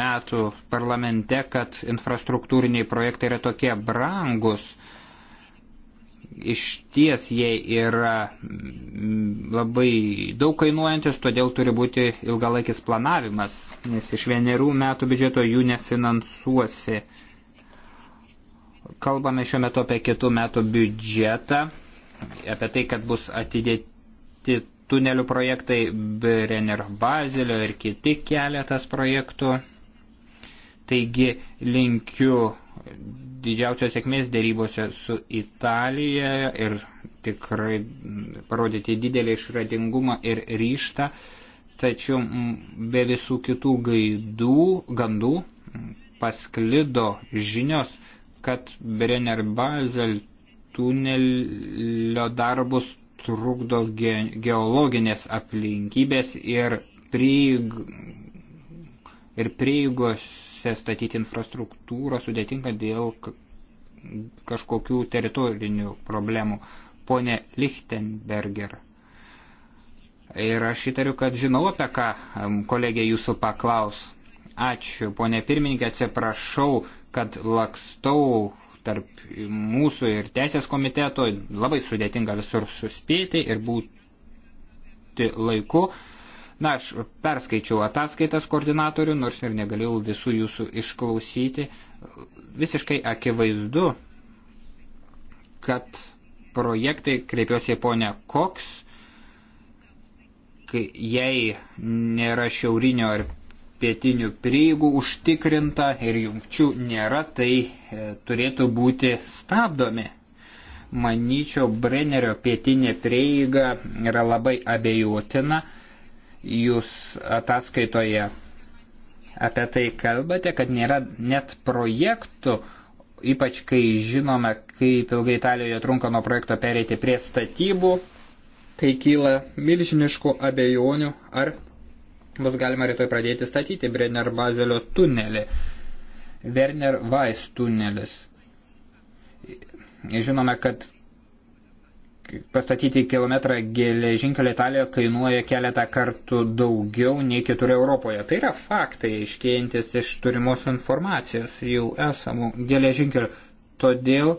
metų parlamente, kad infrastruktūriniai projektai yra tokie brangus iš ties jie yra labai daug kainuojantis, todėl turi būti ilgalaikis planavimas, nes iš vienerių metų biudžeto jų nefinansuosi. Kalbame šiuo metu apie kitų metų biudžetą, apie tai, kad bus atidėti tunelių projektai Brenner Bazelio ir kiti keletas projektų. Taigi linkiu didžiausios sėkmės dėrybose su Italija ir tikrai parodyti didelį išradingumą ir ryštą, tačiau be visų kitų gaidų, gandų pasklido žinios, kad Brenner Basel tunelio darbus trukdo ge geologinės aplinkybės ir, prieig ir prieigos čia statyti infrastruktūrą sudėtinga dėl kažkokių teritorinių problemų. Pone Lichtenberger. Ir aš įtariu, kad žinau, apie ką kolegė jūsų paklaus. Ačiū, ponė pirmininkė, atsiprašau, kad lakstau tarp mūsų ir teisės komiteto. Labai sudėtinga visur suspėti ir būti laiku. Na, aš perskaičiau ataskaitas koordinatorių, nors ir negalėjau visų jūsų išklausyti. Visiškai akivaizdu, kad projektai, kreipiuosi į ponę Koks, jei nėra šiaurinio ar pietinių prieigų užtikrinta ir jungčių nėra, tai e, turėtų būti stabdomi. Manyčiau, Brennerio pietinė prieiga yra labai abejotina, Jūs ataskaitoje apie tai kalbate, kad nėra net projektų, ypač kai žinome, kaip ilgai Italijoje trunka nuo projekto pereiti prie statybų, kai kyla milžiniškų abejonių, ar bus galima rytoj pradėti statyti Brenner Bazelio tunelį, Werner Weiss tunelis. Žinome, kad pastatyti kilometrą geležinkelio Italijoje kainuoja keletą kartų daugiau nei kitur Europoje. Tai yra faktai, iškėjantis iš turimos informacijos jau esamų geležinkelių. Todėl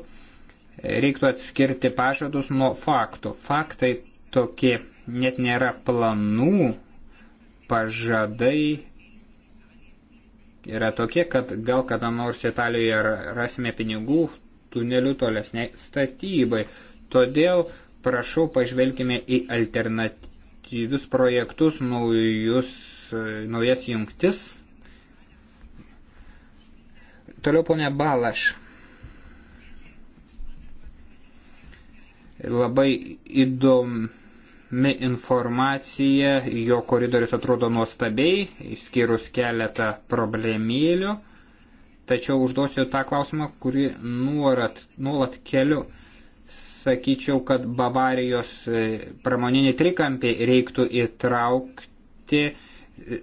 reiktų atskirti pažadus nuo faktų. Faktai tokie net nėra planų, pažadai yra tokie, kad gal kada nors Italijoje rasime pinigų tunelių tolesniai statybai. Todėl prašau pažvelkime į alternatyvius projektus, naujus, naujas jungtis. Toliau ponia Balaš. Labai įdomi informacija, jo koridorius atrodo nuostabiai, išskyrus keletą problemėlių, tačiau užduosiu tą klausimą, kurį nuorat, nuolat keliu sakyčiau, kad Bavarijos e, pramoninį trikampį reiktų įtraukti, e,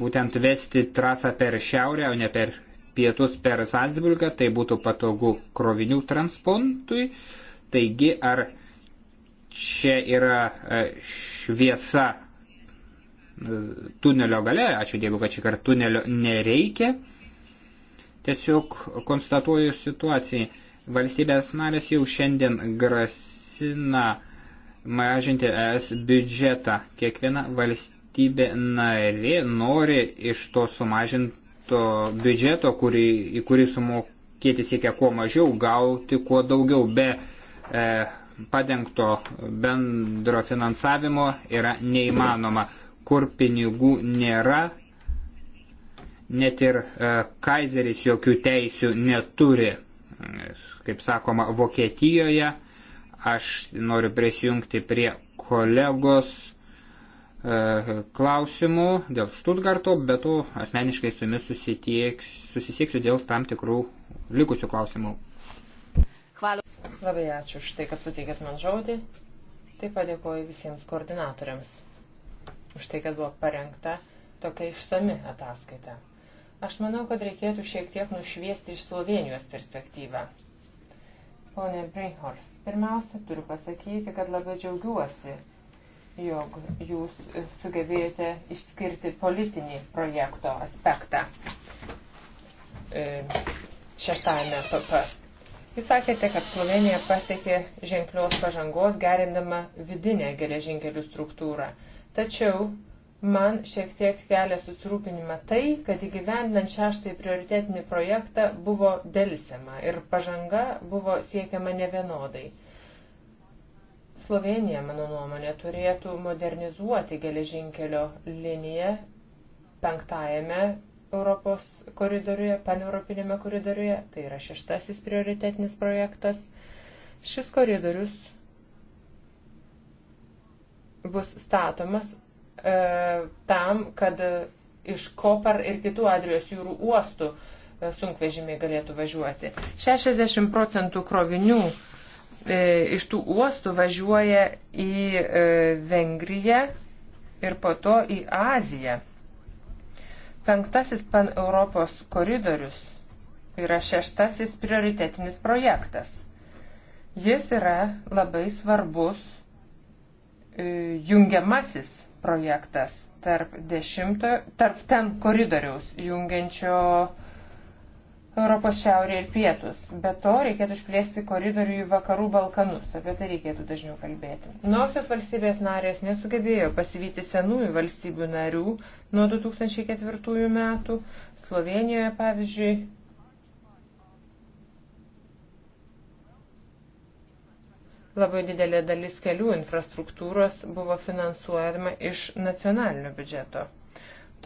būtent vesti trasą per šiaurę, o ne per pietus per Salzburgą, tai būtų patogu krovinių transportui. Taigi, ar čia yra e, šviesa tunelio gale, ačiū Dievui, kad šį kartą tunelio nereikia, tiesiog konstatuoju situaciją Valstybės narės jau šiandien grasina mažinti ES biudžetą. Kiekviena valstybė narė nori iš to sumažinto biudžeto, kurį, į kurį sumokėti siekia kuo mažiau, gauti kuo daugiau be e, padengto bendro finansavimo yra neįmanoma. Kur pinigų nėra, net ir e, Kaiseris jokių teisių neturi kaip sakoma, Vokietijoje. Aš noriu prisijungti prie kolegos e, klausimų dėl Štutgarto, bet tu asmeniškai su jumis susisieksiu dėl tam tikrų likusių klausimų. Hvala. Labai ačiū už tai, kad suteikėt man žodį. Taip pat dėkoju visiems koordinatoriams už tai, kad buvo parengta tokia išsami ataskaita. Aš manau, kad reikėtų šiek tiek nušviesti iš Slovenijos perspektyvą. Pone Brinkhorst, pirmiausia, turiu pasakyti, kad labai džiaugiuosi, jog jūs sugebėjote išskirti politinį projekto aspektą e, šeštame PP. Jūs sakėte, kad Slovenija pasiekė ženklios pažangos gerindama vidinę geležinkelių struktūrą. Tačiau man šiek tiek kelia susirūpinimą tai, kad įgyvendinant šeštąjį prioritetinį projektą buvo dėlsiama ir pažanga buvo siekiama nevienodai. Slovenija, mano nuomonė, turėtų modernizuoti geležinkelio liniją penktajame Europos koridoriuje, paneuropinėme koridoriuje, tai yra šeštasis prioritetinis projektas. Šis koridorius bus statomas E, tam, kad iš Kopar ir kitų Adrijos jūrų uostų e, sunkvežimiai galėtų važiuoti. 60 procentų krovinių e, iš tų uostų važiuoja į Vengriją ir po to į Aziją. Penktasis pan Europos koridorius yra šeštasis prioritetinis projektas. Jis yra labai svarbus jungiamasis projektas tarp, dešimto, tarp ten koridoriaus jungiančio Europos šiaurė ir pietus. Be to reikėtų išplėsti koridorių į vakarų Balkanus. Apie tai reikėtų dažniau kalbėti. Naujosios valstybės narės nesugebėjo pasivyti senųjų valstybių narių nuo 2004 metų. Slovenijoje, pavyzdžiui, Labai didelė dalis kelių infrastruktūros buvo finansuojama iš nacionalinio biudžeto.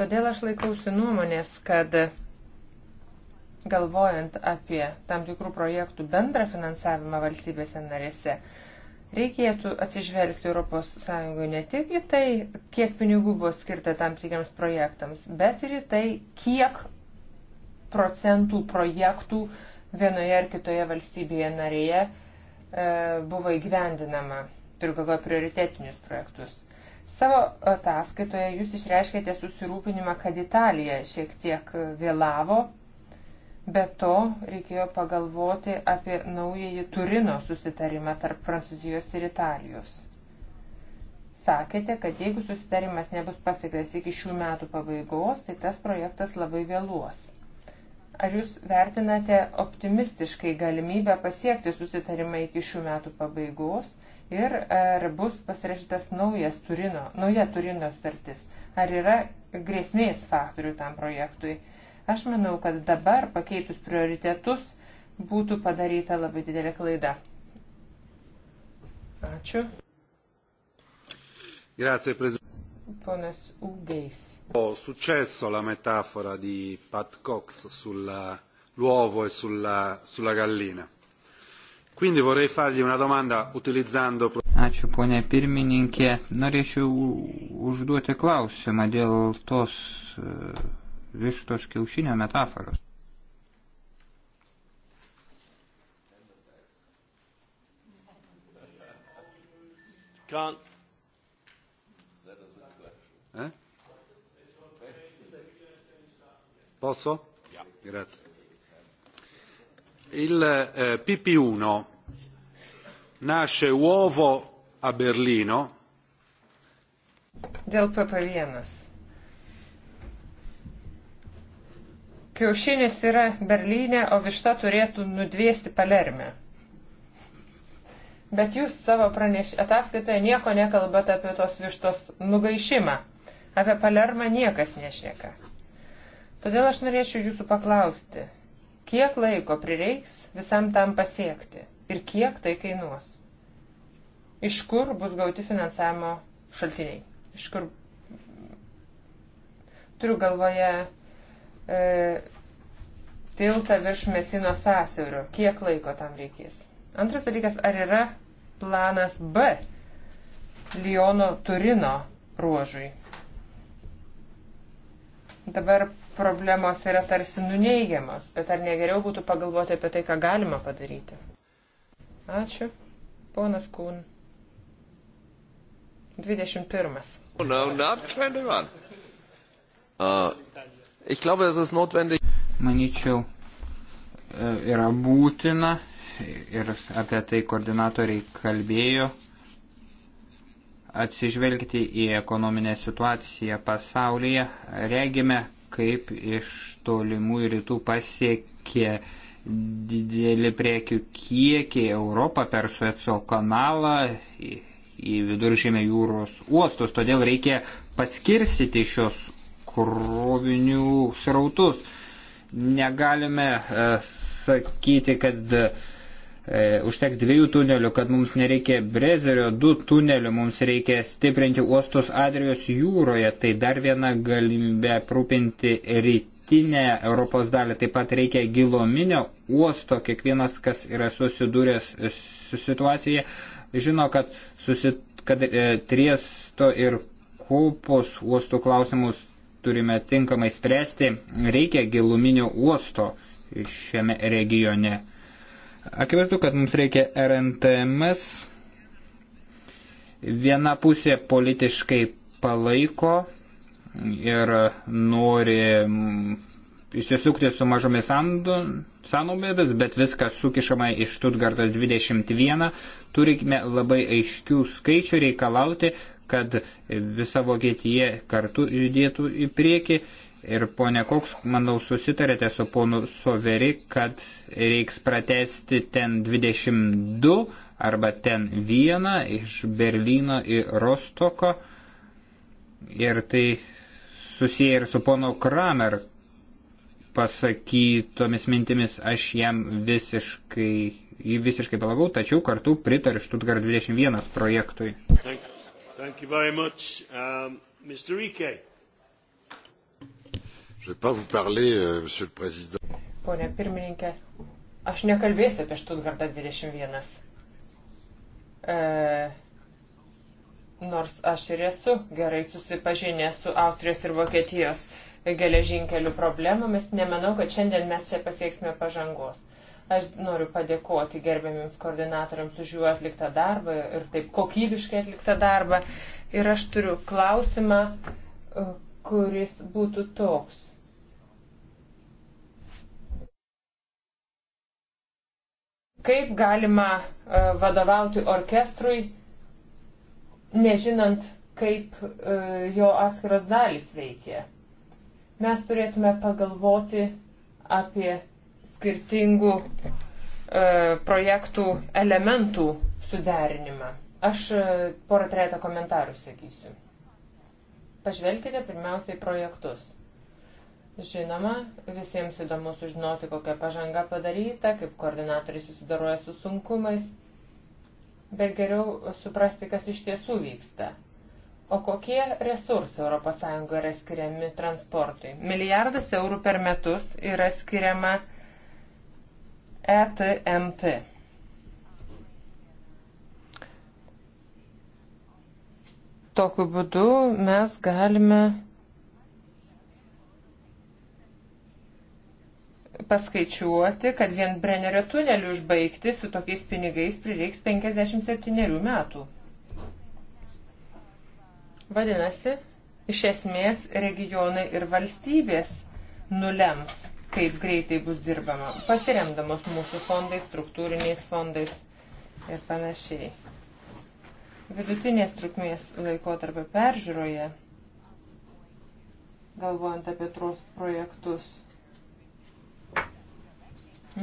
Todėl aš laikausi nuomonės, kad galvojant apie tam tikrų projektų bendrą finansavimą valstybėse narėse, reikėtų atsižvelgti ES ne tik į tai, kiek pinigų buvo skirta tam tikriams projektams, bet ir į tai, kiek procentų projektų vienoje ar kitoje valstybėje narėje E, buvo įgyvendinama, turiu galvoje prioritetinius projektus. Savo ataskaitoje jūs išreiškėte susirūpinimą, kad Italija šiek tiek vėlavo, bet to reikėjo pagalvoti apie naująjį Turino susitarimą tarp Prancūzijos ir Italijos. Sakėte, kad jeigu susitarimas nebus pasiektas iki šių metų pabaigos, tai tas projektas labai vėluos. Ar jūs vertinate optimistiškai galimybę pasiekti susitarimą iki šių metų pabaigos ir ar bus pasirašytas naujas Turino, nauja Turino sutartis? Ar yra grėsmės faktorių tam projektui? Aš manau, kad dabar pakeitus prioritetus būtų padaryta labai didelė klaida. Ačiū. Grazie, prezident. Ponas Ūgeis. Ho successo la metafora di Pat Cox sull'uovo e sulla, sulla gallina. Quindi vorrei fargli una domanda utilizzando... Ačiū, ponė pirmininkė. Norėčiau užduoti klausimą dėl tos e, vištos kiaušinio metaforos. Can't Eh? Posso? Grazie. Il eh, PP1 nasce uovo a Berlino. Dėl PP1. Kiaušinis yra Berlyne, o višta turėtų nudvėsti Palerme. Bet jūs savo praneš ataskaitoje nieko nekalbate apie tos vištos nugaišimą. Apie Palermą niekas nešneka. Todėl aš norėčiau jūsų paklausti, kiek laiko prireiks visam tam pasiekti ir kiek tai kainuos? Iš kur bus gauti finansavimo šaltiniai? Iš kur turiu galvoje e, tiltą virš mesino sąsiaurio? Kiek laiko tam reikės? Antras dalykas, ar yra planas B Liono Turino ruožui? Dabar problemos yra tarsi nuneigiamos, bet ar negeriau būtų pagalvoti apie tai, ką galima padaryti? Ačiū. Ponas Kūn. 21. No, not 21. Uh, ich glaube, es ist notwendig. Manyčiau, e, yra būtina ir apie tai koordinatoriai kalbėjo atsižvelgti į ekonominę situaciją pasaulyje, regime, kaip iš tolimų rytų pasiekė didelį prekių kiekį Europą per Sueco kanalą į viduržėmę jūros uostus, todėl reikia paskirstyti šios krovinių srautus. Negalime e, sakyti, kad e, užteks dviejų tunelių, kad mums nereikia Brezerio, du tunelių, mums reikia stiprinti uostus Adrijos jūroje, tai dar viena galimybė aprūpinti rytinę Europos dalį, taip pat reikia gilominio uosto, kiekvienas, kas yra susidūręs su situacija, žino, kad, susit, kad e, Triesto ir Kopos uostų klausimus turime tinkamai spręsti, reikia giluminio uosto šiame regione. Akivaizdu, kad mums reikia RNTMS. Viena pusė politiškai palaiko ir nori mm, įsisukti su mažomis sąnaudomis, bet viskas sukišama iš Stuttgartas 21. Turime labai aiškių skaičių reikalauti, kad visa Vokietija kartu judėtų į priekį ir ponė Koks, manau, susitarėte su ponu Soveri, kad reiks pratesti ten 22 arba ten vieną iš Berlyno į Rostoko. Ir tai susiję ir su pono Kramer pasakytomis mintimis, aš jam visiškai, jį visiškai palagau, tačiau kartu pritariu Štutgart 21 projektui. Thank, thank you very much, um, Mr. Rike. Je vais pas vous parler, euh, Monsieur le Président. Pone pirmininkė, aš nekalbėsiu apie Štutgartą 21. E, nors aš ir esu gerai susipažinęs su Austrijos ir Vokietijos geležinkelių problemomis, nemanau, kad šiandien mes čia pasieksime pažangos. Aš noriu padėkoti gerbiamiams koordinatoriams už jų atliktą darbą ir taip kokybiškai atliktą darbą. Ir aš turiu klausimą, e, kuris būtų toks. Kaip galima e, vadovauti orkestrui, nežinant, kaip e, jo atskiros dalys veikia? Mes turėtume pagalvoti apie skirtingų e, projektų elementų suderinimą. Aš porą trejata komentarų sakysiu. Pažvelkite pirmiausiai projektus. Žinoma, visiems įdomu sužinoti, kokia pažanga padaryta, kaip koordinatoriai susidaroja su sunkumais, bet geriau suprasti, kas iš tiesų vyksta. O kokie resursai ES yra skiriami transportui? Milijardas eurų per metus yra skiriama ETMT. Tokiu būdu mes galime paskaičiuoti, kad vien Brennerio tunelį užbaigti su tokiais pinigais prireiks 57 metų. Vadinasi, iš esmės regionai ir valstybės nulems, kaip greitai bus dirbama, pasiremdamos mūsų fondais, struktūriniais fondais ir panašiai. Vidutinės trukmės laikotarpio peržiūroje, galvojant apie tros projektus,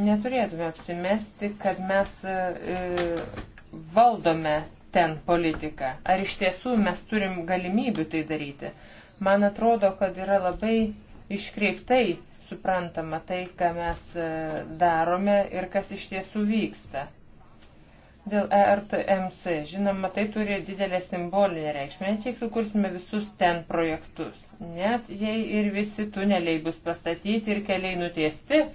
Neturėtume apsimesti, kad mes e, e, valdome ten politiką. Ar iš tiesų mes turim galimybių tai daryti? Man atrodo, kad yra labai iškreiptai suprantama tai, ką mes e, darome ir kas iš tiesų vyksta. Dėl ERTMC, žinoma, tai turi didelę simbolinę reikšmę, čia sukursime visus ten projektus. Net jei ir visi tuneliai bus pastatyti ir keliai nutiesti,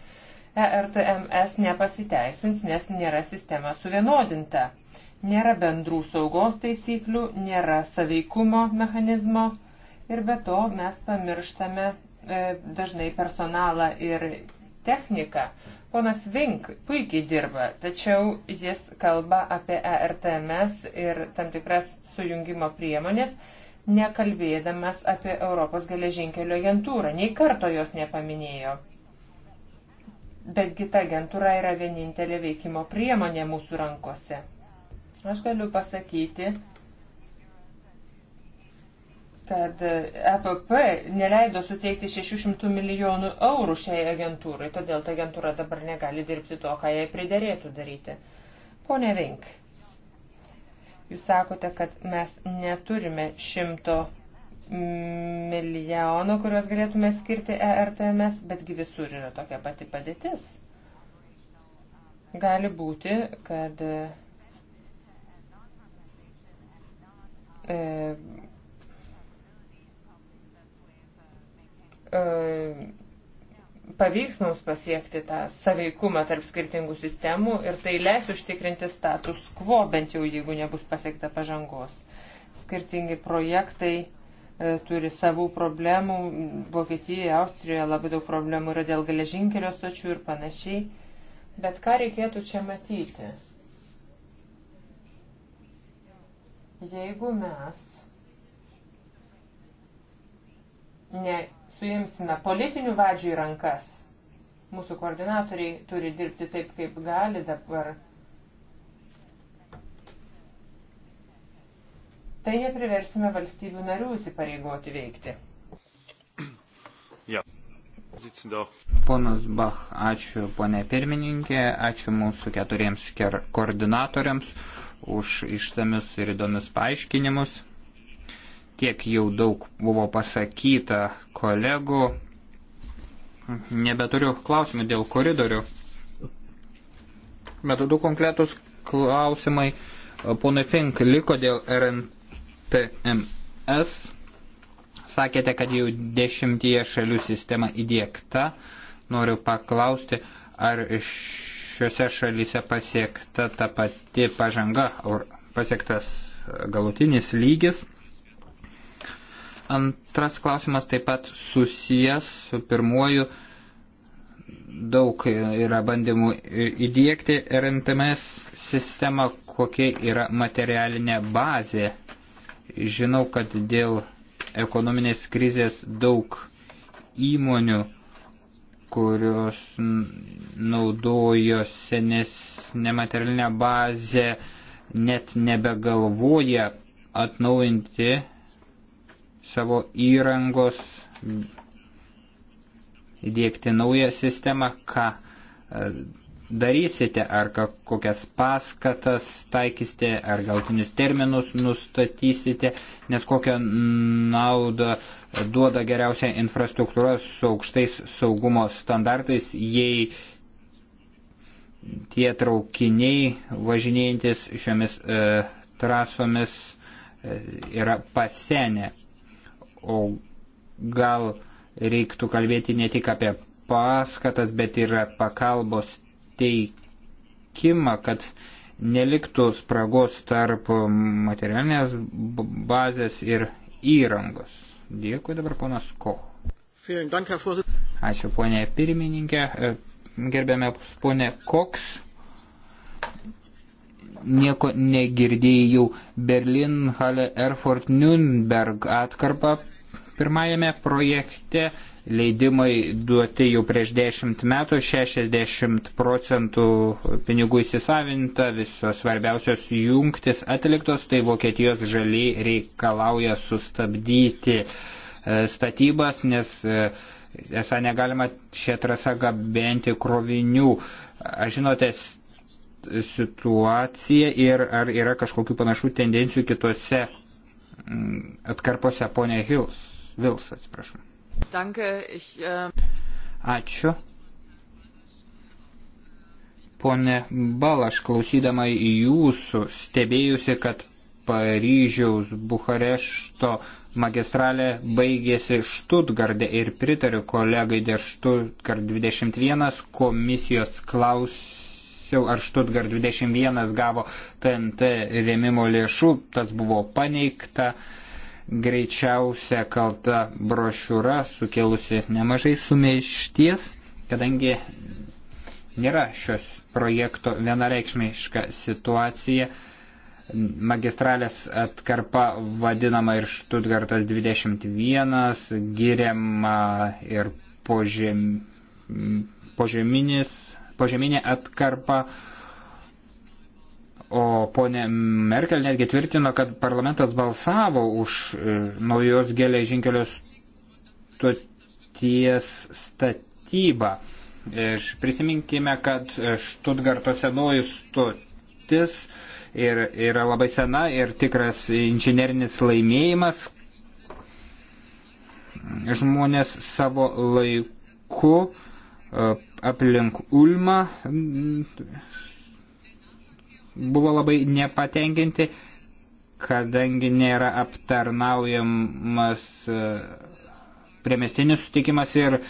ERTMS nepasiteisins, nes nėra sistema suvienodinta. Nėra bendrų saugos taisyklių, nėra saveikumo mechanizmo ir be to mes pamirštame e, dažnai personalą ir techniką. Ponas Vink puikiai dirba, tačiau jis kalba apie ERTMS ir tam tikras sujungimo priemonės, nekalbėdamas apie Europos geležinkelio agentūrą. Nei karto jos nepaminėjo bet kita agentūra yra vienintelė veikimo priemonė mūsų rankose. Aš galiu pasakyti, kad EPP neleido suteikti 600 milijonų eurų šiai agentūrai, todėl ta agentūra dabar negali dirbti to, ką jai priderėtų daryti. Pone Vink, jūs sakote, kad mes neturime šimto milijonų, kuriuos galėtume skirti ERTMS, betgi visur yra tokia pati padėtis. Gali būti, kad e, e, pavyks mums pasiekti tą saveikumą tarp skirtingų sistemų ir tai leis užtikrinti status quo, bent jau jeigu nebus pasiekta pažangos. Skirtingi projektai E, turi savų problemų. Vokietijoje, Austrijoje labai daug problemų yra dėl geležinkelio stočių ir panašiai. Bet ką reikėtų čia matyti? Jeigu mes nesuimsime politinių vadžių į rankas, mūsų koordinatoriai turi dirbti taip, kaip gali dabar tai nepriversime valstybių narių įsipareigoti veikti. Ja. Ponas Bach, ačiū ponė pirmininkė, ačiū mūsų keturiems koordinatoriams už ištamius ir įdomius paaiškinimus. Tiek jau daug buvo pasakyta kolegų. Nebeturiu klausimų dėl koridorių. Bet du konkretus klausimai. Ponai Fink liko dėl RNT TMS. Sakėte, kad jau dešimtyje šalių sistema įdėkta. Noriu paklausti, ar šiuose šalyse pasiekta ta pati pažanga, pasiektas galutinis lygis. Antras klausimas taip pat susijęs su pirmuoju. Daug yra bandymų įdėkti RNTMS sistemą, kokia yra materialinė bazė Žinau, kad dėl ekonominės krizės daug įmonių, kurios naudojo senesnę materialinę bazę, net nebegalvoja atnaujinti savo įrangos, įdėkti naują sistemą, ką e, darysite, ar kokias paskatas taikysite, ar galtinius terminus nustatysite, nes kokią naudą duoda geriausia infrastruktūra su aukštais saugumo standartais, jei tie traukiniai važinėjantis šiomis e, trasomis e, yra pasenę. O gal reiktų kalbėti ne tik apie paskatas, bet ir pakalbos teikimą, kad neliktų spragos tarp materialinės bazės ir įrangos. Dėkui dabar ponas Koch. Ačiū ponė pirmininkė, e, gerbėme ponė Koks. Nieko negirdėjau. Berlin, Halle, Erfurt, Nürnberg atkarpa pirmajame projekte leidimai duoti jau prieš 10 metų, 60 procentų pinigų įsisavinta, visos svarbiausios jungtis atliktos, tai Vokietijos žaliai reikalauja sustabdyti e, statybas, nes e, esą negalima šią trasą gabenti krovinių. Ar žinote situaciją ir ar yra kažkokių panašių tendencijų kitose atkarpose, ponė Hills? Vils, atsiprašau. Äh, Ačiū. Pone Balaš, klausydama jūsų, stebėjusi, kad Paryžiaus Bukarešto magistralė baigėsi Štutgarde ir pritariu kolegai dėl Štutgard 21 komisijos klausiau, ar Štutgard 21 gavo TNT rėmimo lėšų, tas buvo paneigta. Uh, greičiausia kalta brošiūra sukėlusi nemažai sumeišties, kadangi nėra šios projekto vienareikšmiška situacija. Magistralės atkarpa vadinama ir Štutgartas 21, giriama ir požem, požeminis, požeminė atkarpa, O ponė Merkel netgi tvirtino, kad parlamentas balsavo už e, naujos geležinkelio stoties statybą. Prisiminkime, kad e, Štutgarto senoji stotis ir, yra labai sena ir tikras inžinerinis laimėjimas. Žmonės savo laiku e, aplink Ulmą buvo labai nepatenkinti, kadangi nėra aptarnaujamas e, priemestinis sutikimas ir e,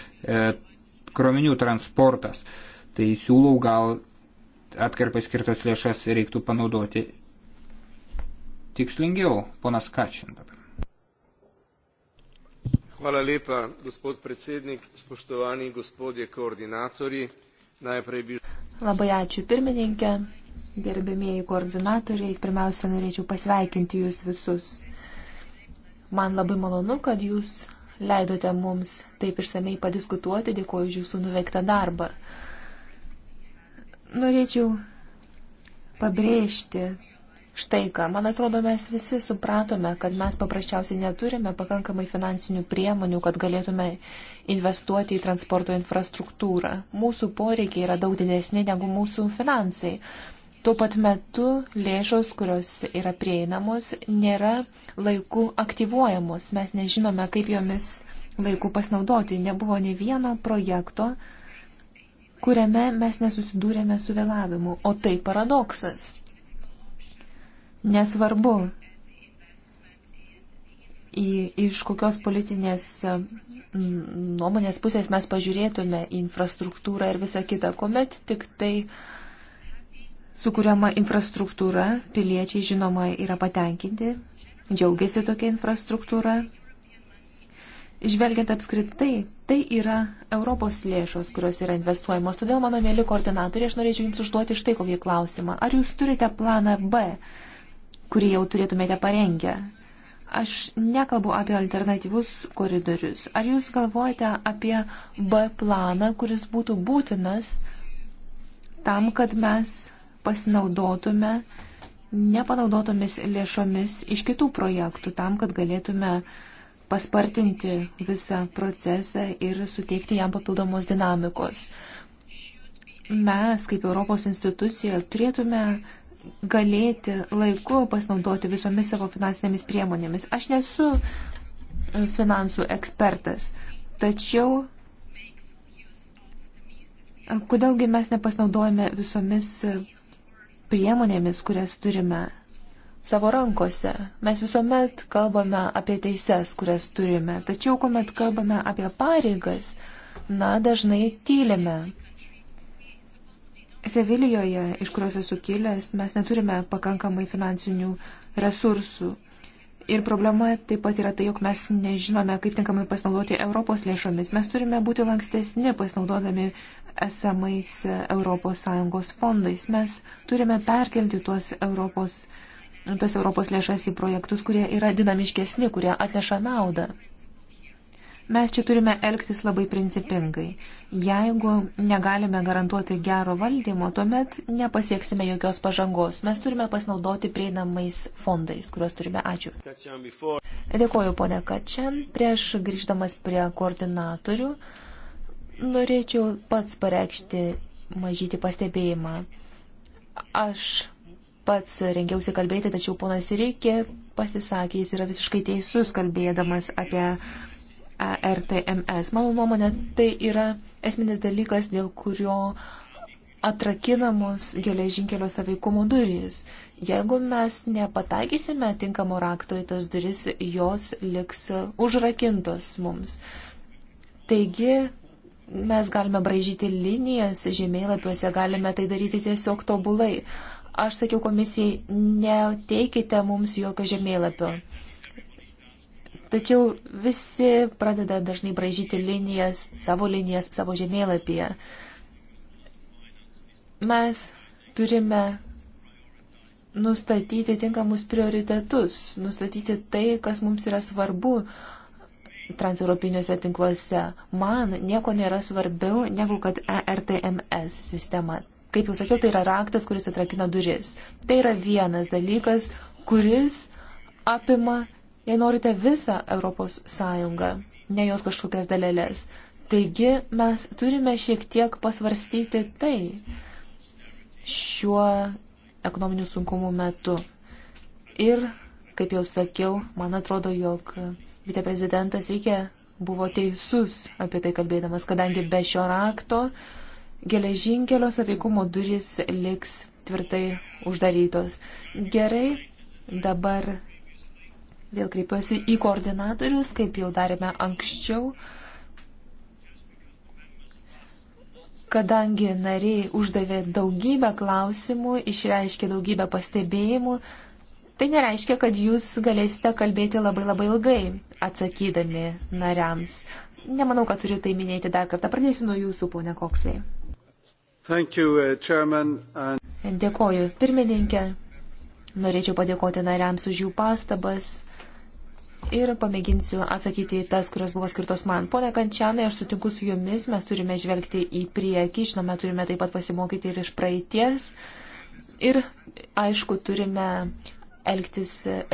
krovinių transportas. Tai siūlau gal atkarpai skirtas lėšas reiktų panaudoti tikslingiau, ponas Kačin dabar. Hvala lepa, gospod predsednik, spoštovani gospodje koordinatorji. Najprej bi. Labai ačiū pirmininkė, gerbėmieji koordinatoriai, pirmiausia, norėčiau pasveikinti jūs visus. Man labai malonu, kad jūs leidote mums taip išsamei padiskutuoti, dėkuoju už jūsų nuveiktą darbą. Norėčiau pabrėžti štai ką. Man atrodo, mes visi supratome, kad mes paprasčiausiai neturime pakankamai finansinių priemonių, kad galėtume investuoti į transporto infrastruktūrą. Mūsų poreikiai yra daug didesni negu mūsų finansai. Tuo pat metu lėšos, kurios yra prieinamos, nėra laiku aktyvuojamos. Mes nežinome, kaip jomis laiku pasinaudoti. Nebuvo ne vieno projekto, kuriame mes nesusidūrėme su vėlavimu. O tai paradoksas. Nesvarbu, į, iš kokios politinės mm, nuomonės pusės mes pažiūrėtume į infrastruktūrą ir visą kitą, kuomet tik tai uh, sukūriama infrastruktūra, piliečiai žinoma yra patenkinti, džiaugiasi tokia infrastruktūra. Žvelgiant apskritai, tai yra Europos lėšos, kurios yra investuojamos. Todėl, mano mėly koordinatoriai, aš norėčiau Jums užduoti štai kokį klausimą. Ar Jūs turite planą B, kurį jau turėtumėte parengę? Aš nekalbu apie alternatyvus koridorius. Ar Jūs galvojate apie B planą, kuris būtų būtinas tam, kad mes pasinaudotume nepanaudotomis lėšomis iš kitų projektų tam, kad galėtume paspartinti visą procesą ir suteikti jam papildomos dinamikos. Mes, kaip Europos institucija, turėtume galėti laiku pasinaudoti visomis savo finansinėmis priemonėmis. Aš nesu finansų ekspertas, tačiau kodėlgi mes nepasinaudojame visomis priemonėmis, kurias turime savo rankose. Mes visuomet kalbame apie teises, kurias turime, tačiau kuomet kalbame apie pareigas, na, dažnai tylime. Sevilijoje, iš kurios esu kilęs, mes neturime pakankamai finansinių resursų. Ir problema taip pat yra tai, jog mes nežinome, kaip tinkamai pasinaudoti Europos lėšomis. Mes turime būti lankstesni pasinaudodami esamais ES fondais. Mes turime perkelti tuos Europos, tas Europos lėšas į projektus, kurie yra dinamiškesni, kurie atneša naudą. Mes čia turime elgtis labai principingai. Jeigu negalime garantuoti gero valdymo, tuomet nepasieksime jokios pažangos. Mes turime pasinaudoti prieinamais fondais, kuriuos turime. Ačiū. Dėkoju, ponė Kačian. Prieš grįždamas prie koordinatorių, norėčiau pats pareikšti mažyti pastebėjimą. Aš pats rengiausi kalbėti, tačiau ponas Reikė pasisakė, jis yra visiškai teisus kalbėdamas apie E RTMS. Mano nuomonė, tai yra esminis dalykas, dėl kurio atrakinamos geležinkelio saveikumo durys. Jeigu mes nepataikysime tinkamo rakto į tas duris, jos liks užrakintos mums. Taigi, mes galime bražyti linijas žemėlapiuose, galime tai daryti tiesiog tobulai. Aš sakiau komisijai, neteikite mums jokio žemėlapio. Tačiau visi pradeda dažnai bražyti linijas, savo linijas, savo žemėlapyje. Mes turime nustatyti tinkamus prioritetus, nustatyti tai, kas mums yra svarbu transeuropiniuose tinkluose. Man nieko nėra svarbiau negu kad ERTMS sistema. Kaip jau sakiau, tai yra raktas, kuris atrakina duris. Tai yra vienas dalykas, kuris apima jei norite visą Europos Sąjungą, ne jos kažkokias dalelės. Taigi mes turime šiek tiek pasvarstyti tai šiuo ekonominių sunkumų metu. Ir, kaip jau sakiau, man atrodo, jog viceprezidentas reikia buvo teisus apie tai kalbėdamas, kadangi be šio rakto geležinkelio saveikumo durys liks tvirtai uždarytos. Gerai, dabar Vėl kreipiuosi į koordinatorius, kaip jau darėme anksčiau. Kadangi nariai uždavė daugybę klausimų, išreiškė daugybę pastebėjimų, tai nereiškia, kad jūs galėsite kalbėti labai labai ilgai, atsakydami nariams. Nemanau, kad turiu tai minėti dar kartą. Pradėsiu nuo jūsų, ponė Koksai. Thank you, uh, chairman, and... Dėkoju, pirmininkė. Norėčiau padėkoti nariams už jų pastabas ir pamėginsiu atsakyti į tas, kurios buvo skirtos man. Pone Kančianai, aš sutinku su jumis, mes turime žvelgti į priekį, žinoma, turime taip pat pasimokyti ir iš praeities. Ir, aišku, turime elgtis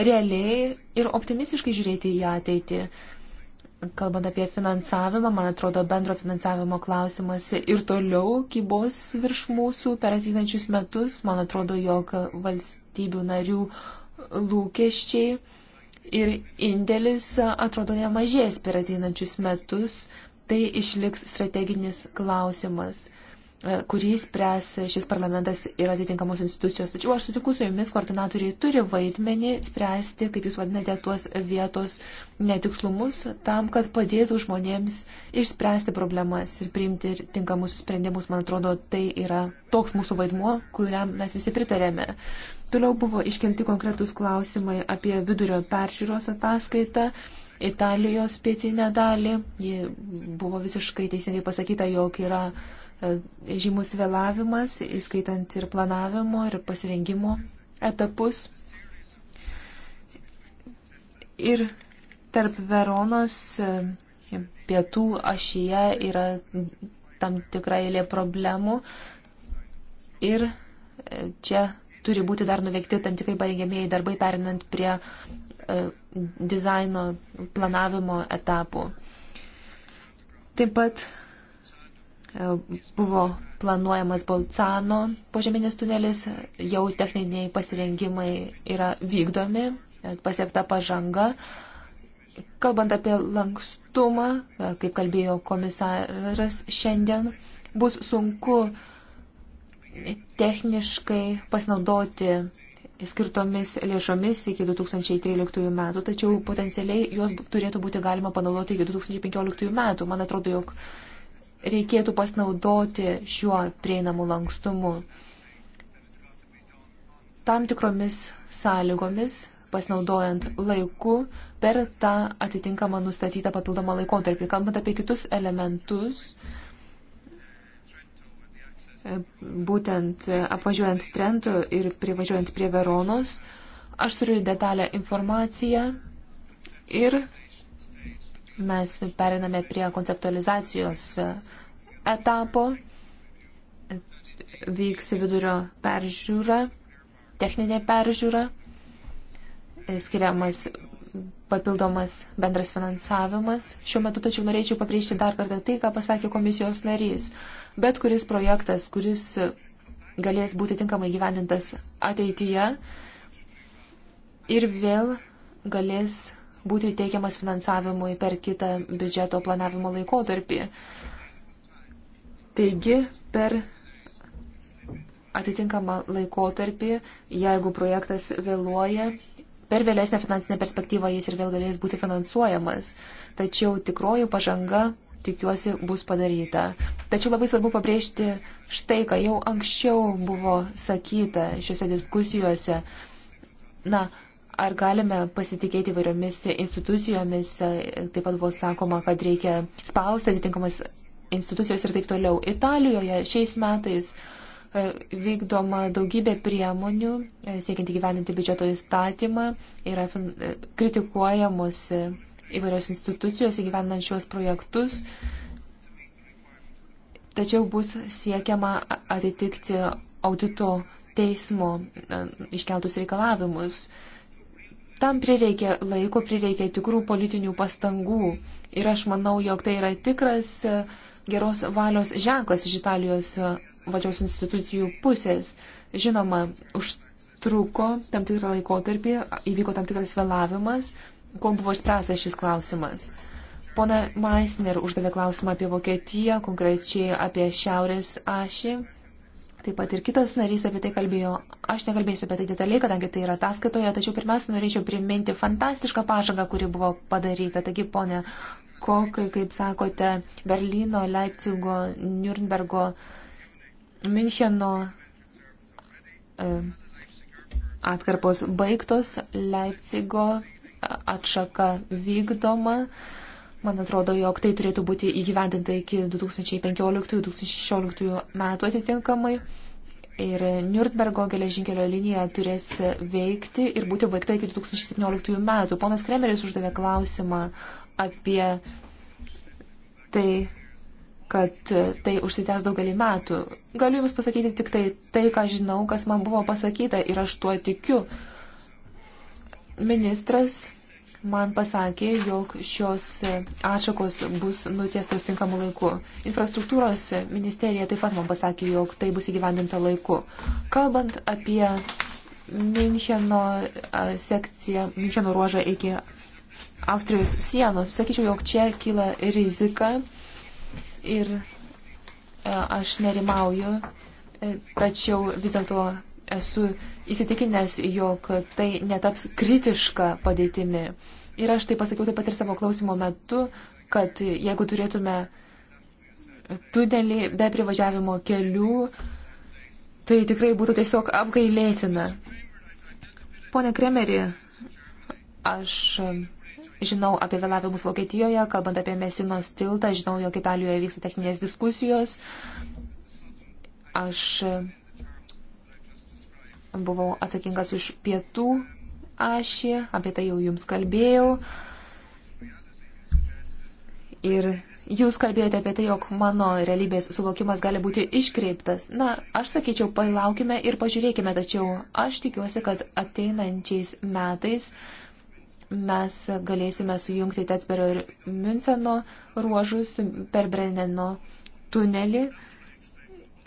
realiai ir optimistiškai žiūrėti į ateitį. Kalbant apie finansavimą, man atrodo, bendro finansavimo klausimas ir toliau kybos virš mūsų per ateinančius metus. Man atrodo, jog valstybių narių lūkesčiai ir indėlis atrodo nemažės per ateinančius metus. Tai išliks strateginis klausimas, kurį spręs šis parlamentas ir atitinkamos institucijos. Tačiau aš sutiku su jumis, koordinatoriai turi vaidmenį spręsti, kaip jūs vadinate, tuos vietos netikslumus, tam, kad padėtų žmonėms išspręsti problemas ir priimti ir tinkamus sprendimus. Man atrodo, tai yra toks mūsų vaidmuo, kuriam mes visi pritarėme. Toliau buvo iškelti konkretūs klausimai apie vidurio peržiūros ataskaitą. Italijos pietinę dalį. Ji buvo visiškai teisingai pasakyta, jog yra e, žymus vėlavimas, įskaitant ir planavimo, ir pasirengimo etapus. Ir tarp Veronos e, pietų ašyje yra tam tikra eilė problemų. Ir e, čia turi būti dar nuveikti tam tikrai parengiamieji darbai, perinant prie e, dizaino planavimo etapų. Taip pat e, buvo planuojamas Balcano požeminis tunelis, jau techniniai pasirengimai yra vykdomi, e, pasiekta pažanga. Kalbant apie lankstumą, kaip kalbėjo komisaras šiandien, bus sunku uh, techniškai pasinaudoti skirtomis lėšomis iki 2013 metų, tačiau potencialiai juos turėtų būti galima panaudoti iki 2015 metų. Man atrodo, jog reikėtų pasinaudoti šiuo prieinamu lankstumu. Tam tikromis sąlygomis, pasinaudojant laiku per tą atitinkamą nustatytą papildomą laikotarpį. Kalbant apie kitus elementus, uh, būtent apvažiuojant Trentu ir privažiuojant prie Veronos. Aš turiu detalę informaciją ir mes periname prie konceptualizacijos etapo. Vyks vidurio peržiūra, techninė peržiūra, skiriamas papildomas bendras finansavimas. Šiuo metu tačiau norėčiau pabrėžti dar kartą tai, ką pasakė komisijos narys. Uh, bet kuris projektas, kuris galės būti tinkamai gyvendintas ateityje ir vėl galės būti teikiamas finansavimui per kitą biudžeto planavimo laikotarpį. Taigi, per atitinkamą laikotarpį, jeigu projektas vėluoja, per vėlesnę finansinę perspektyvą jis ir vėl galės būti finansuojamas. Tačiau tikroji pažanga tikiuosi, bus padaryta. Tačiau labai svarbu pabrėžti štai, ką jau anksčiau buvo sakyta šiuose diskusijuose. Na, ar galime pasitikėti įvairiomis institucijomis, taip pat buvo sakoma, kad reikia spausti atitinkamas institucijos ir taip toliau. Italijoje šiais metais e, vykdoma daugybė priemonių, e, siekiant įgyveninti biudžeto įstatymą, yra e, kritikuojamos įvairios institucijos įgyvendant šios projektus, tačiau bus siekiama atitikti audito teismo e, iškeltus reikalavimus. Tam prireikė laiko, prireikė tikrų politinių pastangų ir aš manau, jog tai yra tikras e, geros valios ženklas iš Italijos e, valdžios institucijų pusės. Žinoma, užtruko tam tikrą laikotarpį, įvyko tam tikras vėlavimas, kuo buvo išspręstas šis klausimas. Pona Meisner uždavė klausimą apie Vokietiją, konkrečiai apie Šiaurės ašį. Taip pat ir kitas narys apie tai kalbėjo. Aš nekalbėsiu apie tai detaliai, kadangi tai yra ataskaitoje, tačiau pirmiausia norėčiau priminti fantastišką pažangą, kuri buvo padaryta. Taigi, ponė Kokai, kaip sakote, Berlyno, Leipcigo, Nürnbergo, Müncheno e, atkarpos baigtos, Leipcigo atšaka vykdoma. Man atrodo, jog tai turėtų būti įgyvendinta iki 2015-2016 metų atitinkamai. Ir Nürnbergo geležinkelio linija turės veikti ir būti baigta iki 2017 metų. Ponas Kremeris uždavė klausimą apie tai, kad tai užsitęs daugelį metų. Galiu Jums pasakyti tik tai, tai, ką žinau, kas man buvo pasakyta ir aš tuo tikiu. Ministras man pasakė, jog šios e, atšakos bus nutiestos tinkamu laiku. Infrastruktūros ministerija taip pat man pasakė, jog tai bus įgyvendinta laiku. Kalbant apie Müncheno e, sekciją, Müncheno ruožą iki Austrijos sienos, sakyčiau, jog čia kyla rizika ir e, aš nerimauju, tačiau vis dėlto esu įsitikinęs, jog tai netaps kritiška padėtimi. Ir aš tai pasakiau taip pat ir savo klausimo metu, kad jeigu turėtume tunelį be privažiavimo kelių, tai tikrai būtų tiesiog apgailėtina. Pone Kremeri, aš žinau apie vėlavimus Vokietijoje, kalbant apie Mesinos tiltą, žinau, jog Italijoje vyksta techninės diskusijos. Aš buvau atsakingas už pietų ašį, apie tai jau jums kalbėjau. Ir jūs kalbėjote apie tai, jog mano realybės suvokimas gali būti iškreiptas. Na, aš sakyčiau, palaukime ir pažiūrėkime, tačiau aš tikiuosi, kad ateinančiais metais mes galėsime sujungti Tetsberio ir Müncheno ruožus per Brenneno tunelį.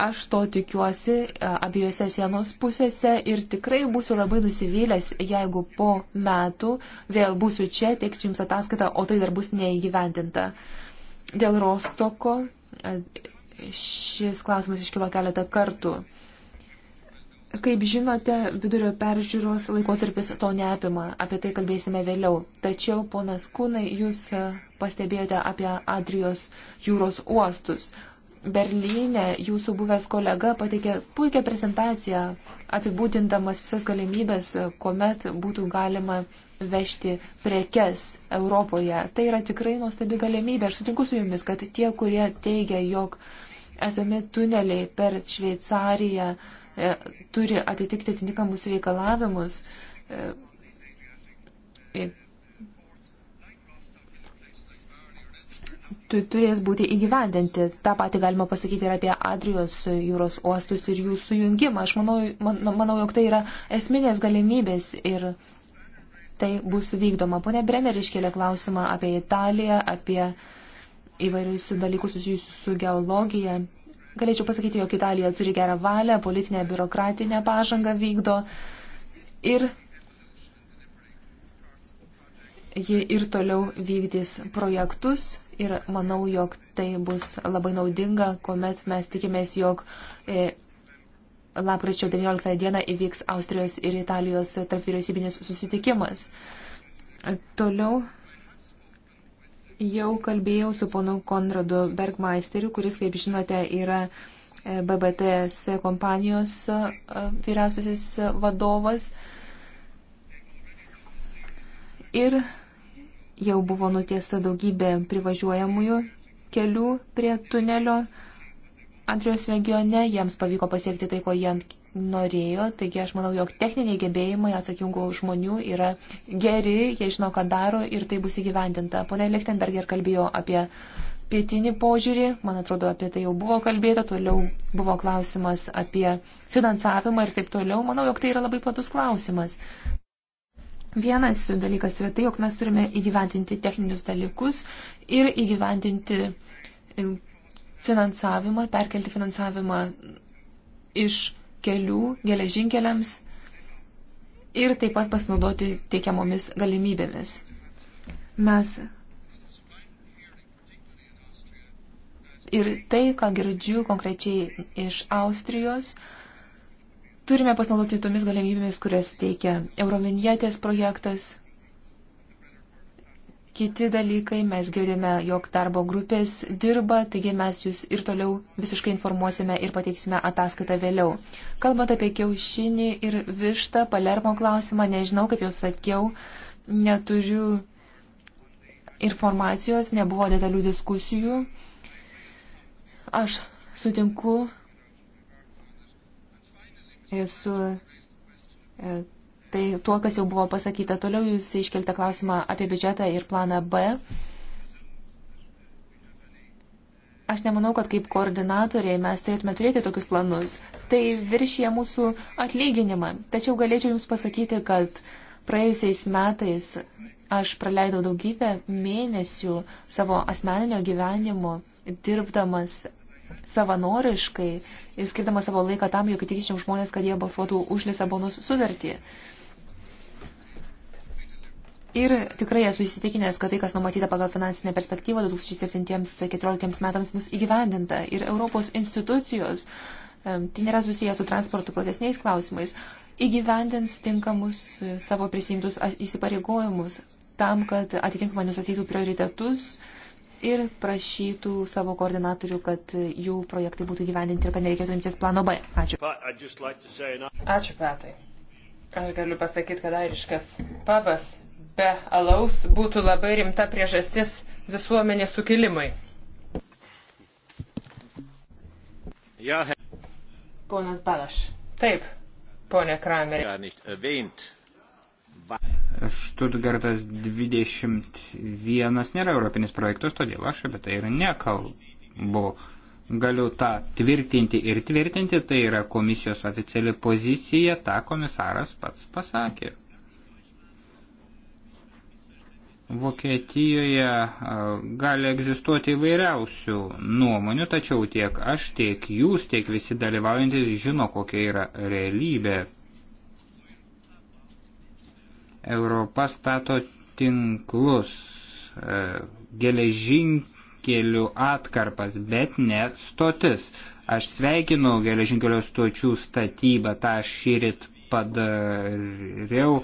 Aš to tikiuosi e, abiejose sienos pusėse ir tikrai būsiu labai nusivylęs, jeigu po metų vėl būsiu čia, teiksiu jums ataskaitą, o tai dar bus neįgyvendinta. Dėl Rostoko e, šis klausimas iškilo keletą kartų. Kaip žinote, vidurio peržiūros laikotarpis to neapima, apie tai kalbėsime vėliau. Tačiau, ponas Kūnai, jūs e, pastebėjote apie Adrijos jūros uostus. Berlyne jūsų buvęs kolega pateikė puikią prezentaciją, apibūdindamas visas galimybės, kuomet būtų galima vežti prekes Europoje. Tai yra tikrai nuostabi galimybė. Aš sutinku su jumis, kad tie, kurie teigia, jog esami tuneliai per Šveicariją e, turi atitikti atitinkamus reikalavimus, e, turės būti įgyvendinti. Ta pati galima pasakyti ir apie Adrijos jūros uostus ir jų sujungimą. Aš manau, man, nu, manau, jog tai yra esminės galimybės ir tai bus vykdoma. Pone Brenner iškėlė klausimą apie Italiją, apie įvairius dalykus susijusius su geologija. Galėčiau pasakyti, jog Italija turi gerą valią, politinę, biurokratinę pažangą vykdo ir ji ir toliau vykdys projektus, ir manau, jog tai bus labai naudinga, kuomet mes tikimės, jog e, lapkričio 19 dieną įvyks Austrijos ir Italijos tarp vyriausybinis susitikimas. Toliau jau kalbėjau su ponu Konradu Bergmeisteriu, kuris, kaip žinote, yra e, BBTS kompanijos e, vyriausiasis vadovas. Ir Jau buvo nutiesta daugybė privažiuojamųjų kelių prie tunelio. Andrijos regione jiems pavyko pasiekti tai, ko jie norėjo. Taigi aš manau, jog techniniai gebėjimai atsakingų žmonių yra geri, jie žino, ką daro ir tai bus įgyvendinta. Pone Lichtenberger kalbėjo apie pietinį požiūrį, man atrodo, apie tai jau buvo kalbėta, toliau buvo klausimas apie finansavimą ir taip toliau. Manau, jog tai yra labai platus klausimas. Vienas dalykas yra tai, jog mes turime įgyventinti techninius dalykus ir įgyventinti e, finansavimą, perkelti finansavimą iš kelių geležinkeliams ir taip pat pasinaudoti teikiamomis galimybėmis. Mes ir tai, ką girdžiu konkrečiai iš Austrijos, uh, Turime pasinaudoti tomis galimybėmis, kurias teikia Eurovinietės projektas, kiti dalykai. Mes girdime, jog darbo grupės dirba, taigi mes jūs ir toliau visiškai informuosime ir pateiksime ataskaitą vėliau. Kalbant apie kiaušinį ir vištą, palermo klausimą, nežinau, kaip jau sakiau, neturiu informacijos, nebuvo detalių diskusijų. Aš sutinku su e, tai tuo, kas jau buvo pasakyta. Toliau jūs iškeltą klausimą apie biudžetą ir planą B. Aš nemanau, kad kaip koordinatoriai mes turėtume turėti tokius planus. Tai viršyje mūsų atlyginimą. Tačiau galėčiau Jums pasakyti, kad praėjusiais metais aš praleidau daugybę mėnesių savo asmeninio gyvenimo dirbdamas savanoriškai ir skirdama savo laiką tam, jog įtikinčiam žmonės, kad jie balsuotų už Lisabonos sutartį. Ir tikrai esu įsitikinęs, kad tai, kas numatyta pagal finansinę perspektyvą 2007-2014 metams, bus įgyvendinta. Ir Europos institucijos, tai nėra susijęs su transportu platesniais klausimais, įgyvendins tinkamus e, savo prisimtus įsipareigojimus tam, kad atitinkamai nustatytų prioritetus ir prašytų savo koordinatorių, kad jų projektai būtų gyvendinti ir kad nereikėtų imtis plano B. Ačiū. Ačiū, Petai. Aš galiu pasakyti, kad airiškas pabas be alaus būtų labai rimta priežastis visuomenės sukilimui. Ponas Balaš. Taip, ponė Kramerė. Štutgartas 21 nėra europinis projektas, todėl aš apie tai ir nekalbu. Galiu tą tvirtinti ir tvirtinti, tai yra komisijos oficiali pozicija, tą komisaras pats pasakė. Vokietijoje gali egzistuoti įvairiausių nuomonių, tačiau tiek aš, tiek jūs, tiek visi dalyvaujantis žino, kokia yra realybė Europa stato tinklus, e, geležinkelių atkarpas, bet ne stotis. Aš sveikinu geležinkelio stočių statybą, tą šyrit padariau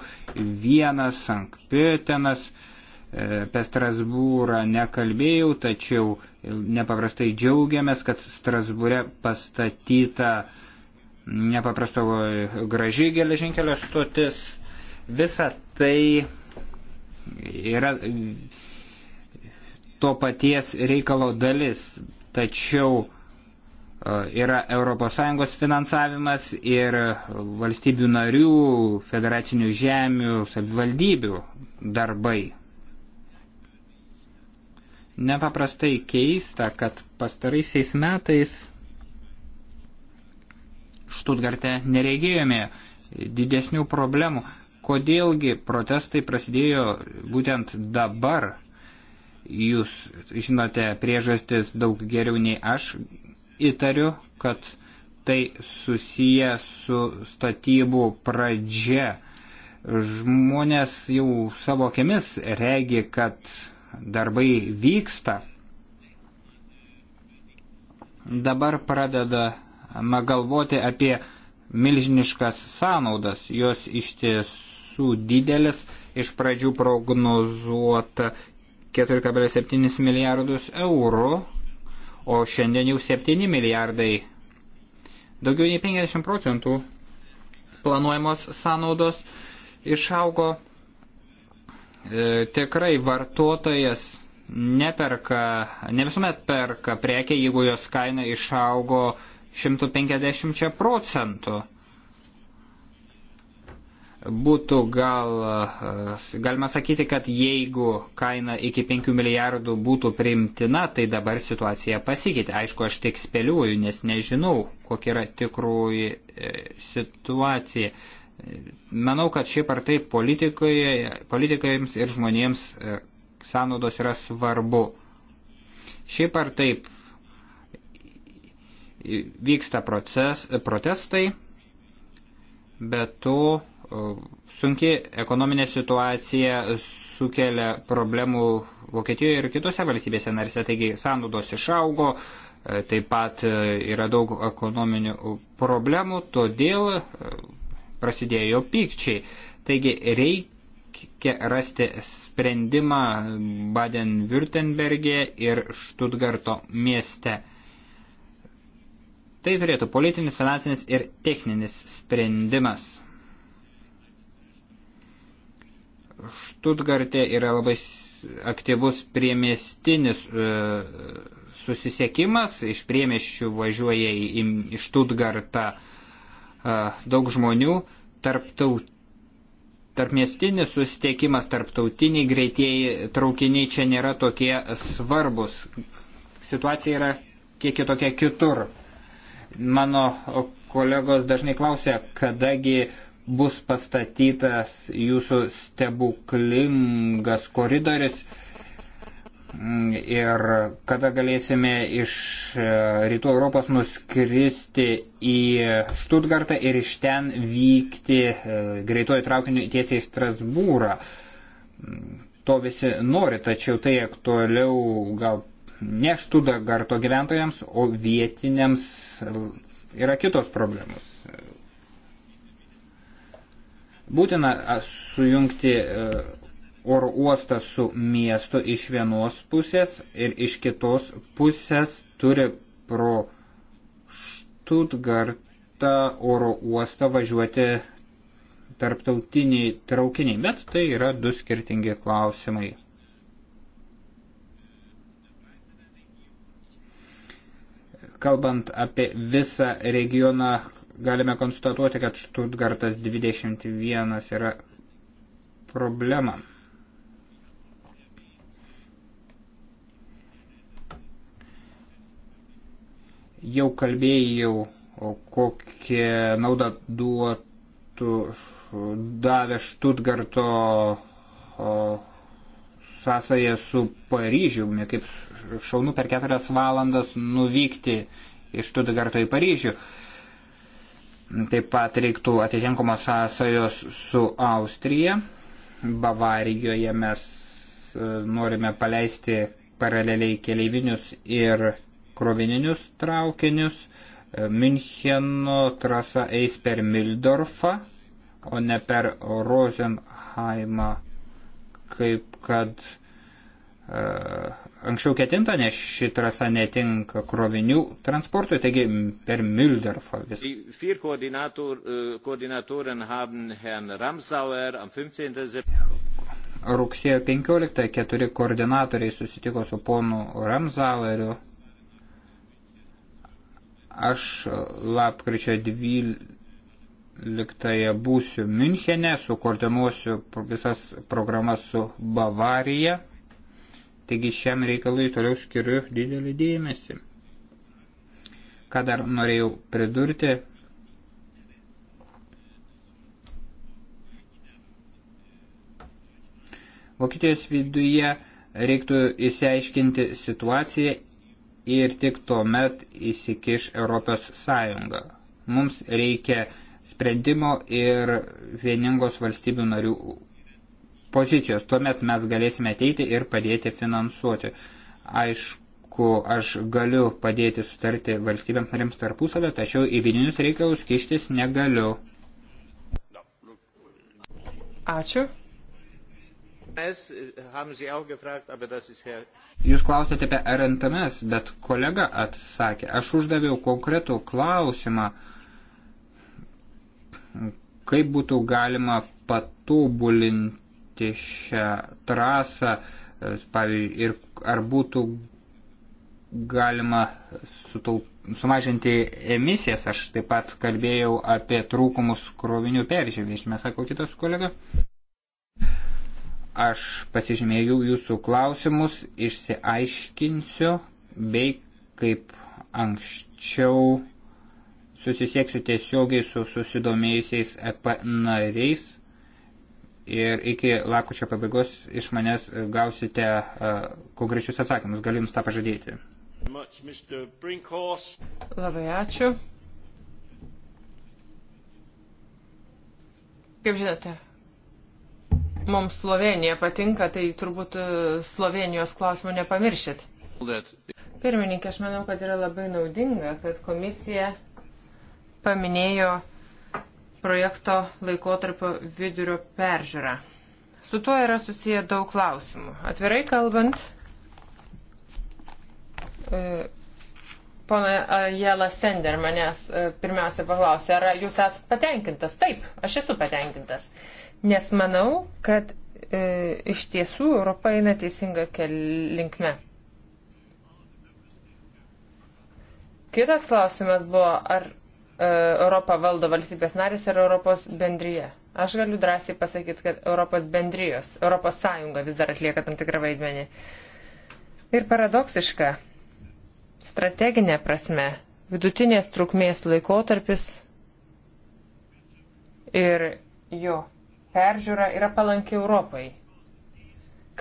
vienas Sanktpėtenas, e, apie Strasbūrą nekalbėjau, tačiau nepaprastai džiaugiamės, kad Strasbūre pastatyta nepaprasto graži geležinkelio stotis. Visa tai yra to paties reikalo dalis, tačiau e, yra ES finansavimas ir valstybių narių, federacinių žemių, savivaldybių darbai. Nepaprastai keista, kad pastaraisiais metais Štutgarte neregėjome didesnių problemų. Kodėlgi protestai prasidėjo būtent dabar? Jūs žinote priežastis daug geriau nei aš. Įtariu, kad tai susiję su statybų pradžia. Žmonės jau savo akimis regi, kad darbai vyksta. Dabar pradedama galvoti apie milžiniškas sąnaudas, jos iš ties tiesų didelis. Iš pradžių prognozuota 4,7 milijardus eurų, o šiandien jau 7 milijardai. Daugiau nei 50 procentų planuojamos sąnaudos išaugo. E, tikrai vartotojas neperka, ne visuomet perka prekė, jeigu jos kaina išaugo 150 procentų būtų gal, e, galima sakyti, kad jeigu kaina iki 5 milijardų būtų priimtina, tai dabar situacija pasikeitė. Aišku, aš tik spėliuoju, nes nežinau, kokia yra tikroji e, situacija. Manau, kad šiaip ar taip politikams ir žmonėms e, sąnaudos yra svarbu. Šiaip ar taip vyksta proces, protestai, bet to Sunki ekonominė situacija sukelia problemų Vokietijoje ir kitose valstybėse narse, taigi sąnaudos išaugo, e, taip pat e, yra daug ekonominių problemų, todėl e, prasidėjo pykčiai. Taigi reikia rasti sprendimą Baden-Württembergė ir Štutgarto mieste. Tai turėtų politinis, finansinis ir techninis sprendimas. Štutgarte yra labai aktyvus priemestinis e, susisiekimas, iš priemeščių važiuoja į, į Štutgartą e, daug žmonių, tarptaut, tarpmiestinis susisiekimas, tarptautiniai greitieji traukiniai čia nėra tokie svarbus. Situacija yra kiek kitokia kitur. Mano kolegos dažnai klausia, kadagi uh, bus pastatytas jūsų stebuklingas koridorius mm, ir kada galėsime iš e, Rytų Europos nuskristi į Štutgartą ir iš ten vykti e, greituoju traukiniu tiesiai į Strasbūrą. Mm, to visi nori, tačiau tai aktualiau gal ne Štutgarto gyventojams, o vietiniams yra kitos problemos. Būtina sujungti e, oro uostą su miestu iš vienos pusės ir iš kitos pusės turi pro Štutgartą oro uostą važiuoti tarptautiniai traukiniai, bet tai yra du skirtingi klausimai. Kalbant apie visą regioną, galime konstatuoti, kad Stuttgartas 21 yra problema. Jau kalbėjau, kokią naudą duotų, davė Stuttgarto sąsąją su Paryžiumi, kaip šaunu per keturias valandas nuvykti iš Stuttgarto į Paryžių. Uh, Taip pat reiktų atitinkamos sąsajos su Austrija. Bavarijoje mes e, norime paleisti paraleliai keleivinius ir krovininius traukinius. E, Müncheno trasa eis per Mildorfą, o ne per Rosenheimą, kaip kad e, Anksčiau ketinta, nes ši trasa netinka krovinių transportui, taigi per Mülderfą vis. Äh, Rugsėjo 15 keturi koordinatoriai susitiko su ponu Ramzaueriu. Aš lapkričio 12 būsiu Münchene, sukoordinuosiu visas programas su Bavarija. Taigi šiam reikalui toliau skiriu didelį dėmesį. Ką dar norėjau pridurti? Vokietijos viduje reiktų įsiaiškinti situaciją ir tik tuomet įsikiš Europos Sąjunga. Mums reikia sprendimo ir vieningos valstybių narių pozicijos. Tuomet mes galėsime ateiti ir padėti finansuoti. Aišku, aš galiu padėti sutarti valstybėms narėms tarpusavę, tačiau į vidinius reikalus kištis negaliu. Ačiū. E, Jūs klausėte apie RNTMS, bet kolega atsakė. Aš uždaviau konkretų klausimą, kaip būtų galima patobulinti pasirinkti šią trasą, e, pavyzdžiui, ir ar būtų galima sutaup, sumažinti emisijas. Aš taip pat kalbėjau apie trūkumus krovinių peržiūrėjimą, sako kitas kolega. Aš pasižymėjau jūsų klausimus, išsiaiškinsiu, bei kaip anksčiau susisieksiu tiesiogiai su susidomėjusiais EP nariais ir iki lapkričio pabaigos iš manęs e, gausite e, konkrečius atsakymus, galiu Jums tą pažadėti. Labai ačiū. Kaip žinote, mums Slovenija patinka, tai turbūt e, Slovenijos klausimų nepamiršit. Pirmininkė, aš manau, kad yra labai naudinga, kad komisija paminėjo projekto laikotarpio vidurio peržiūra. Su tuo yra susiję daug klausimų. Atvirai kalbant, e, Pana Jela Sender manęs e, pirmiausia paklausė, ar jūs esate patenkintas? Taip, aš esu patenkintas. Nes manau, kad e, iš tiesų Europa eina teisinga linkme. Kitas klausimas buvo, ar E, Europą valdo valstybės narės ir Europos bendryje. Aš galiu drąsiai pasakyti, kad Europos bendrijos, Europos Sąjunga vis dar atlieka tam tikrą vaidmenį. Ir paradoksiška, strateginė prasme, vidutinės trukmės laikotarpis ir jo peržiūra yra palanki Europai.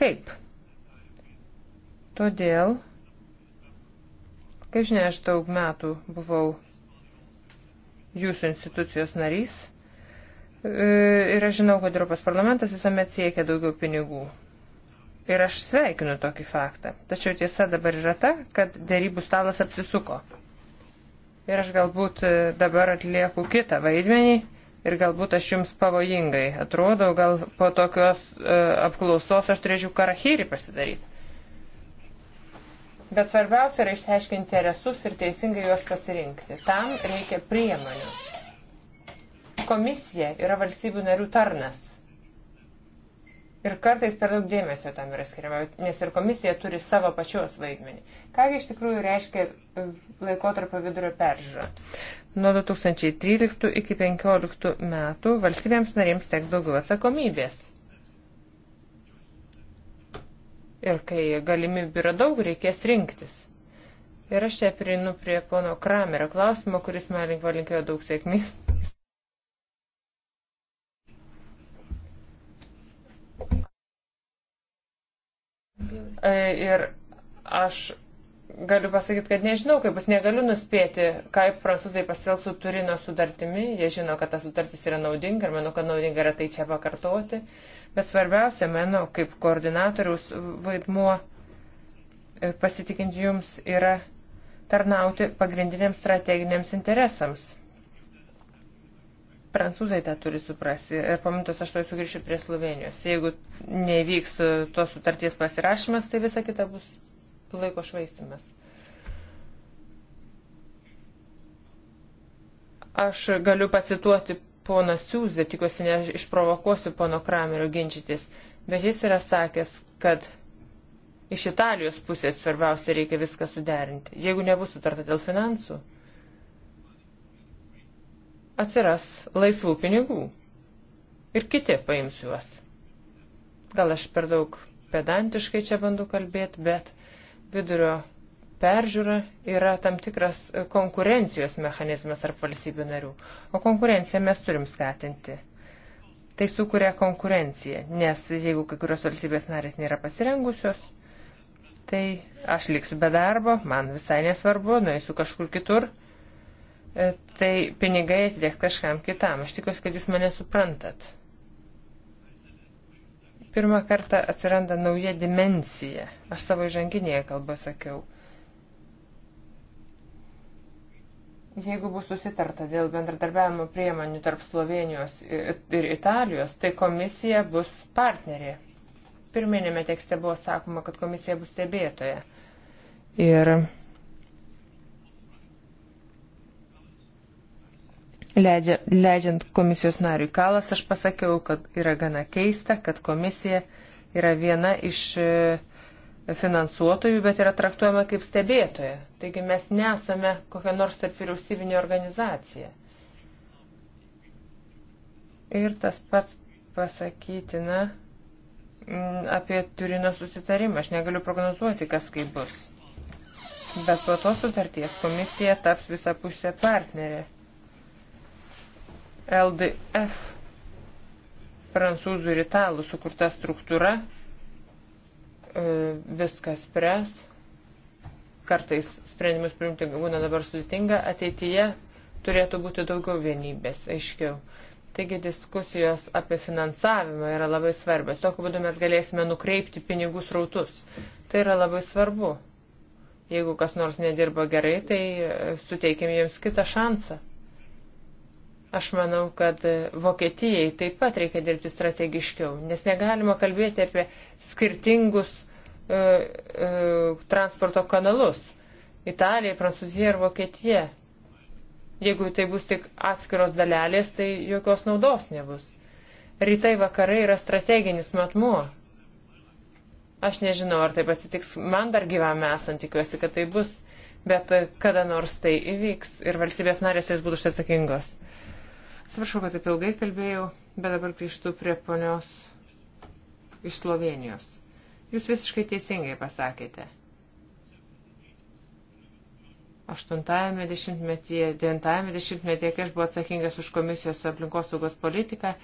Kaip? Todėl, kaip žinia, aš daug metų buvau jūsų institucijos narys. E, ir aš žinau, kad Europos parlamentas visuomet siekia daugiau pinigų. Ir aš sveikinu tokį faktą. Tačiau tiesa dabar yra ta, kad dėrybų stalas apsisuko. Ir aš galbūt e, dabar atlieku kitą vaidmenį ir galbūt aš jums pavojingai atrodau, gal po tokios uh, apklausos aš turėčiau karahyrį pasidaryti. Bet svarbiausia yra išsiaiškinti interesus ir teisingai juos pasirinkti. Tam reikia priemonių. Komisija yra valstybių narių tarnas. Ir kartais per daug dėmesio tam yra skiriama, nes ir komisija turi savo pačios vaidmenį. Kągi iš tikrųjų reiškia laikotarpio vidurio peržiūra? Nuo 2013 iki 2015 metų valstybėms narėms teks daugiau atsakomybės Ir kai galimybių yra daug, reikės rinktis. Ir aš čia prieinu prie pono Kramerio klausimo, kuris man link palinkėjo daug sėkmės. E, ir aš galiu pasakyti, kad nežinau, kaip bus, negaliu nuspėti, kaip prancūzai pasielgs su Turino sutartimi. Jie žino, kad ta sutartis yra naudinga ir manau, kad naudinga yra tai čia pakartoti. Bet svarbiausia, mano kaip koordinatoriaus vaidmuo e, pasitikint jums yra tarnauti pagrindiniams strateginiams interesams. Prancūzai tą turi suprasti. Ir e, pamintos aš to sugrįšiu prie Slovenijos. Jeigu nevyks e, tos sutarties pasirašymas, tai visa kita bus laiko švaistimas. Aš galiu pacituoti poną Siūzę, tikiuosi neišprovokuosiu pono Kramerio ginčytis, bet jis yra sakęs, kad iš Italijos pusės svarbiausia reikia viską suderinti. Jeigu nebus sutarta dėl finansų, atsiras laisvų pinigų ir kiti paims juos. Gal aš per daug pedantiškai čia bandu kalbėti, bet vidurio peržiūra yra tam tikras konkurencijos mechanizmas tarp valstybių narių, o konkurenciją mes turim skatinti. Tai sukuria konkurenciją, nes jeigu kai kurios valstybės narės nėra pasirengusios, tai aš liksiu be darbo, man visai nesvarbu, nueisiu kažkur kitur, e, tai pinigai atidėk kažkam kitam. Aš tikiuosi, kad jūs mane suprantat. Pirmą kartą atsiranda nauja dimensija. Aš savo įžanginėje kalbą sakiau Jeigu bus susitarta dėl bendradarbiavimo priemonių tarp Slovenijos ir Italijos, tai komisija bus partnerė. Pirminėme tekste buvo sakoma, kad komisija bus stebėtoja. Ir leidžia, leidžiant komisijos nariui kalas, aš pasakiau, kad yra gana keista, kad komisija yra viena iš uh, finansuotojų, bet yra traktuojama kaip stebėtoja. Taigi mes nesame kokia nors tarp vyriausybinė organizacija. Ir tas pats pasakytina mm, apie Turino susitarimą. Aš negaliu prognozuoti, kas kaip bus. Bet po to sutarties komisija taps visapusė partnerė. LDF prancūzų ir italų sukurta struktūra E, viskas pres. Kartais sprendimus priimti būna dabar sudėtinga, ateityje turėtų būti daugiau vienybės, aiškiau. Taigi diskusijos apie finansavimą yra labai svarbios. Tokiu būdu mes galėsime nukreipti pinigų srautus. Tai yra labai svarbu. Jeigu kas nors nedirba gerai, tai suteikime jiems kitą šansą. Aš manau, kad Vokietijai taip pat reikia dirbti strategiškiau, nes negalima kalbėti apie skirtingus uh, uh, transporto kanalus - Italija, Prancūzija ir Vokietija. Jeigu tai bus tik atskiros dalelės, tai jokios naudos nebus. Rytai vakarai yra strateginis matmuo. Aš nežinau, ar taip atsitiks man dar gyvame esant, tikiuosi, kad tai bus, bet kada nors tai įvyks ir valstybės narės jas būtų štai atsakingos. Svaršau, kad taip ilgai kalbėjau, bet dabar grįžtu prie ponios iš Slovenijos. Jūs visiškai teisingai pasakėte. Aštuntajame dešimtmetyje, devintajame dešimtmetyje, kai aš buvau atsakingas už komisijos aplinkosaugos politiką,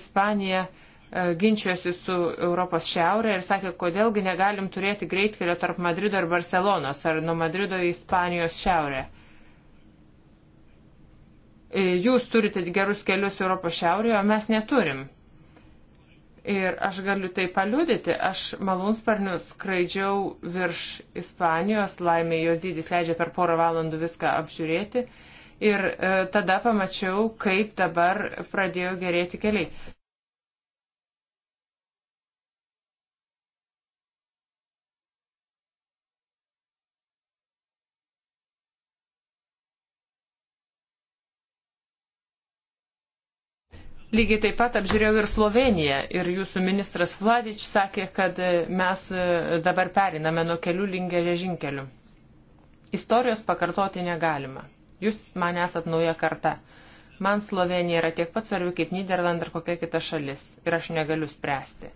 Ispanija e, ginčiosi su Europos šiaurė ir sakė, kodėlgi negalim turėti greitkelio tarp Madrido ir Barcelonos ar nuo Madrido į Ispanijos šiaurę. E, jūs turite gerus kelius Europos šiaurėje, o mes neturim. Ir aš galiu tai paliudyti, aš malūnsparniu skraidžiau virš Ispanijos, laimė jos dydis leidžia per porą valandų viską apžiūrėti. Ir e, tada pamačiau, kaip dabar pradėjo gerėti keliai. Lygiai taip pat apžiūrėjau ir Sloveniją ir jūsų ministras Vladič sakė, kad mes e, dabar periname nuo kelių link geležinkelių. Istorijos pakartoti negalima. Jūs man esat nauja karta. Man Slovenija yra tiek pat svarbi kaip Niderland ar kokia kita šalis ir aš negaliu spręsti.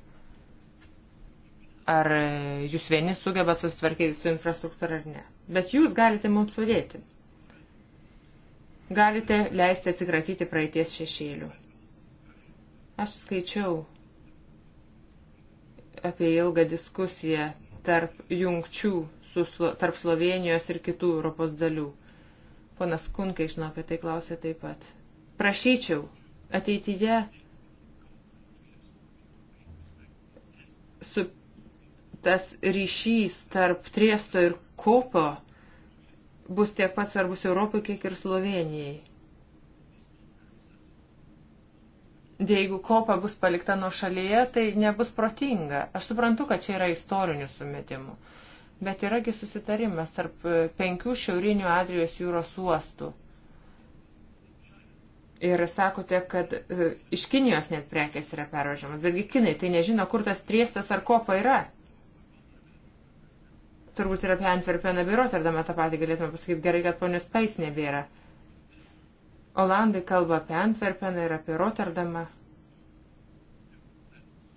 Ar e, jūs vieni sugebat susitvarkyti su infrastruktūra ar ne. Bet jūs galite mums padėti. Galite leisti atsikratyti praeities šešėlių Aš skaičiau apie ilgą diskusiją tarp jungčių, su, tarp Slovenijos ir kitų Europos dalių. Ponas Kunkai, žinau, apie tai klausė taip pat. Prašyčiau ateityje su tas ryšys tarp Triesto ir Kopo bus tiek pat svarbus Europai, kiek ir Slovenijai. jeigu kopa bus palikta nuo šalyje, tai nebus protinga. Aš suprantu, kad čia yra istorinių sumetimų, bet yragi susitarimas tarp e, penkių šiaurinių Adrijos jūros uostų. Ir sakote, kad e, iš Kinijos net prekės yra pervežamas, betgi Kinai tai nežino, kur tas triestas ar kopa yra. Turbūt ir apie Antverpeną bei Rotterdamą tą patį galėtume pasakyti gerai, kad ponios Pais nebėra. Uh, Olandai kalba apie Antverpeną ir apie Rotterdamą.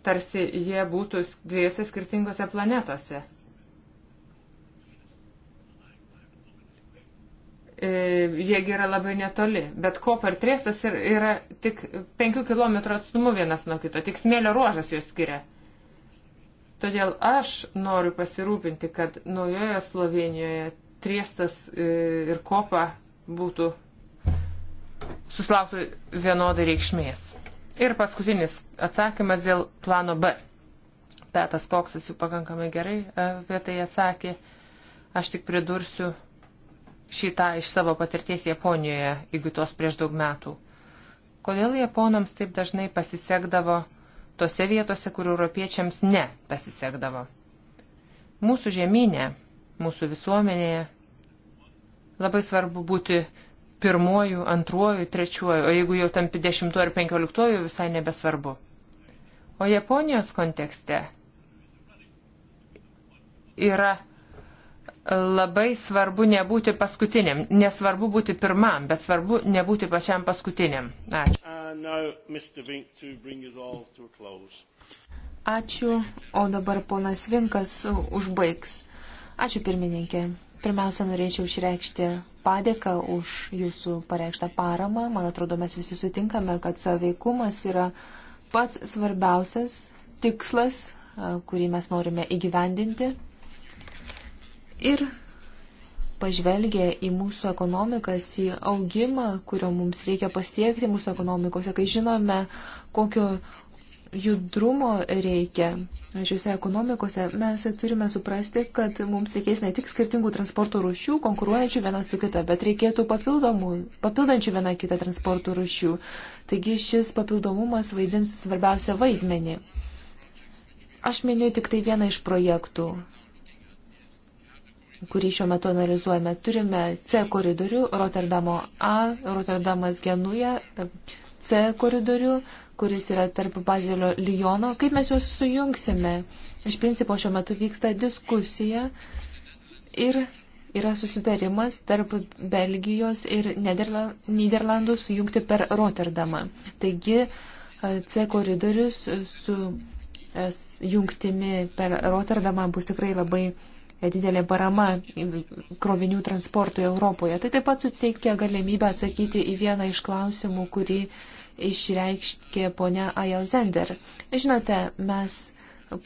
Tarsi jie būtų dviejose skirtingose planetose. E, jiegi yra labai netoli, bet Koper Triestas yra tik 5 km atstumu vienas nuo kito, tik smėlio ruožas juos skiria. Todėl aš noriu pasirūpinti, kad naujoje Slovenijoje Triestas e, ir Kopa būtų susilauktų vienodai reikšmės. Ir paskutinis atsakymas dėl plano B. Petas Koksas jau pakankamai gerai e, apie tai atsakė. Aš tik pridursiu šitą iš savo patirties Japonijoje įgytos prieš daug metų. Kodėl japonams taip dažnai pasisekdavo tose vietose, kur europiečiams ne pasisekdavo? Mūsų žemynė, mūsų visuomenėje labai svarbu būti pirmuoju, antruoju, trečiuoju, o jeigu jau tampi dešimtuoju ar penkioliktuoju, visai nebesvarbu. O Japonijos kontekste yra labai svarbu nebūti paskutiniam. Nesvarbu būti pirmam, bet svarbu nebūti pačiam paskutiniam. Ačiū. Uh, Ačiū, o dabar ponas Vinkas užbaigs. Ačiū pirmininkė. Pirmiausia, norėčiau išreikšti padėką už jūsų pareikštą paramą. Man atrodo, mes visi sutinkame, kad saveikumas yra pats svarbiausias tikslas, kurį mes norime įgyvendinti. Ir pažvelgę į mūsų ekonomikas, į augimą, kurio mums reikia pasiekti mūsų ekonomikose, kai žinome, kokio judrumo reikia šiuose ekonomikose, mes turime suprasti, kad mums reikės ne tik skirtingų transporto rušių, konkuruojančių viena su kita, bet reikėtų papildomų, papildančių viena kitą transporto rušių. Taigi šis papildomumas vaidins svarbiausią vaidmenį. Aš miniu tik tai vieną iš projektų kurį šiuo metu analizuojame. Turime C koridorių, Rotterdamo A, Rotterdamas Genuja, C koridorių, kuris yra tarp Bazilio Lyono, kaip mes juos sujungsime. Iš principo šiuo metu vyksta diskusija ir yra susitarimas tarp Belgijos ir Niderlandų sujungti per Rotterdamą. Taigi e, C koridorius su e, jungtimi per Rotterdamą bus tikrai labai didelė parama krovinių transportui Europoje. Tai taip pat suteikia galimybę atsakyti į vieną iš klausimų, kurį uh, išreikškė ponia Ajelzender. Žinote, mes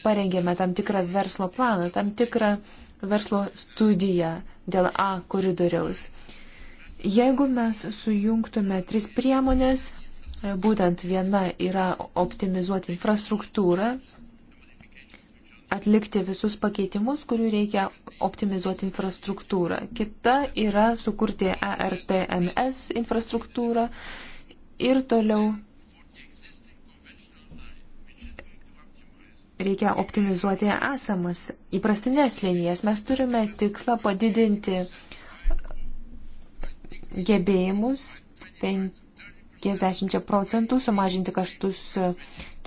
parengėme tam tikrą verslo planą, tam tikrą verslo studiją dėl A koridoriaus. Jeigu mes sujungtume tris priemonės, būtent viena yra optimizuoti infrastruktūrą, atlikti visus pakeitimus, kurių reikia optimizuoti infrastruktūrą. Kita yra sukurti ERTMS infrastruktūrą ir toliau reikia optimizuoti esamas įprastinės linijas. Mes turime tikslą padidinti gebėjimus 50 procentų, sumažinti kaštus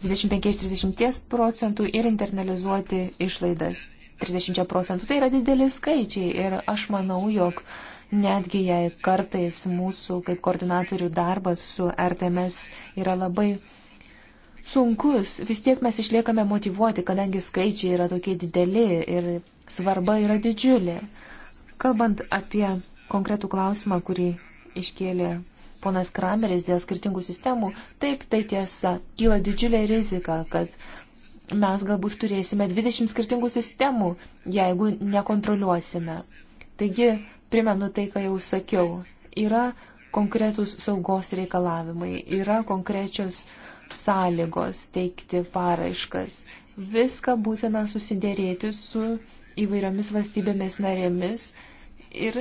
25-30 procentų ir internalizuoti išlaidas 30 procentų. Tai yra dideli skaičiai ir aš manau, jog uh, netgi jei kartais mūsų kaip koordinatorių darbas su RTMS yra labai sunkus, vis tiek mes išliekame motivuoti, kadangi skaičiai yra tokie dideli ir svarba yra didžiulė. Kalbant apie konkretų klausimą, kurį iškėlė ponas Krameris dėl skirtingų sistemų, taip tai tiesa, kyla didžiulė rizika, kad mes galbūt turėsime 20 skirtingų sistemų, jeigu nekontroliuosime. Taigi primenu tai, ką jau sakiau. Yra konkretūs saugos reikalavimai, yra konkrečios sąlygos teikti paraiškas. Viską būtina susidėrėti su įvairiomis valstybėmis narėmis ir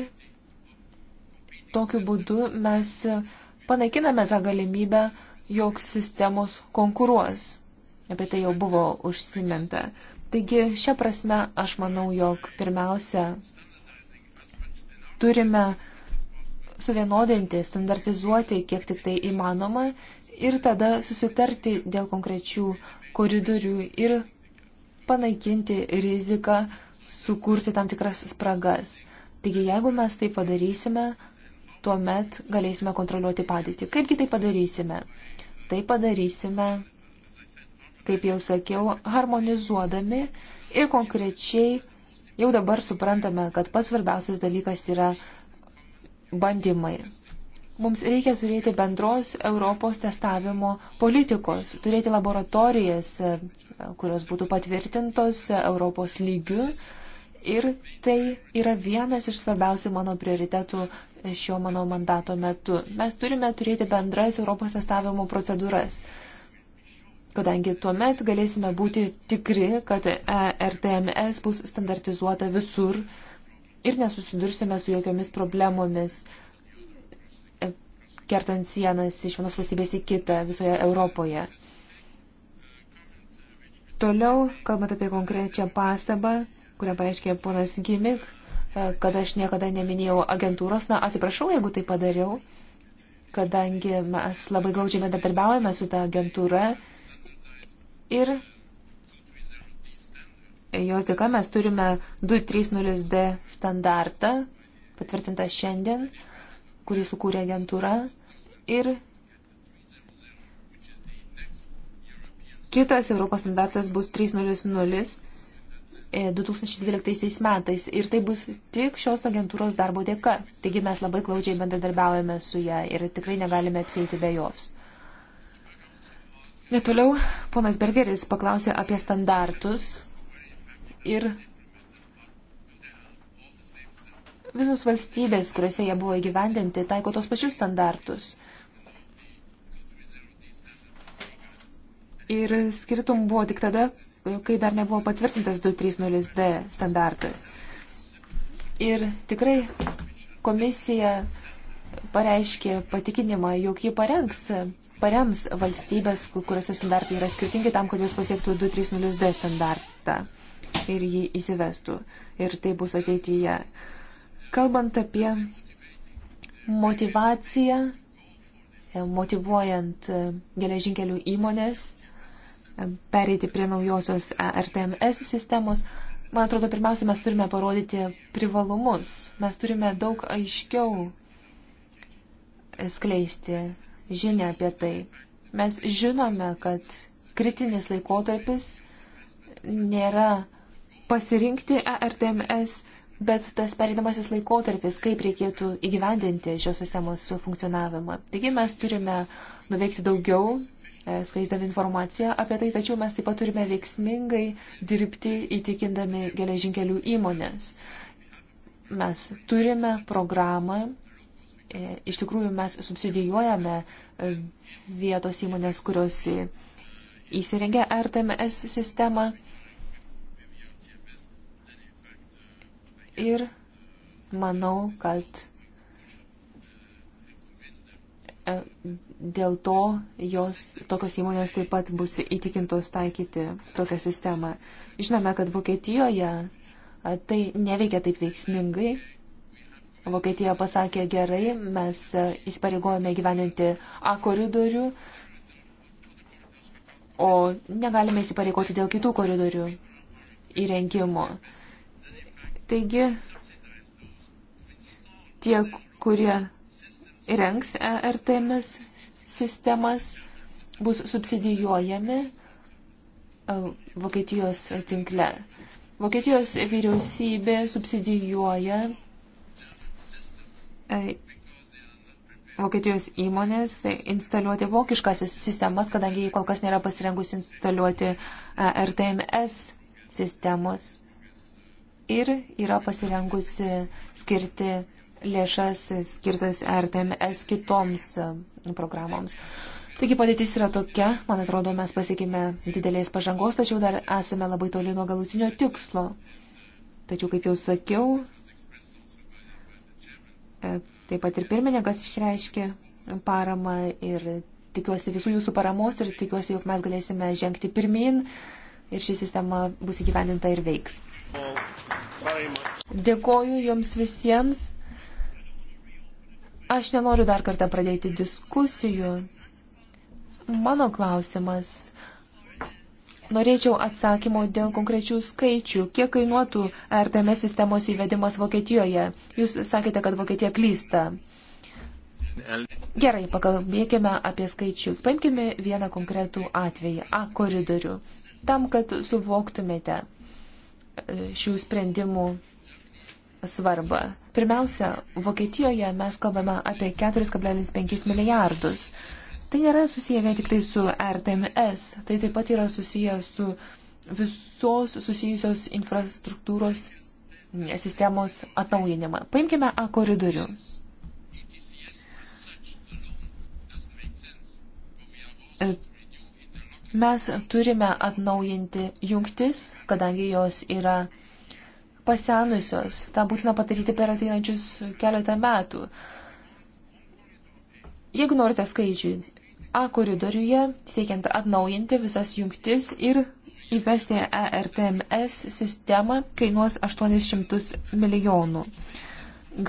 tokiu būdu mes panaikiname tą galimybę, jog sistemos konkuruos. Apie tai jau buvo užsiminta. Taigi, šią prasme, aš manau, jog pirmiausia, Turime suvienodinti, standartizuoti, kiek tik tai įmanoma ir tada susitarti dėl konkrečių koridorių ir panaikinti riziką sukurti tam tikras spragas. Taigi, jeigu mes tai padarysime, tuomet galėsime kontroliuoti padėtį. Kaipgi tai padarysime? Tai padarysime, kaip jau sakiau, harmonizuodami ir konkrečiai Jau dabar suprantame, kad pats svarbiausias dalykas yra bandymai. Mums reikia turėti bendros Europos testavimo politikos, turėti laboratorijas, kurios būtų patvirtintos Europos lygių. Ir tai yra vienas iš svarbiausių mano prioritetų šio mano mandato metu. Mes turime turėti bendras Europos testavimo procedūras kadangi tuomet galėsime būti tikri, kad e RTMS bus standartizuota visur ir nesusidursime su jokiomis problemomis, e, kertant sienas iš vienos valstybės į kitą visoje Europoje. Toliau, kalbant apie konkrečią pastabą, kurią pareiškė ponas Gimik, e, kad aš niekada neminėjau agentūros, na, atsiprašau, jeigu tai padariau, kadangi mes labai glaudžiai bendradarbiaujame su ta agentūra ir jos dėka mes turime 230D standartą, patvirtintą šiandien, kurį sukūrė agentūra ir kitas Europos standartas bus 300 2012 e, metais ir tai bus tik šios agentūros darbo dėka. Taigi mes labai glaudžiai bendradarbiaujame su ją ir tikrai negalime apsėti be jos. Netoliau ponas Bergeris paklausė apie standartus ir visos valstybės, kuriuose jie buvo įgyvendinti, taiko tos pačius standartus. Ir skirtum buvo tik tada, kai dar nebuvo patvirtintas 230D standartas. Ir tikrai komisija pareiškė patikinimą, jog ji parengs parems valstybės, kuriuose standartai yra skirtingi tam, kad jos pasiektų 230D standartą ir jį įsivestų. Ir tai bus ateityje. Kalbant apie motivaciją, e, motivuojant e, geležinkelių įmonės e, pereiti prie naujosios RTMS sistemos, man atrodo, pirmiausia, mes turime parodyti privalumus. Mes turime daug aiškiau skleisti žinę apie tai. Mes žinome, kad kritinis laikotarpis nėra pasirinkti ERTMS, bet tas pereinamasis laikotarpis, kaip reikėtų įgyvendinti šios sistemos funkcionavimą. Taigi mes turime nuveikti daugiau, e, skleisdami informaciją apie tai, tačiau mes taip pat turime veiksmingai dirbti įtikindami geležinkelių įmonės. Mes turime programą E, iš tikrųjų mes subsidijuojame e, vietos įmonės, kurios įsirengia RTMS sistemą. Ir manau, kad e, dėl to jos, tokios įmonės taip pat bus įtikintos taikyti tokią sistemą. Žinome, kad Vokietijoje tai neveikia taip veiksmingai Vokietija pasakė gerai, mes įsipareigojame gyveninti A koridorių, o negalime įsipareigoti dėl kitų koridorių įrengimo. Taigi, tie, kurie rengs ERTMS sistemas, bus subsidijuojami e, Vokietijos tinkle. Vokietijos vyriausybė subsidijuoja Vokietijos įmonės instaliuoti vokiškas sistemas, kadangi jie kol kas nėra pasirengusi instaliuoti e, RTMS sistemos ir yra pasirengusi skirti lėšas skirtas RTMS kitoms e, programoms. Taigi padėtis yra tokia, man atrodo, mes pasiekime didelės pažangos, tačiau dar esame labai toli nuo galutinio tikslo. Tačiau, kaip jau sakiau, E, taip pat ir pirmininkas išreiškė paramą ir tikiuosi visų jūsų paramos ir tikiuosi, jog mes galėsime žengti pirmin ir ši sistema bus įgyvendinta ir veiks. Dėkoju jums visiems. Aš nenoriu dar kartą pradėti diskusijų. Mano klausimas Norėčiau atsakymo dėl konkrečių skaičių. Kiek kainuotų RTM sistemos įvedimas Vokietijoje? Jūs sakėte, kad Vokietija klysta. Gerai, pakalbėkime apie skaičius. Paimkime vieną konkretų atvejį, A koridorių, tam, kad suvoktumėte e, šių sprendimų svarbą. Pirmiausia, Vokietijoje mes kalbame apie 4,5 milijardus. Tai nėra susiję vien tik tai su RTMS, tai taip pat yra susiję su visos susijusios infrastruktūros sistemos atnaujinimą. Paimkime A koridorių. E, mes turime atnaujinti jungtis, kadangi jos yra pasenusios. Ta būtina padaryti per ateinančius keletą metų. Jeigu norite skaičių, A koridoriuje, siekiant atnaujinti visas jungtis ir įvesti ERTMS sistemą, kainuos 800 milijonų.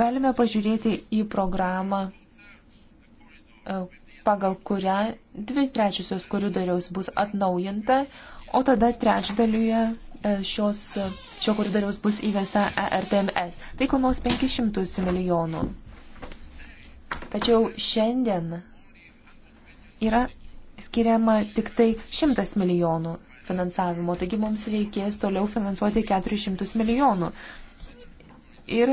Galime pažiūrėti į programą, e, pagal kurią dvi trečiosios koridoriaus bus atnaujinta, o tada trečdaliuje e, šios, šio koridoriaus bus įvesta ERTMS. Tai kainuos 500 milijonų. Tačiau šiandien yra skiriama tik tai 100 milijonų finansavimo, taigi mums reikės toliau finansuoti 400 milijonų. Ir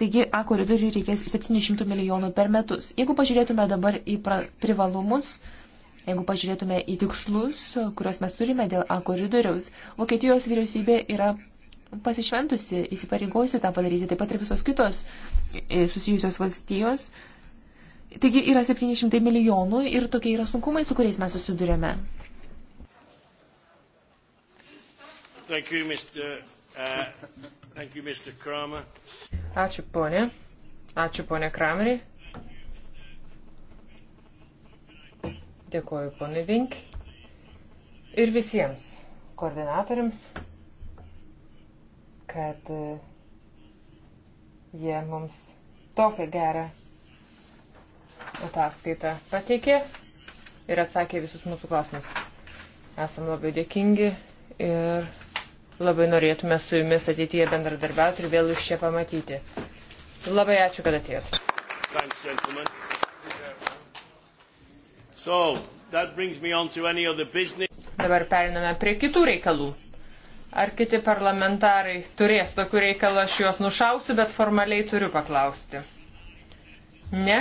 taigi A koridoriui reikės 700 milijonų per metus. Jeigu pažiūrėtume dabar į privalumus, jeigu pažiūrėtume į tikslus, kuriuos mes turime dėl A koridoriaus, Vokietijos vyriausybė yra pasišventusi, įsipareigojusi tą padaryti, taip pat ir visos kitos e, susijusios valstijos Taigi yra 700 milijonų ir tokie yra sunkumai, su kuriais mes susidurėme. Uh, Ačiū ponė. Ačiū ponė Kramerį. Dėkuoju ponė Vink. Ir visiems koordinatoriams, kad uh, jie mums tokią gerą ataskaitą pateikė ir atsakė visus mūsų klausimus. Esam labai dėkingi ir labai norėtume su jumis ateityje bendradarbiauti ir vėl jūs čia pamatyti. Labai ačiū, kad atėjot. So, Dabar periname prie kitų reikalų. Ar kiti parlamentarai turės tokių reikalų, aš juos nušausiu, bet formaliai turiu paklausti. Ne?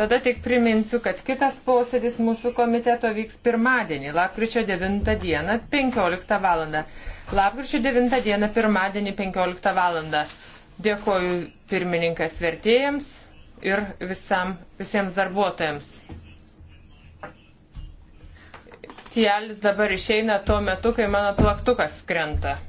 Tada tik priminsiu, kad kitas posėdis mūsų komiteto vyks pirmadienį, lapkričio 9 dieną, 15 val. Lapkričio 9 dieną, pirmadienį, 15 val. Dėkoju pirmininkas vertėjams ir visam, visiems darbuotojams. Tielis dabar išeina tuo metu, kai mano plaktukas krenta.